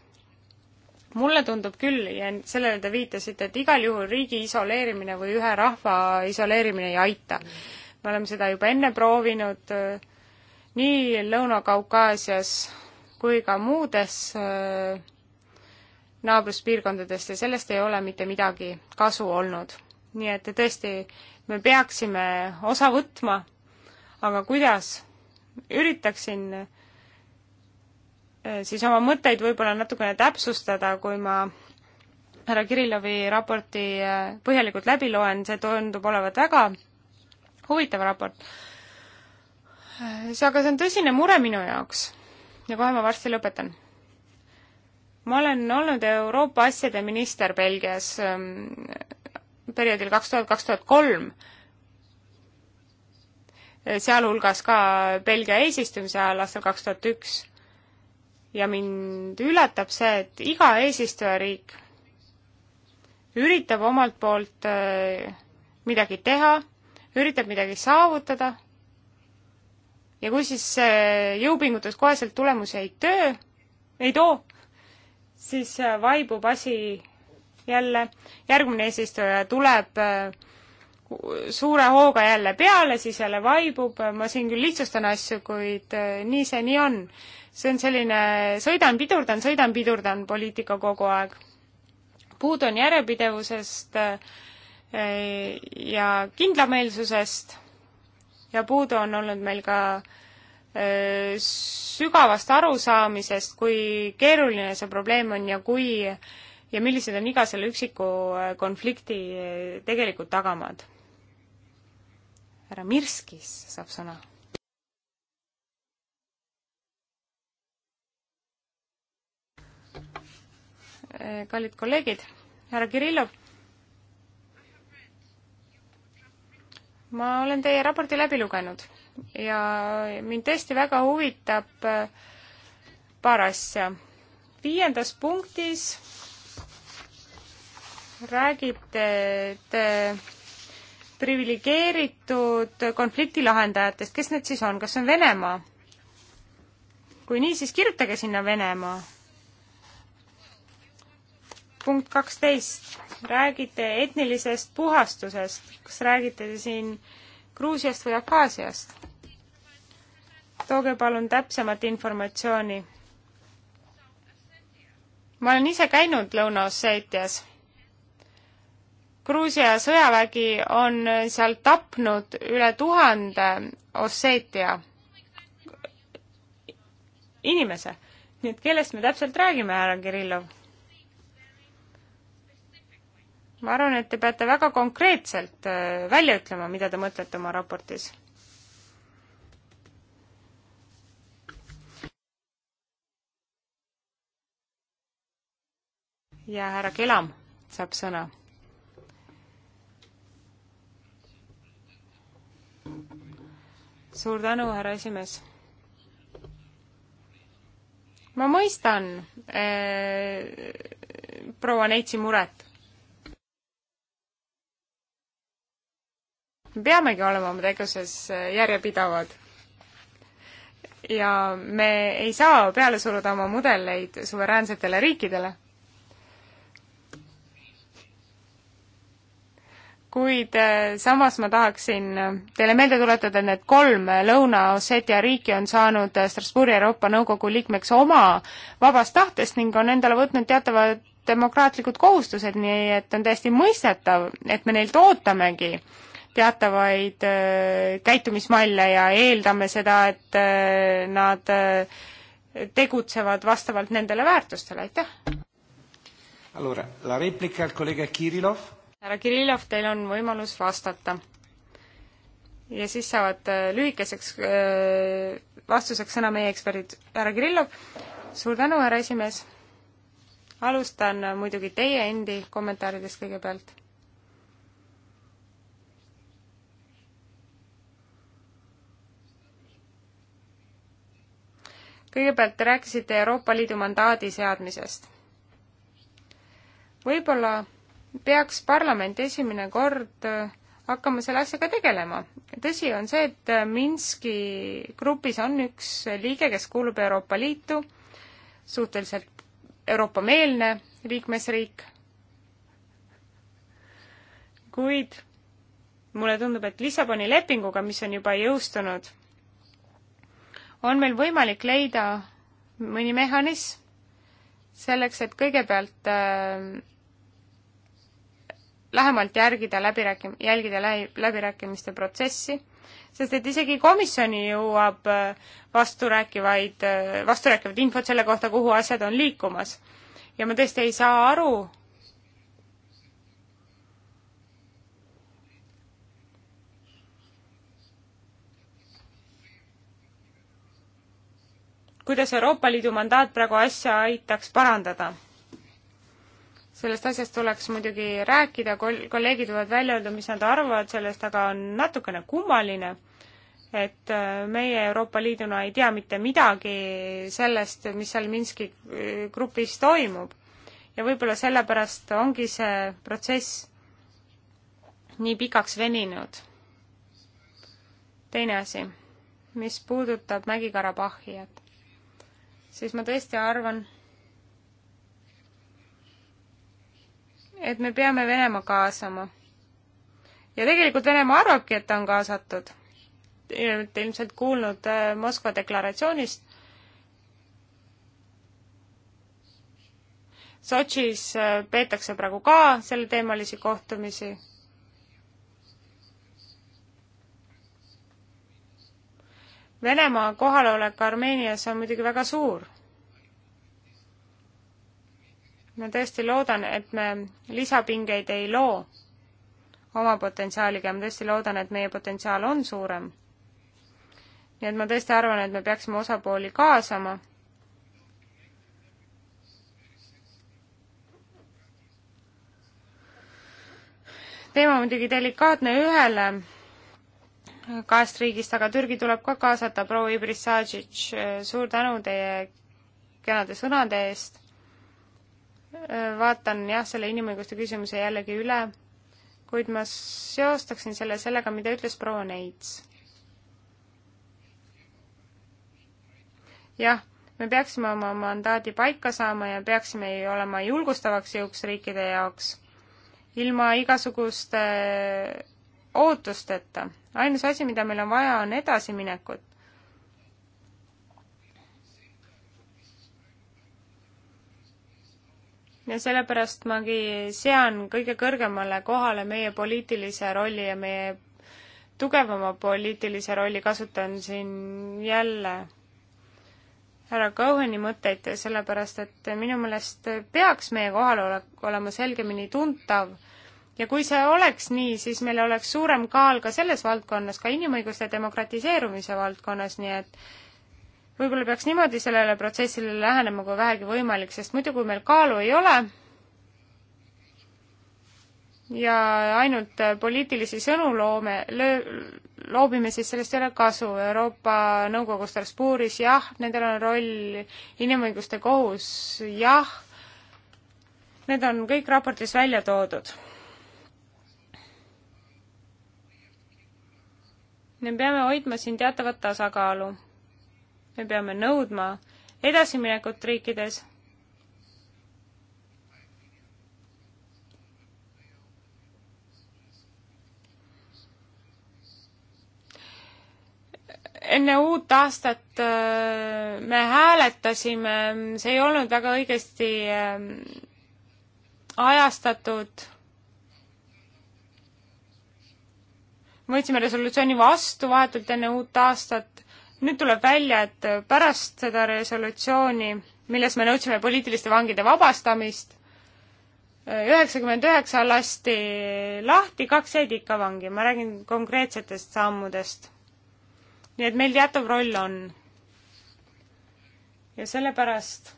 mulle tundub küll ja sellele te viitasite, et igal juhul riigi isoleerimine või ühe rahva isoleerimine ei aita. me oleme seda juba enne proovinud äh, nii Lõuna-Kaukaasias kui ka muudes äh, naabruspiirkondades ja sellest ei ole mitte midagi kasu olnud. nii et tõesti, me peaksime osa võtma, aga kuidas, üritaksin äh, Äh, siis oma mõtteid võib-olla natukene täpsustada, kui ma härra Kirillovi raporti äh, põhjalikult läbi loen, see tundub olevat väga huvitav raport. Äh, see, aga see on tõsine mure minu jaoks ja kohe ma varsti lõpetan. ma olen olnud Euroopa asjade minister Belgias ähm, perioodil kaks tuhat, kaks tuhat kolm, sealhulgas ka Belgia eesistumise ajal aastal kaks tuhat üks ja mind üllatab see, et iga eesistujariik üritab omalt poolt äh, midagi teha, üritab midagi saavutada ja kui siis see äh, jõupingutus koheselt tulemusi ei töö, ei too, siis äh, vaibub asi jälle, järgmine eesistuja tuleb suure hooga jälle peale, siis jälle vaibub, ma siin küll lihtsustan asju, kuid nii see nii on see on selline sõidan, pidurdan, sõidan, pidurdan poliitika kogu aeg. puudu on järjepidevusest eh, ja kindlameelsusest ja puudu on olnud meil ka eh, sügavast arusaamisest, kui keeruline see probleem on ja kui ja millised on iga selle üksiku eh, konflikti tegelikult tagamaad. härra Mirskis saab sõna Eh, kallid kolleegid, härra Kirillov. ma olen teie raporti läbi lugenud ja mind tõesti väga huvitab eh, paar asja. viiendas punktis räägite te priviligeeritud konflikti lahendajatest, kes need siis on, kas see on Venemaa? kui nii, siis kirjutage sinna Venemaa punkt kaksteist, räägite etnilisest puhastusest, kas räägite siin Gruusiast või Abhaasiast? tooge palun täpsemat informatsiooni. ma olen ise käinud Lõuna-Osseetias. Gruusia sõjavägi on seal tapnud üle tuhande Osseetia inimese. nii et kellest me täpselt räägime, härra Kirillov? ma arvan, et te peate väga konkreetselt äh, välja ütlema, mida te mõtlete oma raportis. ja härra Kelam saab sõna. suur tänu, härra esimees ma mõistan äh, proua Neitsi muret. me peamegi olema oma tegevuses äh, järjepidavad. ja me ei saa peale suruda oma mudeleid suveräänsetele riikidele. kuid äh, samas ma tahaksin äh, teile meelde tuletada, et need kolm Lõuna-Ossetia riiki on saanud Strasbourgi Euroopa Nõukogu liikmeks oma vabast tahtest ning on endale võtnud teatavad demokraatlikud kohustused, nii et on täiesti mõistetav, et me neilt ootamegi äh, teatavaid äh, käitumismalle ja eeldame seda, et äh, nad äh, tegutsevad vastavalt nendele väärtustele, aitäh! Allora, la replica al collega Kirillov. härra Kirillov, teil on võimalus vastata. ja siis saavad lühikeseks vastuseks sõna meie eksperdid. härra Kirillov, suur tänu, härra esimees! alustan muidugi teie endi kommentaaridest kõigepealt kõigepealt te rääkisite Euroopa Liidu mandaadi seadmisest. võib-olla peaks parlament esimene kord äh, hakkama selle asjaga tegelema. tõsi on see, et äh, Minski grupis on üks liige, kes kuulub Euroopa Liitu, suhteliselt Euroopa-meelne liikmesriik, kuid mulle tundub, et Lissaboni lepinguga, mis on juba jõustunud on meil võimalik leida mõni mehhanism selleks, et kõigepealt äh, lähemalt järgida läbirääkim-, jälgida läbi, läbirääkimiste protsessi, sest et isegi komisjoni jõuab äh, vasturääkivaid, äh, vasturääkivat infot selle kohta, kuhu asjad on liikumas. ja ma tõesti ei saa aru, kuidas Euroopa Liidu mandaat praegu asja aitaks parandada? sellest asjast tuleks muidugi rääkida, kol-, kolleegid võivad välja öelda, mis nad arvavad sellest, aga on natukene kummaline, et äh, meie Euroopa Liiduna ei tea mitte midagi sellest, mis seal Minski äh, grupis toimub. ja võib-olla sellepärast ongi see protsess nii pikaks veninud. teine asi, mis puudutab Mägi-Karabahhi, et siis ma tõesti arvan, et me peame Venemaa kaasama. ja tegelikult Venemaa arvabki, et ta on kaasatud. Te olete ilmselt kuulnud äh, Moskva deklaratsioonist. Sotšis äh, peetakse praegu ka selleteemalisi kohtumisi Venemaa kohalolek Armeenias on muidugi väga suur. ma tõesti loodan, et me lisapingeid ei loo oma potentsiaaliga ja ma tõesti loodan, et meie potentsiaal on suurem. nii et ma tõesti arvan, et me peaksime osapooli kaasama. teema on muidugi delikaatne ühele kahest riigist, aga Türgi tuleb ka kaasata, proua Ibris Sajic, suur tänu teie kenade sõnade eest. vaatan jah, selle inimõiguste küsimuse jällegi üle, kuid ma seostaksin selle sellega, mida ütles proua Neits. jah, me peaksime oma mandaadi paika saama ja peaksime olema julgustavaks jõuks riikide jaoks ilma igasuguste ootusteta ainus asi, mida meil on vaja, on edasiminekut. ja sellepärast magi sean kõige kõrgemale kohale meie poliitilise rolli ja meie tugevama poliitilise rolli kasutan siin jälle härra Coheni mõtteid, sellepärast et minu meelest peaks meie kohalolek olema selgemini tuntav ja kui see oleks nii, siis meil oleks suurem kaal ka selles valdkonnas, ka inimõiguste demokratiseerumise valdkonnas, nii et võib-olla peaks niimoodi sellele protsessile lähenema, kui vähegi võimalik, sest muidu, kui meil kaalu ei ole ja ainult poliitilisi sõnu loome, loobime, siis sellest ei ole kasu. Euroopa Nõukogu Strasbourgis jah, nendel on roll, inimõiguste kohus jah, need on kõik raportis välja toodud me peame hoidma siin teatavat tasakaalu. me peame nõudma edasiminekut riikides enne uut aastat äh, me hääletasime, see ei olnud väga õigesti äh, ajastatud me võtsime resolutsiooni vastu vahetult enne uut aastat, nüüd tuleb välja, et pärast seda resolutsiooni, milles me nõudsime poliitiliste vangide vabastamist, üheksakümmend üheksa lasti lahti, kaks jäid ikka vangi, ma räägin konkreetsetest sammudest. nii et meil teatav roll on. ja sellepärast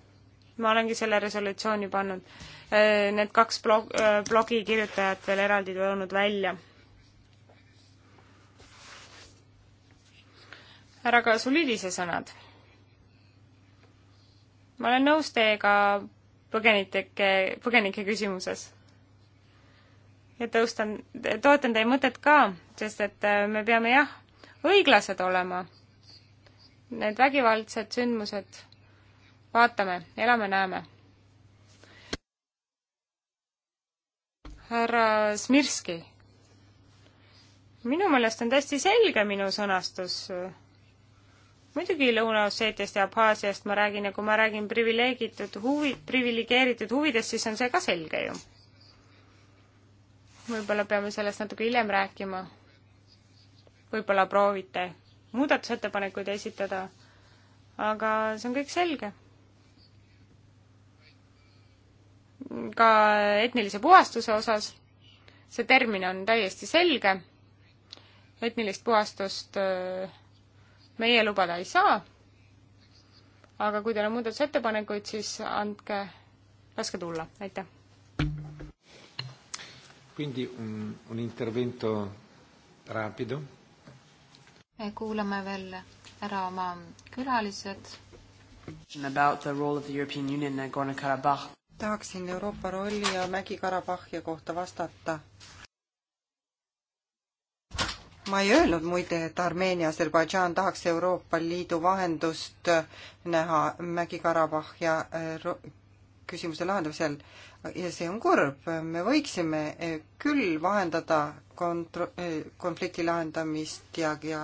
ma olengi selle resolutsiooni pannud need kaks blog-, blogi kirjutajat veel eraldi toonud välja härra Kasuliidise sõnad. ma olen nõus teiega põgenike, põgenike küsimuses. ja tõustan, toetan teie mõtet ka, sest et äh, me peame jah, õiglased olema. Need vägivaldsed sündmused, vaatame, elame-näeme. härra Smirski minu meelest on täiesti selge minu sõnastus äh, muidugi Lõuna-Osseetiast ja Abhaasiast ma räägin ja kui ma räägin privileegitud huvi, priviligeeritud huvidest, siis on see ka selge ju. võib-olla peame sellest natuke hiljem rääkima. võib-olla proovite muudatusettepanekuid esitada, aga see on kõik selge ka etnilise puhastuse osas. see termin on täiesti selge. etnilist puhastust äh, meie lubada ei saa, aga kui teil on muudatusettepanekuid, siis andke, laske tulla, aitäh. Quindi un, un intervento rapido. me kuulame veel ära oma külalised. About the role of the European Union in Nagorno-Karabakh tahaksin Euroopa rolli ja Mägi-Karabahhi kohta vastata ma ei öelnud muide, et Armeenia, Aserbaidžaan tahaks Euroopa Liidu vahendust näha Mägi-Karabahhi äh, küsimuse lahendamisel ja see on kurb, me võiksime äh, küll vahendada kontro-, äh, konflikti lahendamist ja, ja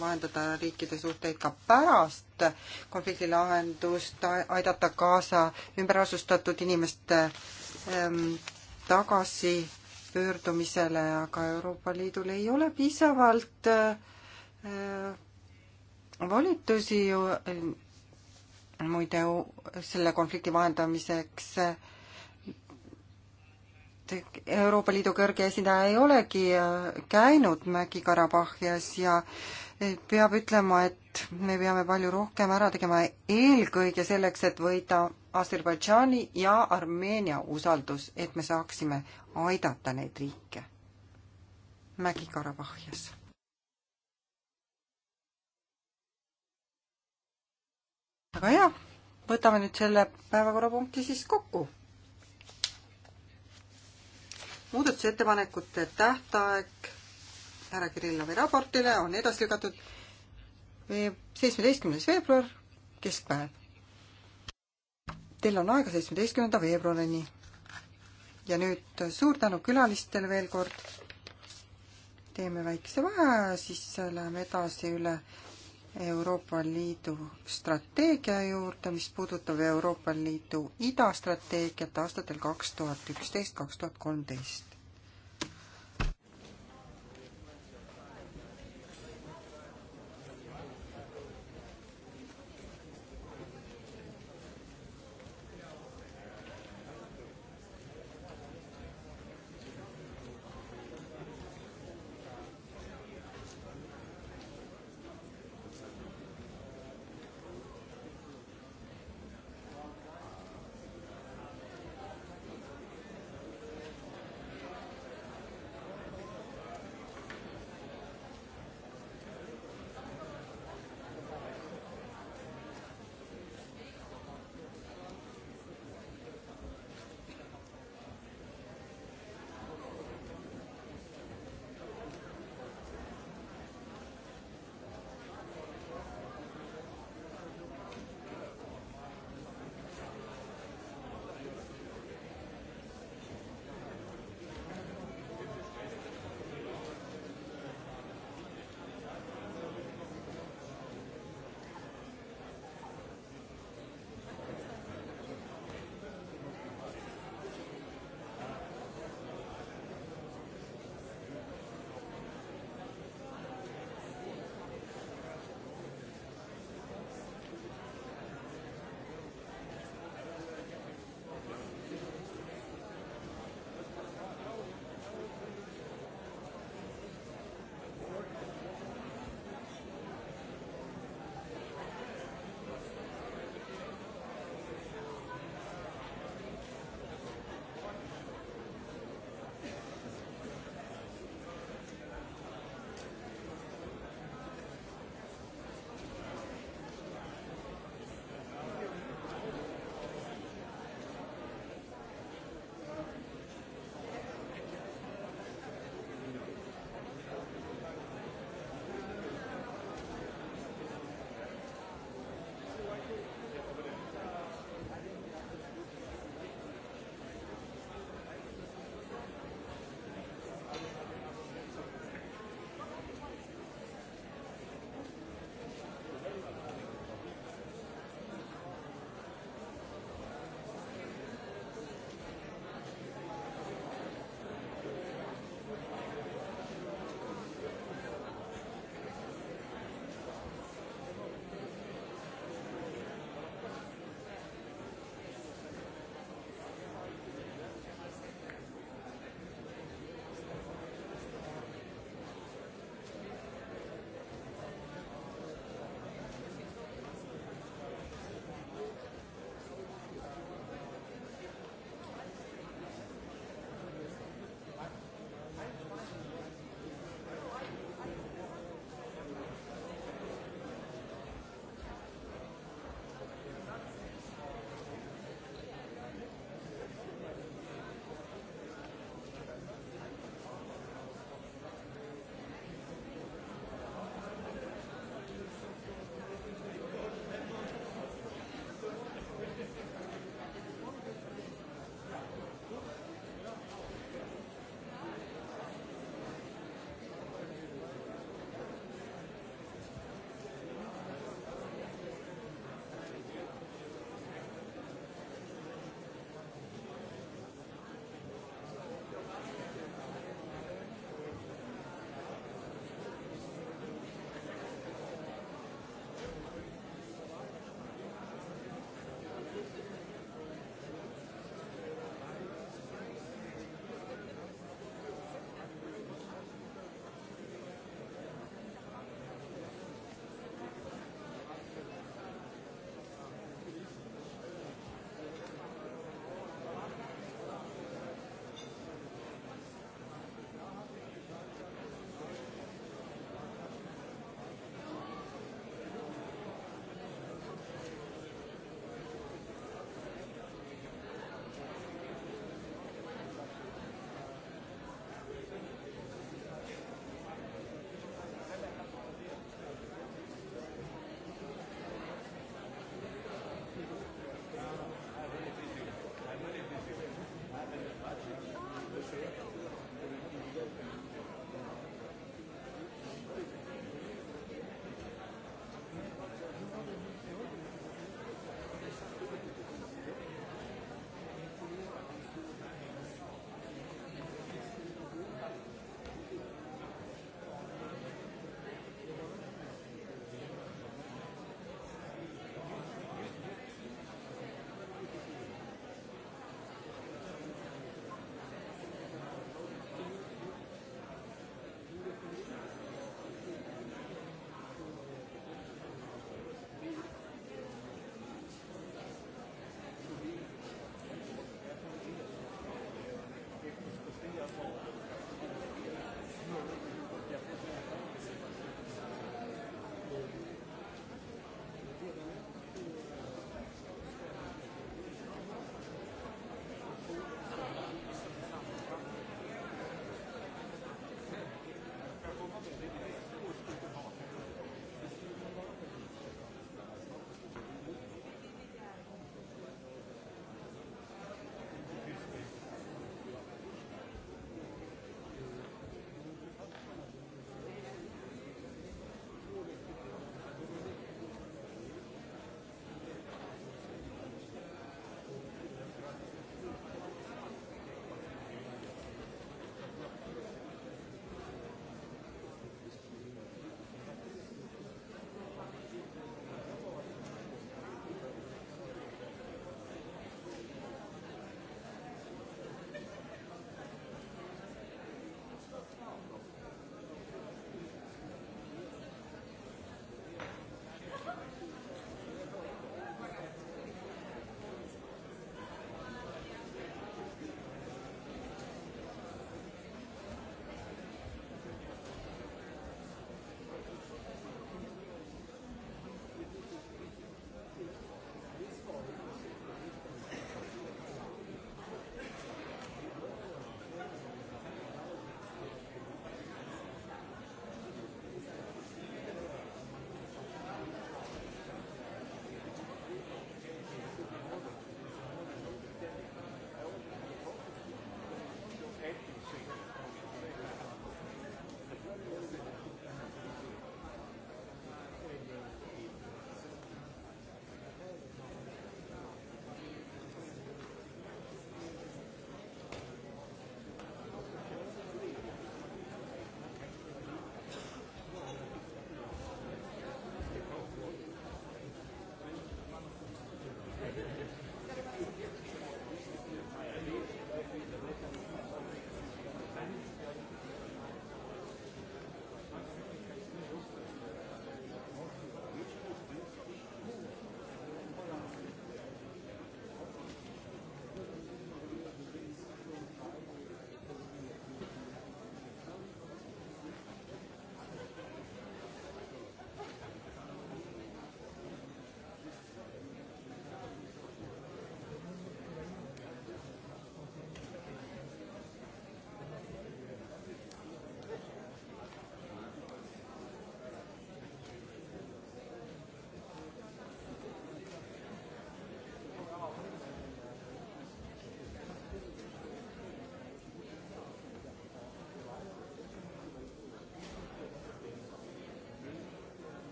vahendada riikide suhteid ka pärast konflikti lahendust, aidata kaasa ümberasustatud inimeste ähm, tagasi pöördumisele, aga Euroopa Liidul ei ole piisavalt äh, volitusi ju muide selle konflikti vahendamiseks. Euroopa Liidu kõrge esindaja ei olegi äh, käinud Mägi-Karabahhias ja peab ütlema, et me peame palju rohkem ära tegema eelkõige selleks, et võida Aserbaidžaani ja Armeenia usaldus, et me saaksime aidata neid riike. Mägi-Karabahhias. väga hea, võtame nüüd selle päevakorrapunkti siis kokku muudatusettepanekute tähtaeg härra Kirillovi raportile on edasi lükatud eh, seitsmeteistkümnes veebruar, keskpäev. Teil on aega seitsmeteistkümnenda veebruarini. ja nüüd suur tänu külalistele veel kord. teeme väikese vaheaja, siis läheme edasi üle Euroopa Liidu strateegia juurde, mis puudutab Euroopa Liidu idastrateegiat aastatel kaks tuhat üksteist, kaks tuhat kolmteist.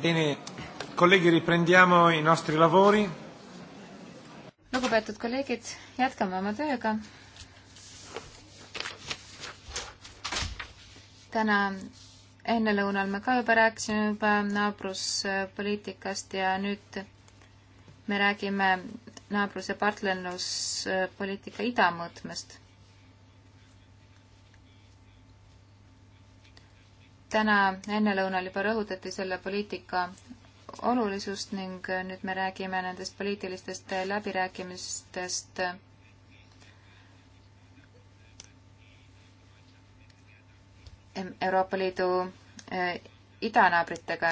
Bene, kolleegi, riprendiamo i nostri lavori. lugupeetud kolleegid, jätkame oma tööga. täna ennelõunal me ka juba rääkisime juba naabruspoliitikast ja nüüd me räägime naabrus- ja partnerluspoliitika idamõõtmest täna ennelõunal juba rõhutati selle poliitika olulisust ning nüüd me räägime nendest poliitilistest läbirääkimistest Euroopa Liidu eh, idanaabritega.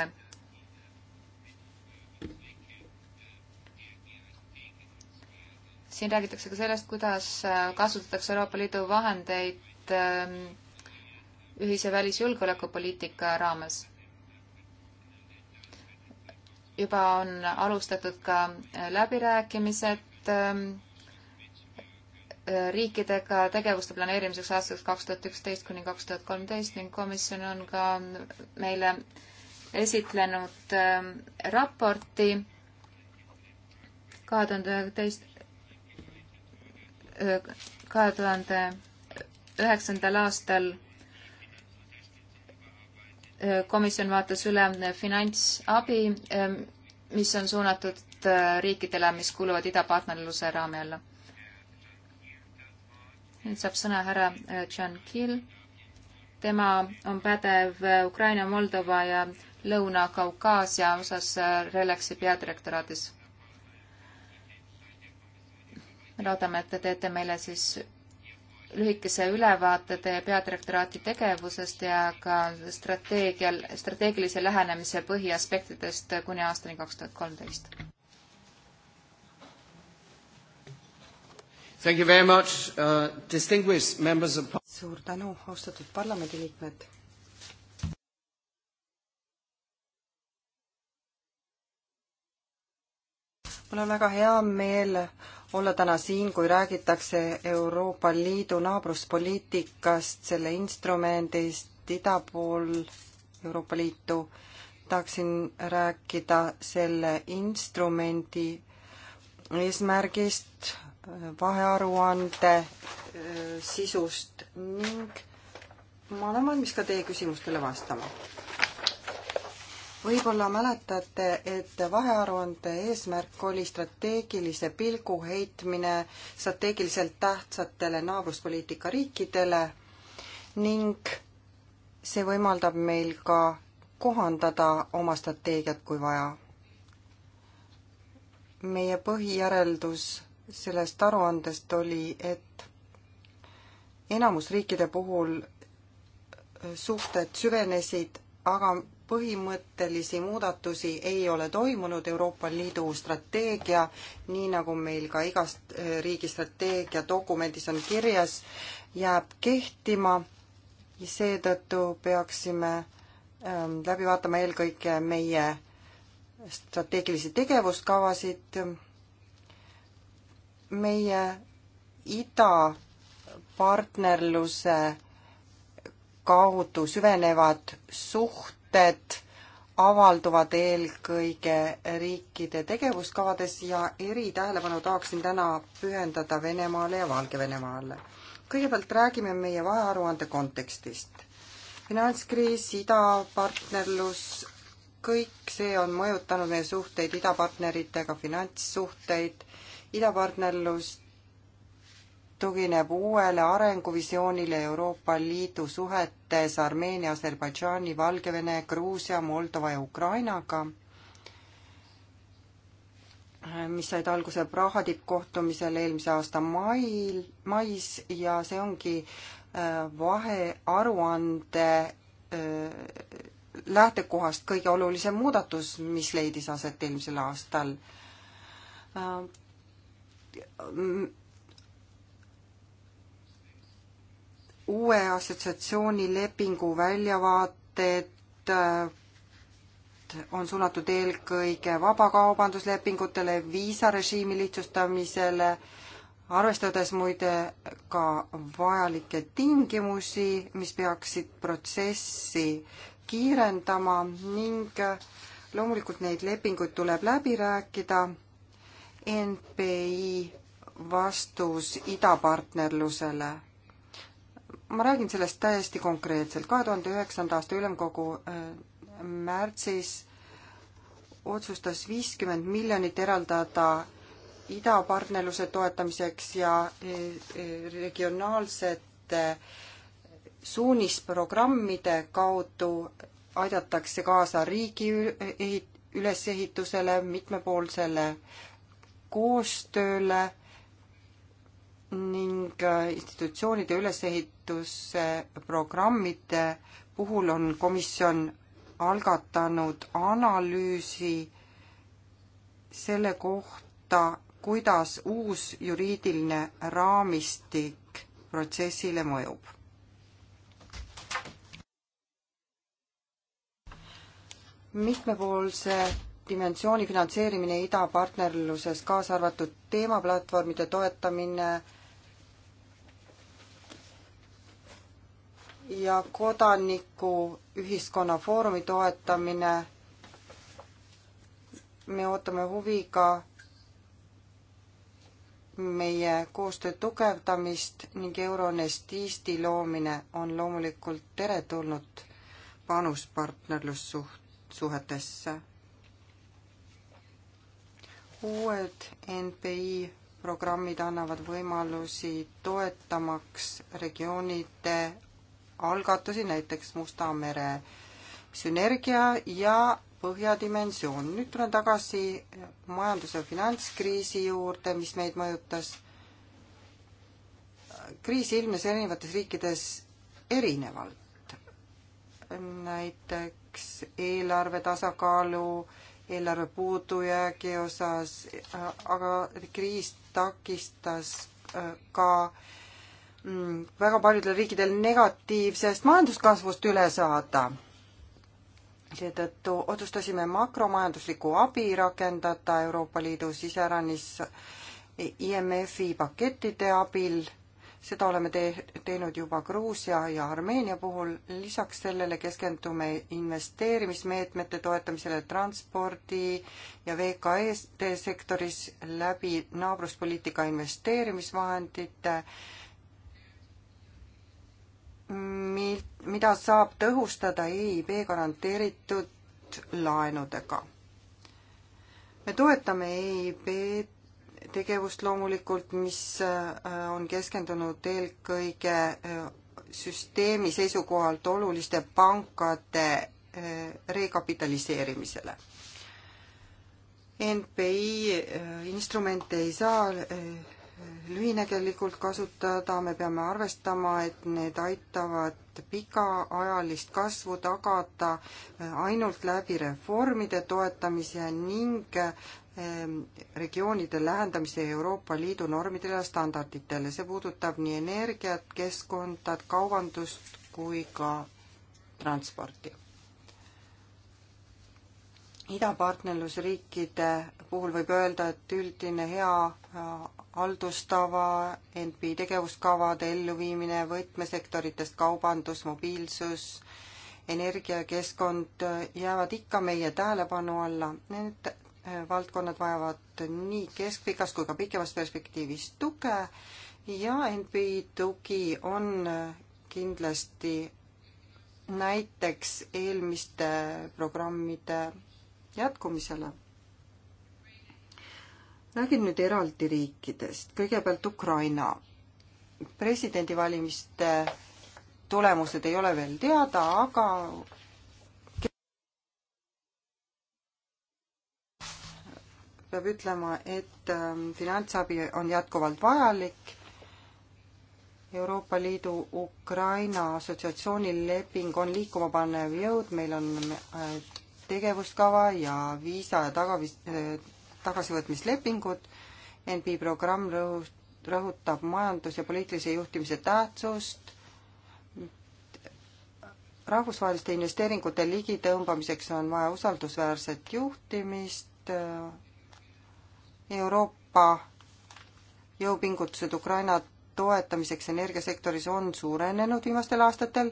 siin räägitakse ka sellest, kuidas eh, kasutatakse Euroopa Liidu vahendeid eh, ühise välisjulgeolekupoliitika raames. juba on alustatud ka äh, läbirääkimised ähm, äh, riikidega tegevuste planeerimiseks aastaks kaks tuhat üksteist kuni kaks tuhat kolmteist ning komisjon on ka meile esitlenud ähm, raporti kahe tuhande üheteist, äh, kahe tuhande üheksandal aastal komisjon vaatas üle finantsabi, ehm, mis on suunatud äh, riikidele, mis kuuluvad idapartnerluse raami alla. nüüd saab sõna härra äh, John Kill. tema on pädev äh, Ukraina, Moldova ja Lõuna-Kaukaasia osas Relaxi peadirektoraadis. loodame, et te teete meile siis lühikese ülevaate teie peadirektoraati tegevusest ja ka strateegial, strateegilise lähenemise põhiaspektidest kuni aastani kaks tuhat kolmteist. Thank you very much uh,, distinguished members of suur tänu, austatud parlamendiliikmed mul on väga hea meel olla täna siin, kui räägitakse Euroopa Liidu naabruspoliitikast, selle instrumendist ida pool Euroopa Liitu. tahaksin rääkida selle instrumendi eesmärgist, vahearuande äh, sisust ning ma olen valmis ka teie küsimustele vastama võib-olla mäletate, et vahearuande eesmärk oli strateegilise pilgu heitmine strateegiliselt tähtsatele naabruspoliitika riikidele ning see võimaldab meil ka kohandada oma strateegiat, kui vaja. meie põhijäreldus sellest aruandest oli, et enamus riikide puhul suhted süvenesid, aga põhimõttelisi muudatusi ei ole toimunud Euroopa Liidu strateegia, nii nagu meil ka igas eh, riigi strateegia dokumendis on kirjas, jääb kehtima. seetõttu peaksime ehm, läbi vaatama eelkõige meie strateegilisi tegevuskavasid. meie idapartnerluse kaudu süvenevad suht-, mõtted avalduvad eelkõige riikide tegevuskavades ja eritähelepanu tahaksin täna pühendada Venemaale ja Valgevenemaale. kõigepealt räägime meie vahearuande kontekstist. finantskriis, idapartnerlus, kõik see on mõjutanud meie suhteid idapartneritega, finantssuhteid, idapartnerlust tugineb uuele arenguvisioonile Euroopa Liidu suhetes Armeenia, Aserbaidžaani, Valgevene, Gruusia, Moldova ja Ukrainaga, mis said alguse Praha tippkohtumisel eelmise aasta mail, mais ja see ongi äh, vahearuande äh, lähtekohast kõige olulisem muudatus, mis leidis aset eelmisel aastal äh, uue assotsiatsioonilepingu väljavaated äh, on suunatud eelkõige vabakaubanduslepingutele, viisarežiimi lihtsustamisele, arvestades muide ka vajalikke tingimusi, mis peaksid protsessi kiirendama ning äh, loomulikult neid lepinguid tuleb läbi rääkida. NPI vastus idapartnerlusele ma räägin sellest täiesti konkreetselt. kahe tuhande üheksanda aasta ülemkogu äh, märtsis otsustas viiskümmend miljonit eraldada idapartnerluse toetamiseks ja äh, äh, regionaalsete suunisprogrammide kaudu aidatakse kaasa riigi ülesehitusele, mitmepoolsele koostööle ning äh, institutsioonide ülesehituse programmide puhul on komisjon algatanud analüüsi selle kohta, kuidas uus juriidiline raamistik protsessile mõjub. mitmepoolse dimensiooni finantseerimine idapartnerluses, kaasa arvatud teemaplatvormide toetamine, ja kodanikuühiskonna foorumi toetamine. me ootame huviga meie koostöö tugevdamist ning Euronest Eesti loomine on loomulikult teretulnud panus partnerlussuhetesse. uued NPI programmid annavad võimalusi toetamaks regioonide algatusi, näiteks Musta mere sünergia ja põhjadimensioon. nüüd tulen tagasi majandus- ja finantskriisi juurde, mis meid mõjutas. kriis ilmnes erinevates riikides erinevalt. näiteks eelarve tasakaalu, eelarve puudujäägi osas, aga kriis takistas äh, ka äh, Mm, väga paljudel riikidel negatiivsest majanduskasvust üle saada. seetõttu otsustasime makromajanduslikku abi rakendada Euroopa Liidu siseäranis IMF-i pakettide abil. seda oleme te teinud juba Gruusia ja Armeenia puhul. lisaks sellele keskendume investeerimismeetmete toetamisele transpordi ja VKE-d sektoris läbi naabruspoliitika investeerimisvahendite äh, mil-, mida saab tõhustada EIB garanteeritud laenudega. me toetame EIB tegevust loomulikult, mis äh, on keskendunud eelkõige äh, süsteemi seisukohalt oluliste pankade äh, rekapitaliseerimisele. NPI instrumente ei saa lühinägelikult kasutada, me peame arvestama, et need aitavad pikaajalist kasvu tagada ainult läbi reformide toetamise ning ehm, regioonide lähendamise Euroopa Liidu normidele ja standarditele. see puudutab nii energiat, keskkonda, kaubandust kui ka transporti. idapartnerlusriikide puhul võib öelda, et üldine hea haldustava, NP tegevuskavade elluviimine võtmesektoritest kaubandus, mobiilsus, energia ja keskkond jäävad ikka meie tähelepanu alla. Need äh, valdkonnad vajavad nii keskpikas kui ka pikemas perspektiivis tuge ja NPI tugi on äh, kindlasti näiteks eelmiste programmide jätkumisele räägin nüüd eraldi riikidest, kõigepealt Ukraina. presidendivalimiste tulemused ei ole veel teada, aga peab ütlema, et ähm, finantsabi on jätkuvalt vajalik. Euroopa Liidu Ukraina assotsiatsiooni leping on liikuma panev jõud, meil on äh, tegevuskava ja viisa ja tagavis-, äh, tagasivõtmislepingut. NP programm rõhutab majandus- ja poliitilise juhtimise tähtsust, rahvusvaheliste investeeringute ligitõmbamiseks on vaja usaldusväärset juhtimist, Euroopa jõupingutused Ukraina toetamiseks energiasektoris on suurenenud viimastel aastatel,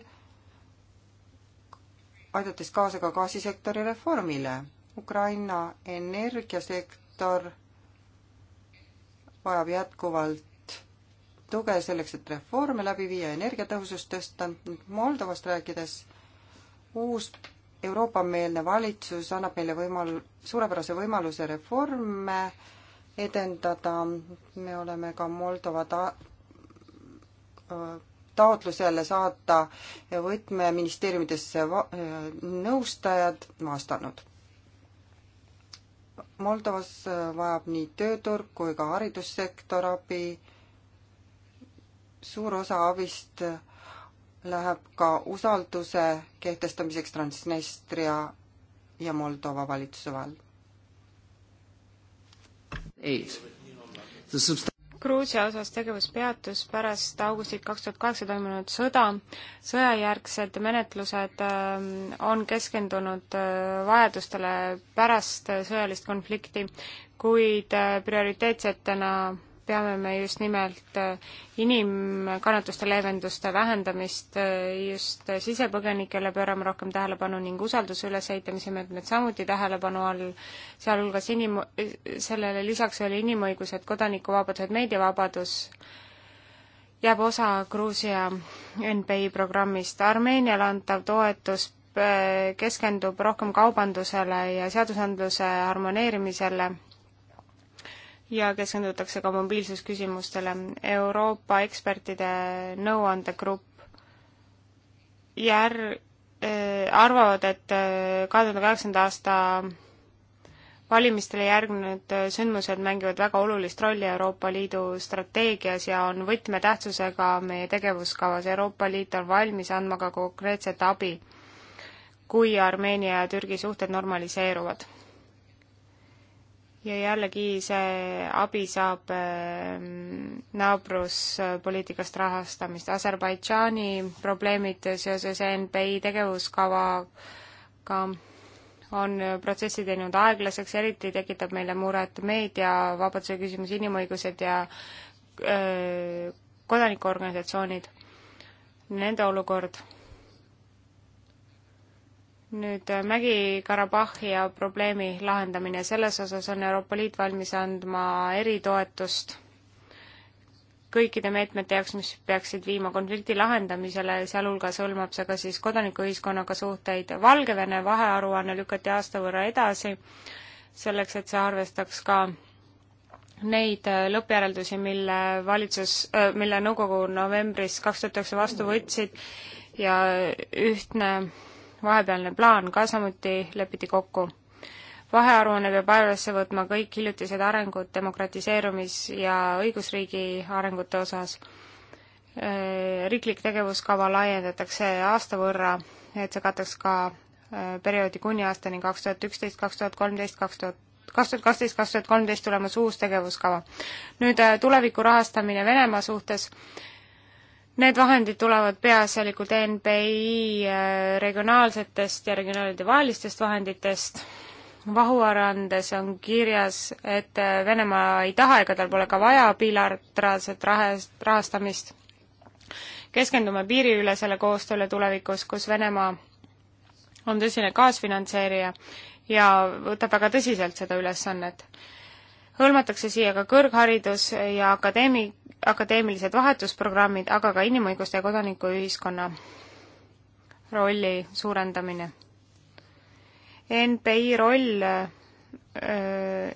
aidates kaasa ka gaasisektori reformile Ukraina energiasektor vajab jätkuvalt tuge selleks, et reforme läbi viia, energiatõhusust tõsta. Moldovast rääkides, uus Euroopa-meelne valitsus annab meile võimal-, suurepärase võimaluse reforme edendada. me oleme ka Moldova ta-, taotlusele saata võtmeministeeriumidesse nõustajad vastanud Moldovas äh, vajab nii tööturg kui ka haridussektor abi. suur osa abist äh, läheb ka usalduse kehtestamiseks Transnistria ja Moldova valitsuse vahel. Gruusia osas tegevus peatus pärast augustit kaks tuhat kaheksa toimunud sõda. sõjajärgsed menetlused ähm, on keskendunud äh, vajadustele pärast sõjalist konflikti, kuid äh, prioriteetsetena peame me just nimelt äh, inimkannatuste leevenduste vähendamist äh, just äh, sisepõgenikele pöörama rohkem tähelepanu ning usalduse ülesehitamise meetmed samuti tähelepanu all, sealhulgas inim-, sellele lisaks veel inimõigused, kodanikuvabadused, meediavabadus, jääb osa Gruusia NPI programmist. Armeeniale antav toetus keskendub rohkem kaubandusele ja seadusandluse harmoneerimisele ja keskendutakse ka mobiilsusküsimustele. Euroopa ekspertide nõuandegrupp jär-, äh, arvavad, et äh, kahe tuhande kaheksanda aasta valimistele järgnenud äh, sündmused mängivad väga olulist rolli Euroopa Liidu strateegias ja on võtmetähtsusega meie tegevuskavas. Euroopa Liit on valmis andma ka konkreetset abi, kui Armeenia ja Türgi suhted normaliseeruvad ja jällegi see abi saab ehm, naabruspoliitikast rahastamist. Aserbaidžaani probleemid seoses NPI tegevuskavaga on protsessi teinud aeglaseks, eriti tekitab meile muret meediavabaduse küsimus, inimõigused ja öö, kodanikuorganisatsioonid, nende olukord nüüd äh, Mägi-Karabahhi ja probleemi lahendamine, selles osas on Euroopa Liit valmis andma eritoetust kõikide meetmete jaoks, mis peaksid viima konflikti lahendamisele, sealhulgas hõlmab see ka siis kodanikuühiskonnaga suhteid. Valgevene vahearuanne lükati aasta võrra edasi, selleks et see arvestaks ka neid äh, lõppjäreldusi, mille valitsus, äh, mille nõukogu novembris kaks tuhat üheksa vastu võtsid ja ühtne vahepealne plaan ka samuti lepiti kokku. vahearuanne peab arvesse võtma kõik hiljutised arengud demokratiseerumis- ja õigusriigi arengute osas. Äh, riiklik tegevuskava laiendatakse aasta võrra, et see kataks ka äh, perioodi kuni aastani kaks tuhat üksteist, kaks tuhat kolmteist, kaks tuhat kaks tuhat kaksteist, kaks tuhat kolmteist tulemas uus tegevuskava. nüüd äh, tuleviku rahastamine Venemaa suhtes Need vahendid tulevad peaasjalikult NBI äh, regionaalsetest ja regionaalide vahelistest vahenditest. vahuarandes on kirjas, et äh, Venemaa ei taha ega tal pole ka vaja bilateraalset rahastamist. keskendume piiriülesele koostööle tulevikus, kus Venemaa on tõsine kaasfinantseerija ja võtab väga tõsiselt seda ülesannet hõlmatakse siia ka kõrgharidus ja akadeemi-, akadeemilised vahetusprogrammid, aga ka inimõiguste ja kodanikuühiskonna rolli suurendamine. NPI roll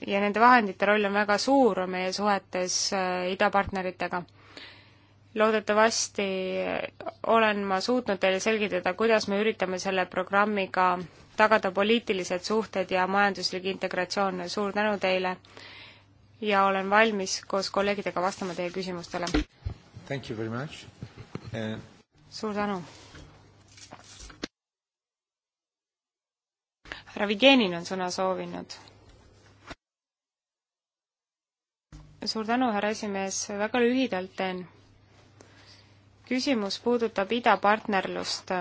ja nende vahendite roll on väga suur meie suhetes idapartneritega. loodetavasti olen ma suutnud teile selgitada, kuidas me üritame selle programmiga tagada poliitilised suhted ja majanduslik integratsioon. suur tänu teile ja olen valmis koos kolleegidega vastama teie küsimustele. And... suur tänu. härra Vigenin on sõna soovinud. suur tänu, härra esimees, väga lühidalt teen. küsimus puudutab idapartnerlust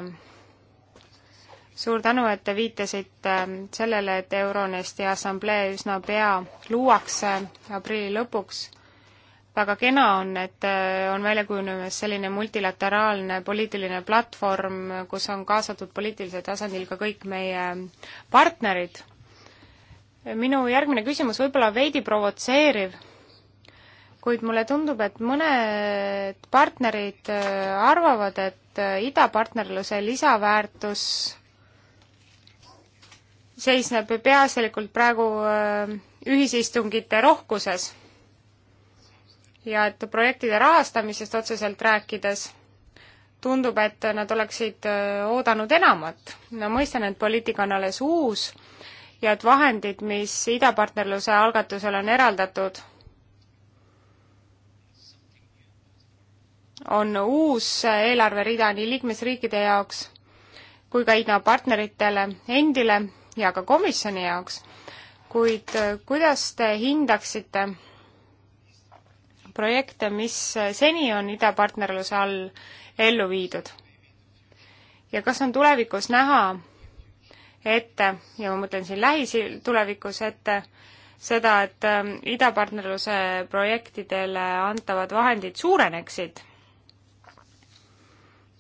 suur tänu, et te viitasite ähm, sellele, et Euronesti assamblee üsna pea luuakse aprilli lõpuks. väga kena on, et äh, on välja kujunemas selline multilateraalne poliitiline platvorm, kus on kaasatud poliitilisel tasandil ka kõik meie partnerid. minu järgmine küsimus võib-olla veidi provotseeriv, kuid mulle tundub, et mõned partnerid äh, arvavad, et äh, idapartnerluse lisaväärtus seisneb peaasjalikult praegu äh, ühisistungite rohkuses ja et projektide rahastamisest otseselt rääkides tundub, et nad oleksid äh, oodanud enamat. no mõistan, et poliitika on alles uus ja et vahendid, mis idapartnerluse algatusele on eraldatud, on uus eelarverida nii liikmesriikide jaoks kui ka idapartneritele endile ja ka komisjoni jaoks, kuid äh, kuidas te hindaksite projekte, mis äh, seni on idapartnerluse all ellu viidud? ja kas on tulevikus näha ette, ja ma mõtlen siin lähitulevikus ette, seda, et äh, idapartnerluse projektidele antavad vahendid suureneksid.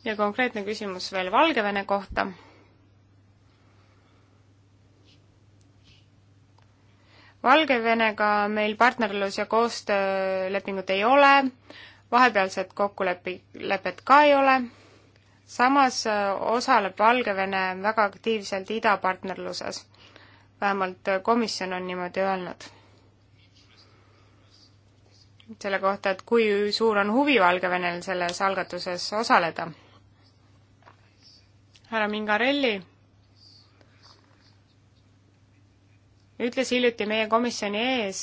ja konkreetne küsimus veel Valgevene kohta. Valgevenega meil partnerlus- ja koostöölepingut ei ole, vahepealset kokkulepet ka ei ole, samas äh, osaleb Valgevene väga aktiivselt idapartnerluses. vähemalt äh, komisjon on niimoodi öelnud. selle kohta, et kui suur on huvi Valgevenel selles algatuses osaleda. härra Mingarelli ütles hiljuti meie komisjoni ees,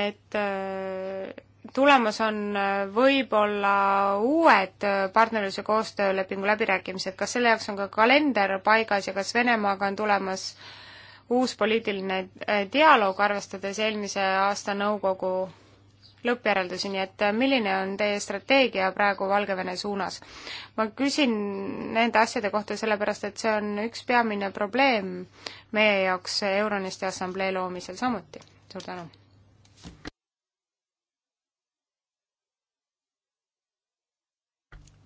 et äh, tulemas on äh, võib-olla uued äh, partnerluse koostöölepingu läbirääkimised, kas selle jaoks on ka kalender paigas ja kas Venemaaga on tulemas uus poliitiline dialoog, arvestades eelmise aasta nõukogu lõppjäreldusi, nii et äh, milline on teie strateegia praegu Valgevene suunas? ma küsin nende asjade kohta sellepärast, et see on üks peamine probleem meie jaoks Euronisti Assamblee loomisel samuti. suur tänu!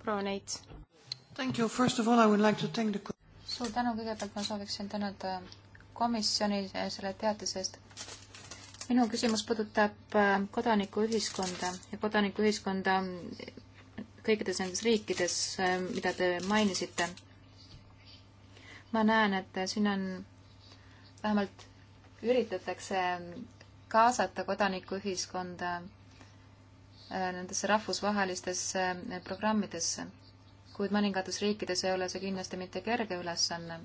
proua Neits. Thank you, first of all I would like to thank the suur tänu, kõigepealt ma sooviksin tänada komisjoni selle teatise eest minu küsimus puudutab äh, kodanikuühiskonda ja kodanikuühiskonda kõikides nendes riikides, äh, mida te mainisite. ma näen, et siin on, vähemalt üritatakse kaasata kodanikuühiskonda äh, nendesse rahvusvahelistesse programmidesse, kuid mõningates riikides ei ole see kindlasti mitte kerge ülesanne,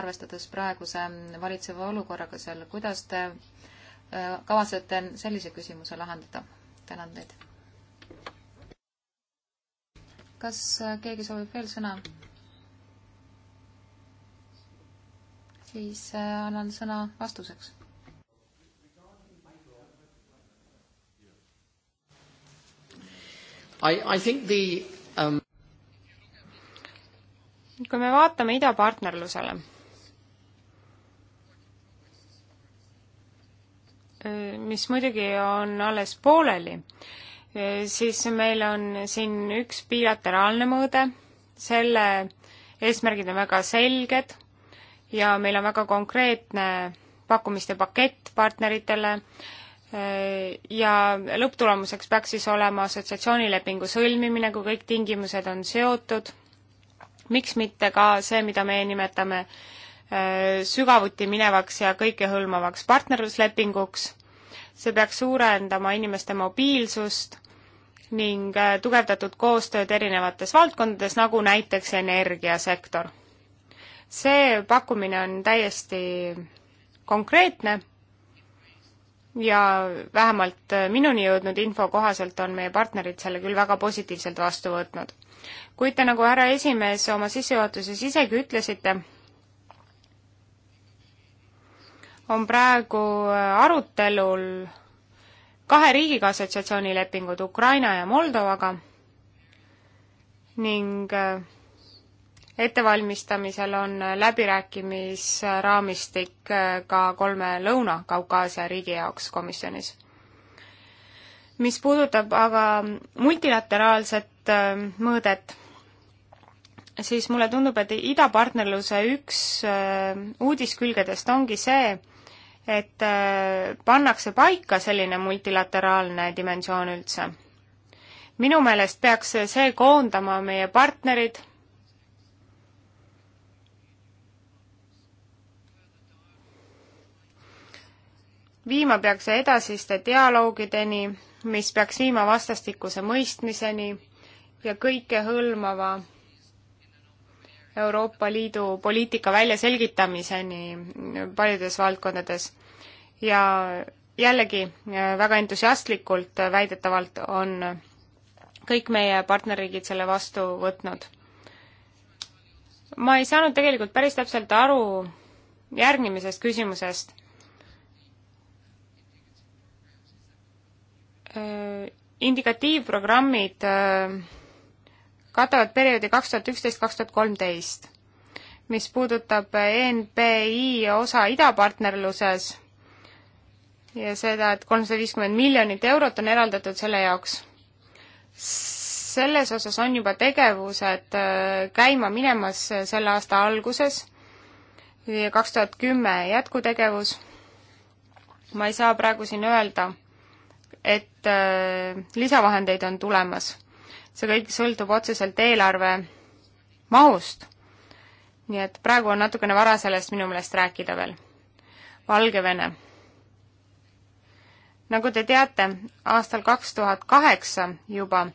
arvestades praeguse valitseva olukorraga seal. kuidas te kavatsete sellise küsimuse lahendada? tänan teid. kas keegi soovib veel sõna? siis äh, annan sõna vastuseks. I, I think the um... kui me vaatame idapartnerlusele mis muidugi on alles pooleli, siis meil on siin üks bilateraalne mõõde, selle eesmärgid on väga selged ja meil on väga konkreetne pakkumiste pakett partneritele eh, ja lõpptulemuseks peaks siis olema assotsiatsioonilepingu sõlmimine, kui kõik tingimused on seotud, miks mitte ka see, mida meie nimetame Äh, sügavuti minevaks ja kõikehõlmavaks partnerluslepinguks. see peaks suurendama inimeste mobiilsust ning äh, tugevdatud koostööd erinevates valdkondades, nagu näiteks energiasektor. see pakkumine on täiesti konkreetne ja vähemalt äh, minuni jõudnud info kohaselt on meie partnerid selle küll väga positiivselt vastu võtnud. kuid te, nagu härra esimees oma sissejuhatuses isegi ütlesite, on praegu äh, arutelul kahe riigiga assotsiatsioonilepingud, Ukraina ja Moldovaga, ning äh, ettevalmistamisel on äh, läbirääkimisraamistik ka kolme Lõuna-Kaukaasia riigi jaoks komisjonis. mis puudutab aga multilateraalset mõõdet, siis mulle tundub, et idapartnerluse üks uudiskülgedest ongi see, et äh, pannakse paika selline multilateraalne dimensioon üldse. minu meelest peaks see koondama meie partnerid, viima peaks see edasiste dialoogideni, mis peaks viima vastastikuse mõistmiseni ja kõikehõlmava Euroopa Liidu poliitika väljaselgitamiseni paljudes valdkondades. ja jällegi, äh, väga entusiastlikult äh, väidetavalt on kõik meie partnerriigid selle vastu võtnud. ma ei saanud tegelikult päris täpselt aru järgmisest küsimusest. Äh, indikatiivprogrammid öö, katavad perioodi kaks tuhat üksteist, kaks tuhat kolmteist. mis puudutab ENPI osa idapartnerluses ja seda, et kolmsada viiskümmend miljonit eurot on eraldatud selle jaoks, selles osas on juba tegevused äh, käima minemas äh, selle aasta alguses, kaks tuhat kümme jätkutegevus, ma ei saa praegu siin öelda et äh, lisavahendeid on tulemas see kõik sõltub otseselt eelarve mahust. nii et praegu on natukene vara sellest minu meelest rääkida veel. Valgevene. nagu te teate, aastal kaks tuhat kaheksa juba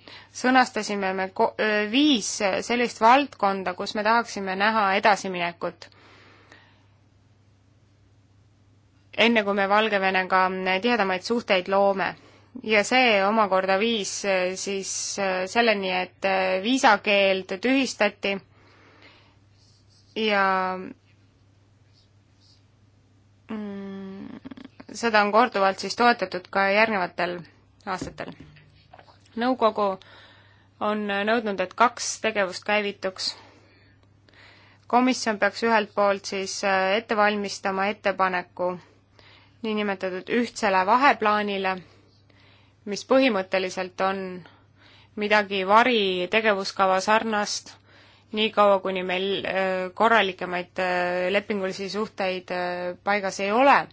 sõnastasime me ko-, viis sellist valdkonda, kus me tahaksime näha edasiminekut. enne kui me Valgevenega tihedamaid suhteid loome ja see omakorda viis äh, siis äh, selleni, et äh, viisakeeld tühistati ja mm, seda on korduvalt siis toetatud ka järgnevatel aastatel. nõukogu on nõudnud, et kaks tegevust käivituks. komisjon peaks ühelt poolt siis ette valmistama ettepaneku niinimetatud ühtsele vaheplaanile mis põhimõtteliselt on midagi vari tegevuskava sarnast, niikaua kuni meil äh, korralikemaid äh, lepingulisi suhteid äh, paigas ei ole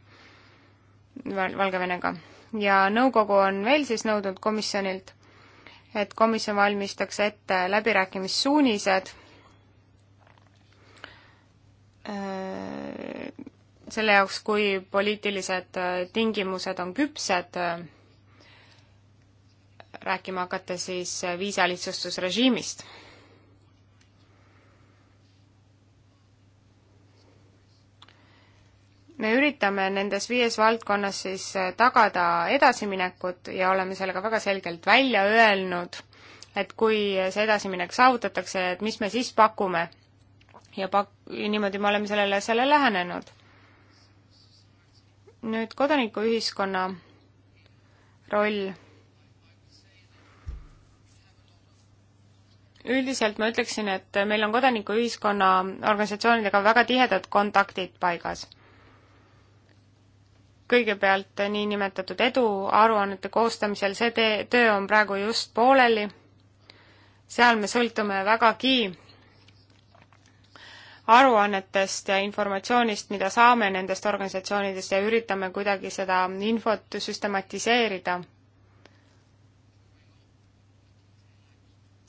Valgevenega. ja nõukogu on veel siis nõudnud komisjonilt, et komisjon valmistaks ette läbirääkimissuunised selle jaoks, kui poliitilised tingimused on küpsed rääkima hakata siis viisalihtsustusrežiimist. me üritame nendes viies valdkonnas siis tagada edasiminekut ja oleme sellega väga selgelt välja öelnud, et kui see edasiminek saavutatakse, et mis me siis pakume. ja pak-, niimoodi me oleme sellele, selle lähenenud. nüüd kodanikuühiskonna roll üldiselt ma ütleksin, et meil on kodanikuühiskonna organisatsioonidega väga tihedad kontaktid paigas. kõigepealt niinimetatud edu aruannete koostamisel, see tee, töö on praegu just pooleli, seal me sõltume vägagi aruannetest ja informatsioonist, mida saame nendest organisatsioonidest ja üritame kuidagi seda infot süstematiseerida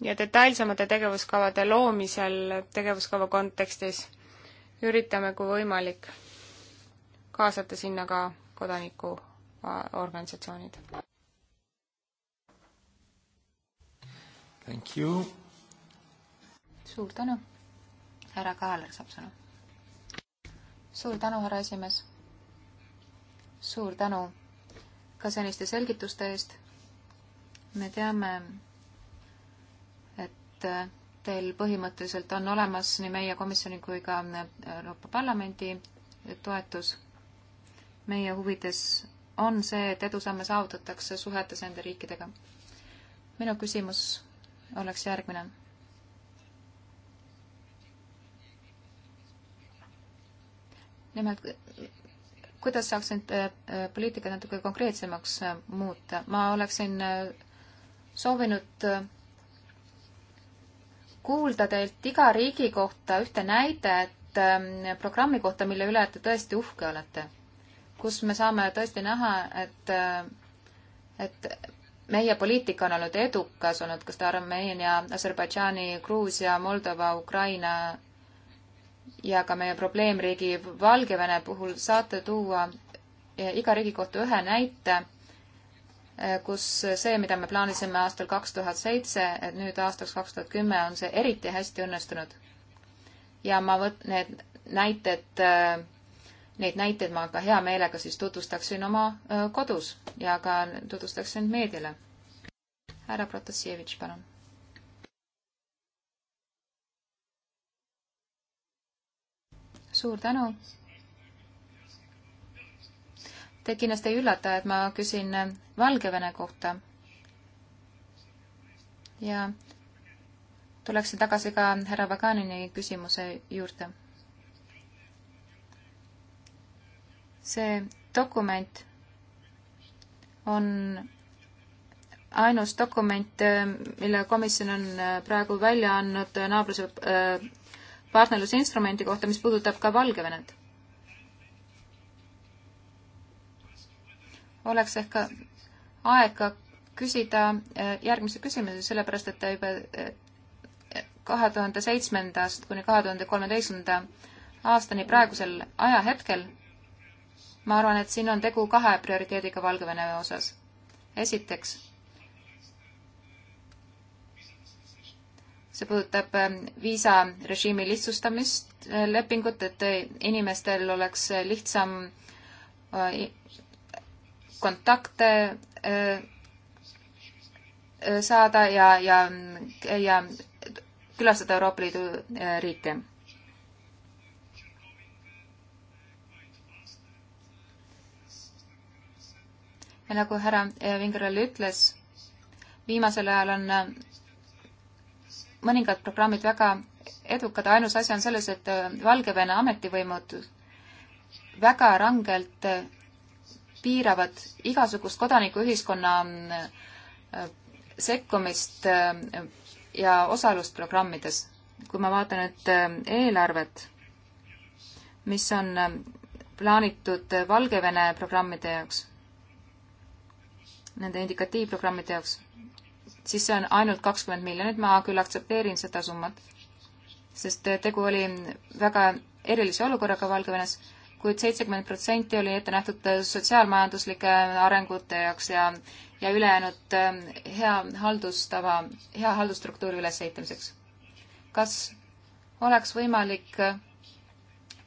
ja detailsemate tegevuskavade loomisel tegevuskava kontekstis üritame, kui võimalik, kaasata sinna ka kodanikuorganisatsioonid. Thank you. suur tänu. härra Kaaler saab sõna. suur tänu, härra esimees. suur tänu ka seniste selgituste eest. me teame, et teil põhimõtteliselt on olemas nii meie komisjoni kui ka Euroopa Parlamendi toetus. meie huvides on see, et edusamme saavutatakse suhetes nende riikidega. minu küsimus oleks järgmine nimelt, kuidas saaks nüüd äh, äh, poliitikat natuke konkreetsemaks äh, muuta? ma oleksin soovinud kuulda teilt iga riigi kohta ühte näidet ähm, programmi kohta, mille üle te tõesti uhke olete. kus me saame tõesti näha, et, äh, et meie poliitika on olnud edukas olnud, kas ta Armeenia, Aserbaidžaani, Gruusia, Moldova, Ukraina ja ka meie probleemriigi Valgevene puhul saate tuua äh, iga riigi kohta ühe näite Äh, kus see, mida me plaanisime aastal kaks tuhat seitse, et nüüd aastaks kaks tuhat kümme on see eriti hästi õnnestunud. ja ma võt-, need näited, äh, neid näiteid ma ka hea meelega siis tutvustaksin oma äh, kodus ja ka tutvustaksin meediale. härra Protasevitš, palun. suur tänu, Te kindlasti ei üllata, et ma küsin Valgevene kohta. ja tuleksin tagasi ka härra Vaganini küsimuse juurde. see dokument on ainus dokument, mille komisjon on praegu välja andnud naabruse äh, partnerlusinstrumendi kohta, mis puudutab ka Valgevenet. oleks ehk aeg küsida eh, järgmise küsimuse, sellepärast et te juba eh, kahe tuhande seitsmendast kuni kahe tuhande kolmeteistkümnenda aastani praegusel ajahetkel, ma arvan, et siin on tegu kahe prioriteediga Valgevene osas. esiteks, see puudutab eh, viisarežiimi lihtsustamist, lepingut, et inimestel oleks lihtsam kontakte äh, äh, saada ja, ja, ja külastada Euroopa Liidu äh, riike. ja nagu härra Vingerell ütles, viimasel ajal on mõningad programmid väga edukad, ainus asi on selles, et Valgevene ametivõimud väga rangelt piiravad igasugust kodanikuühiskonna äh, sekkumist äh, ja osalust programmides. kui ma vaatan nüüd äh, eelarvet, mis on plaanitud Valgevene programmide jaoks, nende indikatiivprogrammide jaoks, siis see on ainult kakskümmend miljonit, ma küll aktsepteerin seda summat, sest tegu oli väga erilise olukorraga Valgevenes kuid seitsekümmend protsenti oli ette nähtud sotsiaalmajanduslike arengute jaoks ja, ja ülejäänud äh, hea haldustava, hea haldusstruktuuri ülesehitamiseks. kas oleks võimalik äh,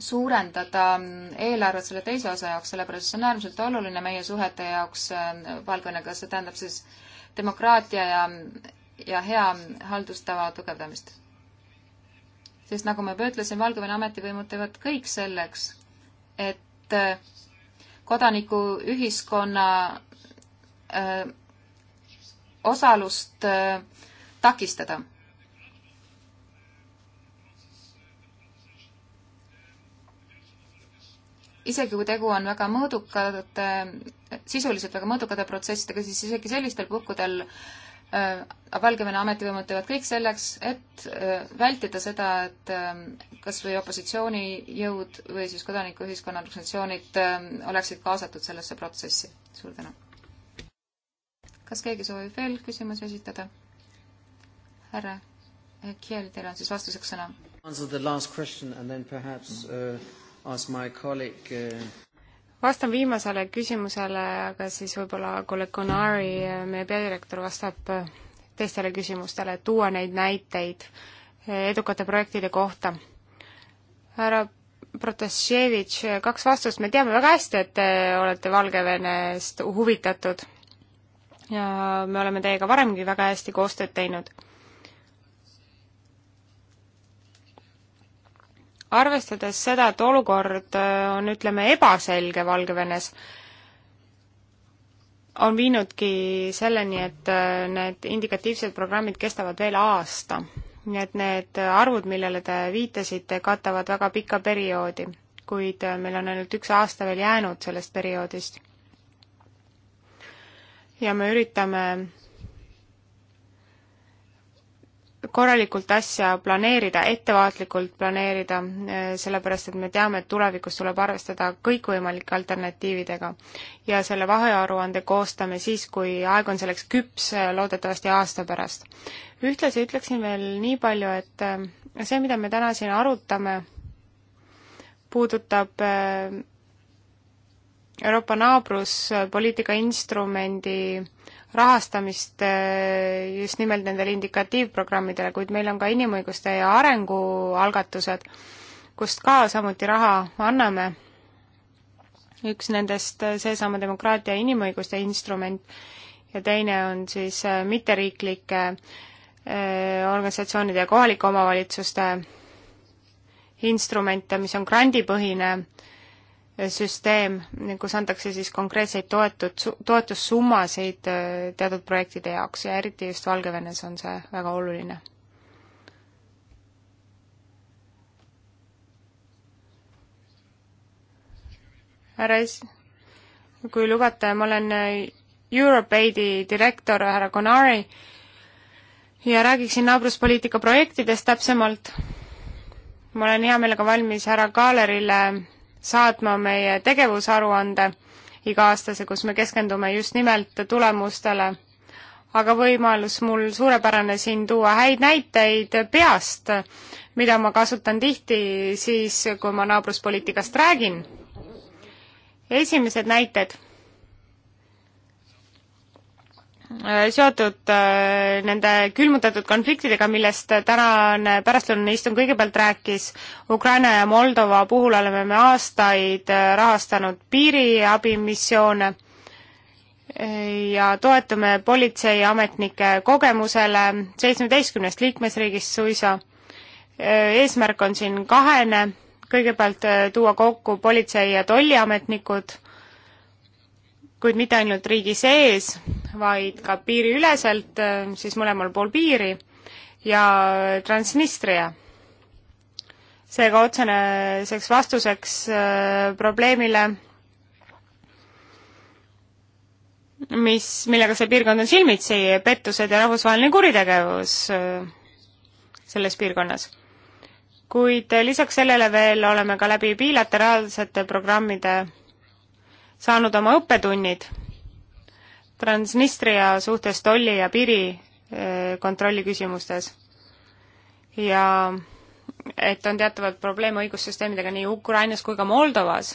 suurendada äh, eelarvet selle teise osa jaoks, sellepärast see on äärmiselt oluline meie suhete jaoks Valgevenega, see tähendab siis demokraatia ja, ja hea haldustava tugevdamist. sest nagu ma juba ütlesin, Valgevene ametivõimud teevad kõik selleks, et äh, kodanikuühiskonna äh, osalust äh, takistada. isegi kui tegu on väga mõõdukate, sisuliselt väga mõõdukate protsessidega, siis isegi sellistel puhkudel äh, Äh, Valgevene ametivõimud teevad kõik selleks, et äh, vältida seda, et ähm, kas või opositsioonijõud või siis kodanikuühiskonna organisatsioonid ähm, oleksid kaasatud sellesse protsessi. suur tänu. kas keegi soovib veel küsimusi esitada? härra Kiel, teil on siis vastuseks sõna. Answer the last question and then perhaps uh, ask my colleague uh vastan viimasele küsimusele, aga siis võib-olla kolleeg Konari, eh, meie peadirektor, vastab eh, teistele küsimustele, et tuua neid näiteid eh, edukate projektide kohta. härra Protasevitš, kaks vastust, me teame väga hästi, et te olete Valgevenest huvitatud ja me oleme teiega varemgi väga hästi koostööd teinud arvestades seda, et olukord äh, on, ütleme, ebaselge Valgevenes, on viinudki selleni, et äh, need indikatiivsed programmid kestavad veel aasta. nii et need arvud, millele te viitasite, katavad väga pika perioodi, kuid äh, meil on ainult üks aasta veel jäänud sellest perioodist. ja me üritame korralikult asja planeerida, ettevaatlikult planeerida, eh, sellepärast et me teame, et tulevikus tuleb arvestada kõikvõimalike alternatiividega. ja selle vahearuande koostame siis, kui aeg on selleks küps, eh, loodetavasti aasta pärast. ühtlasi ütleksin veel nii palju, et eh, see, mida me täna siin arutame, puudutab Euroopa naabruspoliitika instrumendi rahastamist eh, just nimelt nendele indikatiivprogrammidele, kuid meil on ka inimõiguste ja arengualgatused, kust ka samuti raha anname. üks nendest, eh, seesama demokraatia ja inimõiguste instrument ja teine on siis eh, mitteriiklike organisatsioonide ja kohalike omavalitsuste instrumente, mis on grandipõhine süsteem, kus antakse siis konkreetseid toetud, toetussummasid äh, teatud projektide jaoks ja eriti just Valgevenes on see väga oluline. härra es-, kui lubate, ma olen äh, EuropeAidi direktor härra Konari ja räägiksin naabruspoliitika projektidest täpsemalt. ma olen hea meelega valmis härra Kaalerile saatma meie tegevusaruande iga-aastase, kus me keskendume just nimelt tulemustele. aga võimalus mul suurepärane siin tuua häid näiteid peast, mida ma kasutan tihti siis, kui ma naabruspoliitikast räägin. esimesed näited Äh, seotud äh, nende külmutatud konfliktidega, millest tänane pärastlõunane istung kõigepealt rääkis. Ukraina ja Moldova puhul oleme me aastaid äh, rahastanud piiriabimissioone ja toetume politseiametnike kogemusele seitsmeteistkümnest liikmesriigist suisa. eesmärk on siin kahene, kõigepealt tuua kokku politsei- ja tolliametnikud kuid mitte ainult riigi sees, vaid ka piiriüleselt, äh, siis mõlemal pool piiri ja Transnistria. seega otseneseks vastuseks äh, probleemile, mis, millega see piirkond on silmitsi, pettused ja rahvusvaheline kuritegevus äh, selles piirkonnas kuid lisaks sellele veel oleme ka läbi bilateraalsete programmide saanud oma õppetunnid Transnistria suhtes tolli- ja piirikontrolli eh, küsimustes. ja et on teatavaid probleeme õigussüsteemidega nii Ukrainas kui ka Moldovas.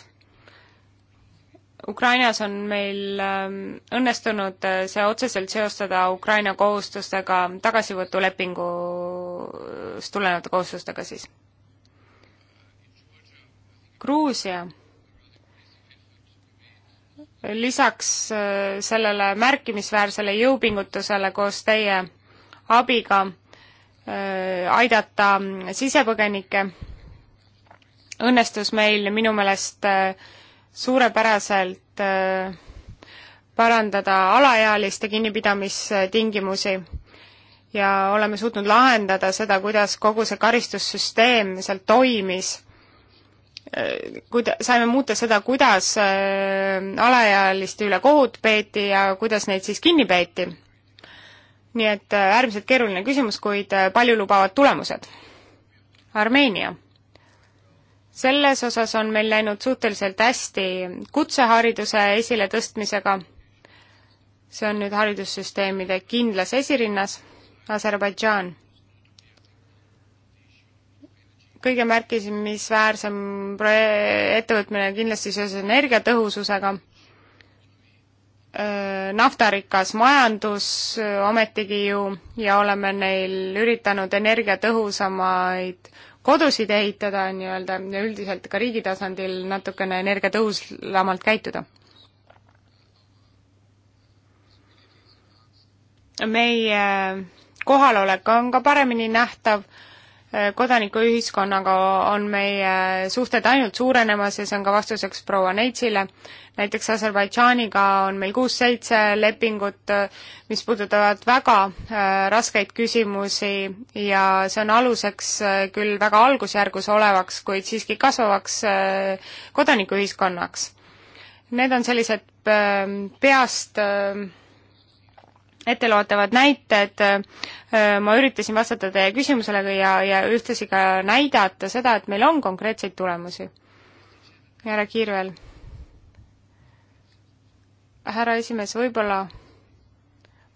Ukrainas on meil ehm, õnnestunud eh, see otseselt seostada Ukraina kohustustega, tagasivõtulepingust eh, tulenevate kohustustega siis. Gruusia lisaks äh, sellele märkimisväärsele jõupingutusele koos teie abiga äh, aidata sisepõgenikke, õnnestus meil minu meelest äh, suurepäraselt parandada alaealiste kinnipidamistingimusi ja oleme suutnud lahendada seda, kuidas kogu see karistussüsteem seal toimis kuida-, saime muuta seda, kuidas äh, alaealiste üle kohut peeti ja kuidas neid siis kinni peeti. nii et äh, äärmiselt keeruline küsimus, kuid äh, paljulubavad tulemused. Armeenia. selles osas on meil läinud suhteliselt hästi kutsehariduse esiletõstmisega, see on nüüd haridussüsteemide kindlas esirinnas, Aserbaidžaan kõige märkimisväärsem proje-, ettevõtmine kindlasti seoses energiatõhususega, naftarikas majandus ometigi ju ja oleme neil üritanud energiatõhusamaid kodusid ehitada nii-öelda ja üldiselt ka riigi tasandil natukene energiatõhusamalt käituda. meie kohalolek on ka paremini nähtav äh, Eh, kodanikuühiskonnaga on meie suhted ainult suurenemas ja see on ka vastuseks proua Neitsile. näiteks Aserbaidžaaniga on meil kuus-seitse lepingut, eh, mis puudutavad väga eh, raskeid küsimusi ja see on aluseks küll väga algusjärgus olevaks, kuid siiski kasvavaks kodanikuühiskonnaks. Need on sellised peast ettelootavad näited, äh, ma üritasin vastata teie küsimusele ja, ja ühtlasi ka näidata seda, et meil on konkreetseid tulemusi. härra Kiirvel. härra esimees, võib-olla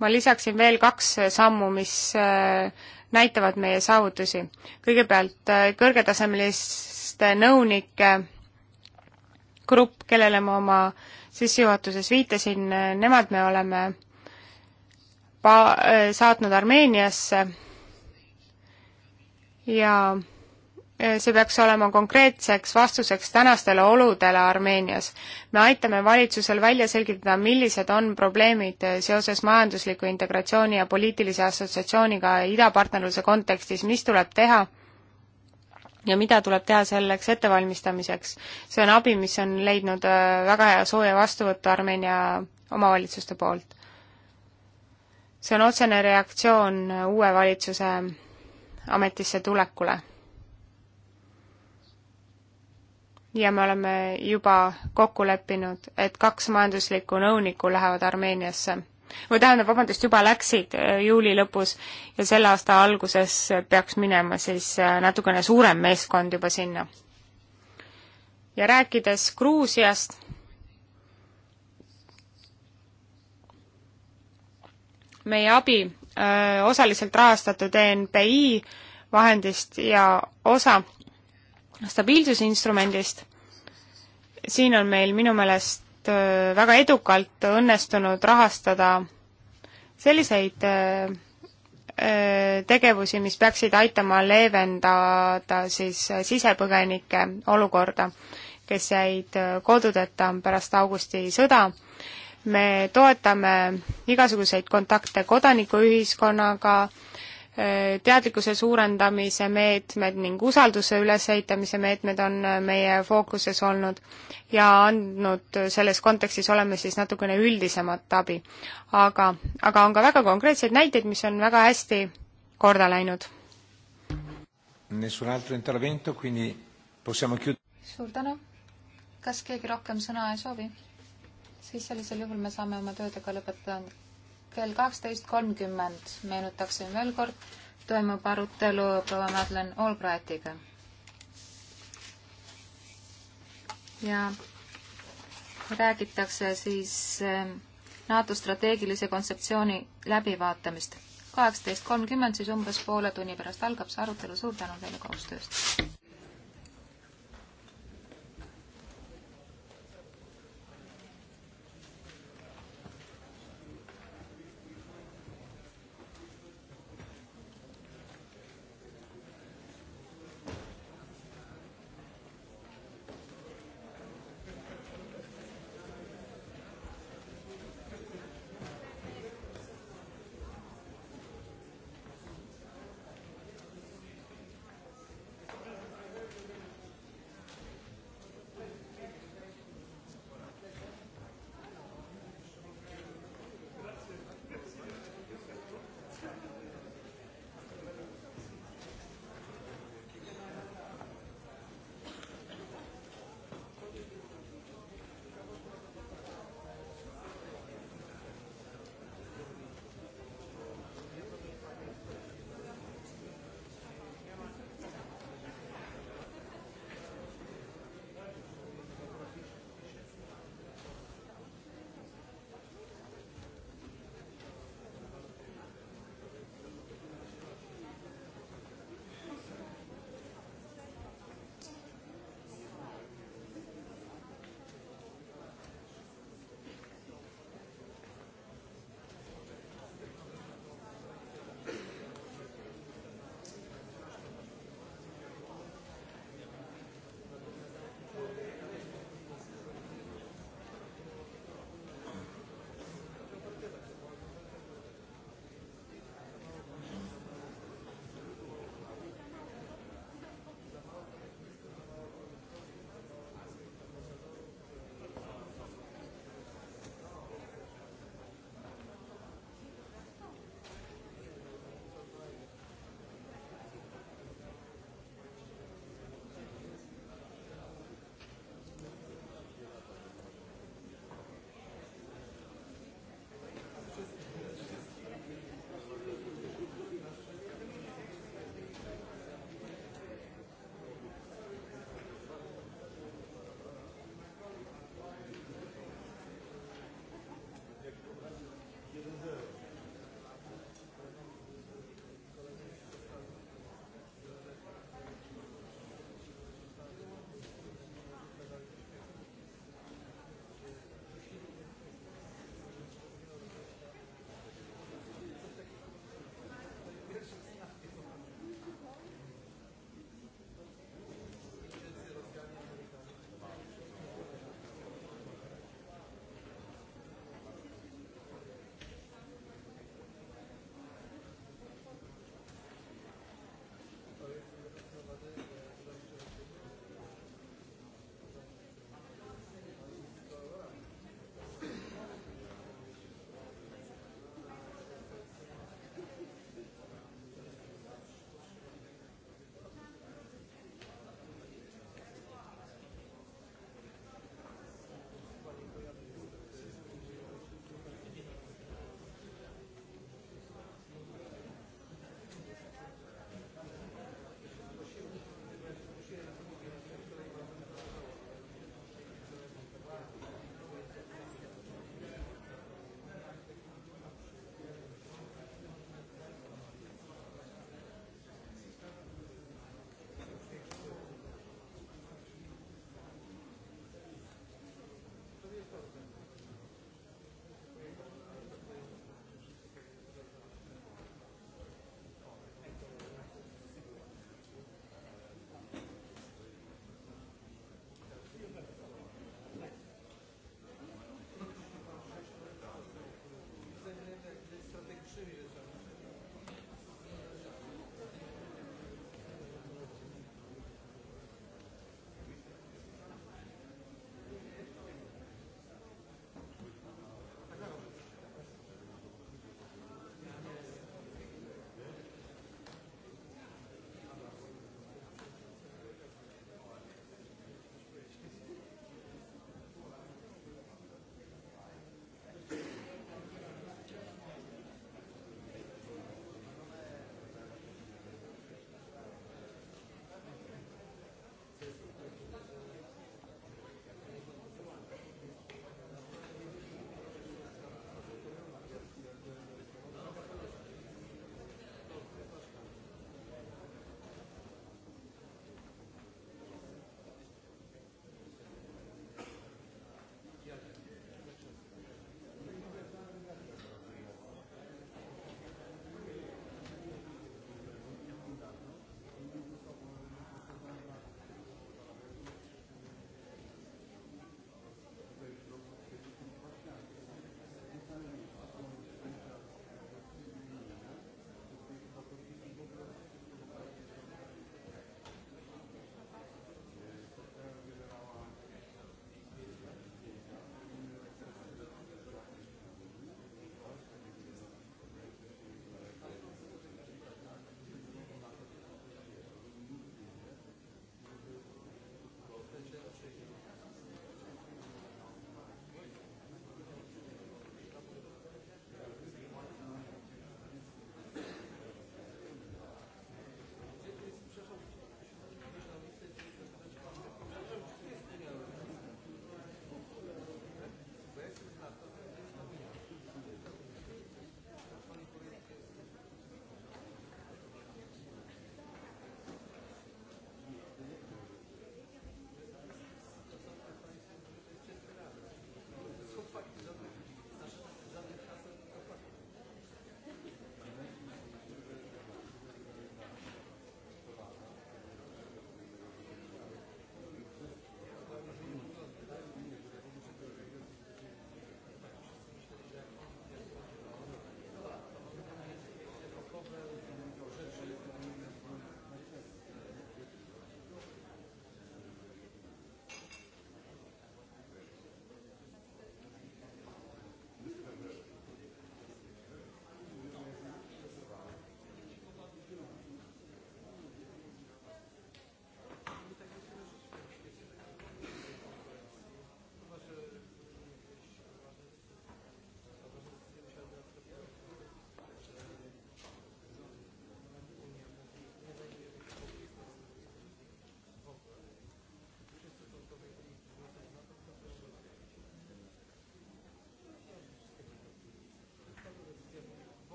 ma lisaksin veel kaks sammu, mis äh, näitavad meie saavutusi. kõigepealt äh, kõrgetasemeliste nõunike grupp, kellele ma oma sissejuhatuses viitasin, nemad me oleme pa-, äh, saatnud Armeeniasse ja äh, see peaks olema konkreetseks vastuseks tänastele oludele Armeenias. me aitame valitsusel välja selgitada, millised on probleemid äh, seoses majandusliku integratsiooni ja poliitilise assotsiatsiooniga idapartnerluse kontekstis, mis tuleb teha ja mida tuleb teha selleks ettevalmistamiseks. see on abi, mis on leidnud väga hea sooja vastuvõttu Armeenia omavalitsuste poolt see on otsene reaktsioon uue valitsuse ametisse tulekule. ja me oleme juba kokku leppinud, et kaks majanduslikku nõunikku lähevad Armeeniasse. või tähendab, vabandust, juba läksid eh, juuli lõpus ja selle aasta alguses peaks minema siis eh, natukene suurem meeskond juba sinna. ja rääkides Gruusiast meie abi öö, osaliselt rahastatud ENPI vahendist ja osa stabiilsusinstrumendist. siin on meil minu meelest väga edukalt õnnestunud rahastada selliseid tegevusi, mis peaksid aitama leevendada siis sisepõgenike olukorda, kes jäid kodudeta pärast augustisõda me toetame igasuguseid kontakte kodanikuühiskonnaga, äh, teadlikkuse suurendamise meetmed ning usalduse ülesehitamise meetmed on äh, meie fookuses olnud ja andnud äh, selles kontekstis oleme siis natukene üldisemat abi. aga, aga on ka väga konkreetseid näiteid, mis on väga hästi korda läinud. suur tänu. kas keegi rohkem sõna ei soovi? siis sellisel juhul me saame oma töödega lõpetada kell kaksteist kolmkümmend. meenutaksin veel kord, toimub arutelu proua Madeleine Albrightiga. ja räägitakse siis ähm, NATO strateegilise kontseptsiooni läbivaatamist. kaheksateist kolmkümmend, siis umbes poole tunni pärast algab see arutelu. suur tänu teile koostööst!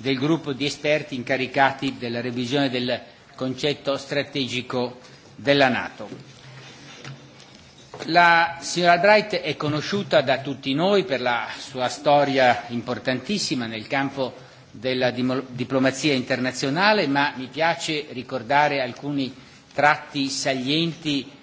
del gruppo di esperti incaricati della revisione del concetto strategico della Nato. La signora Albright è conosciuta da tutti noi per la sua storia importantissima nel campo della diplomazia internazionale, ma mi piace ricordare alcuni tratti salienti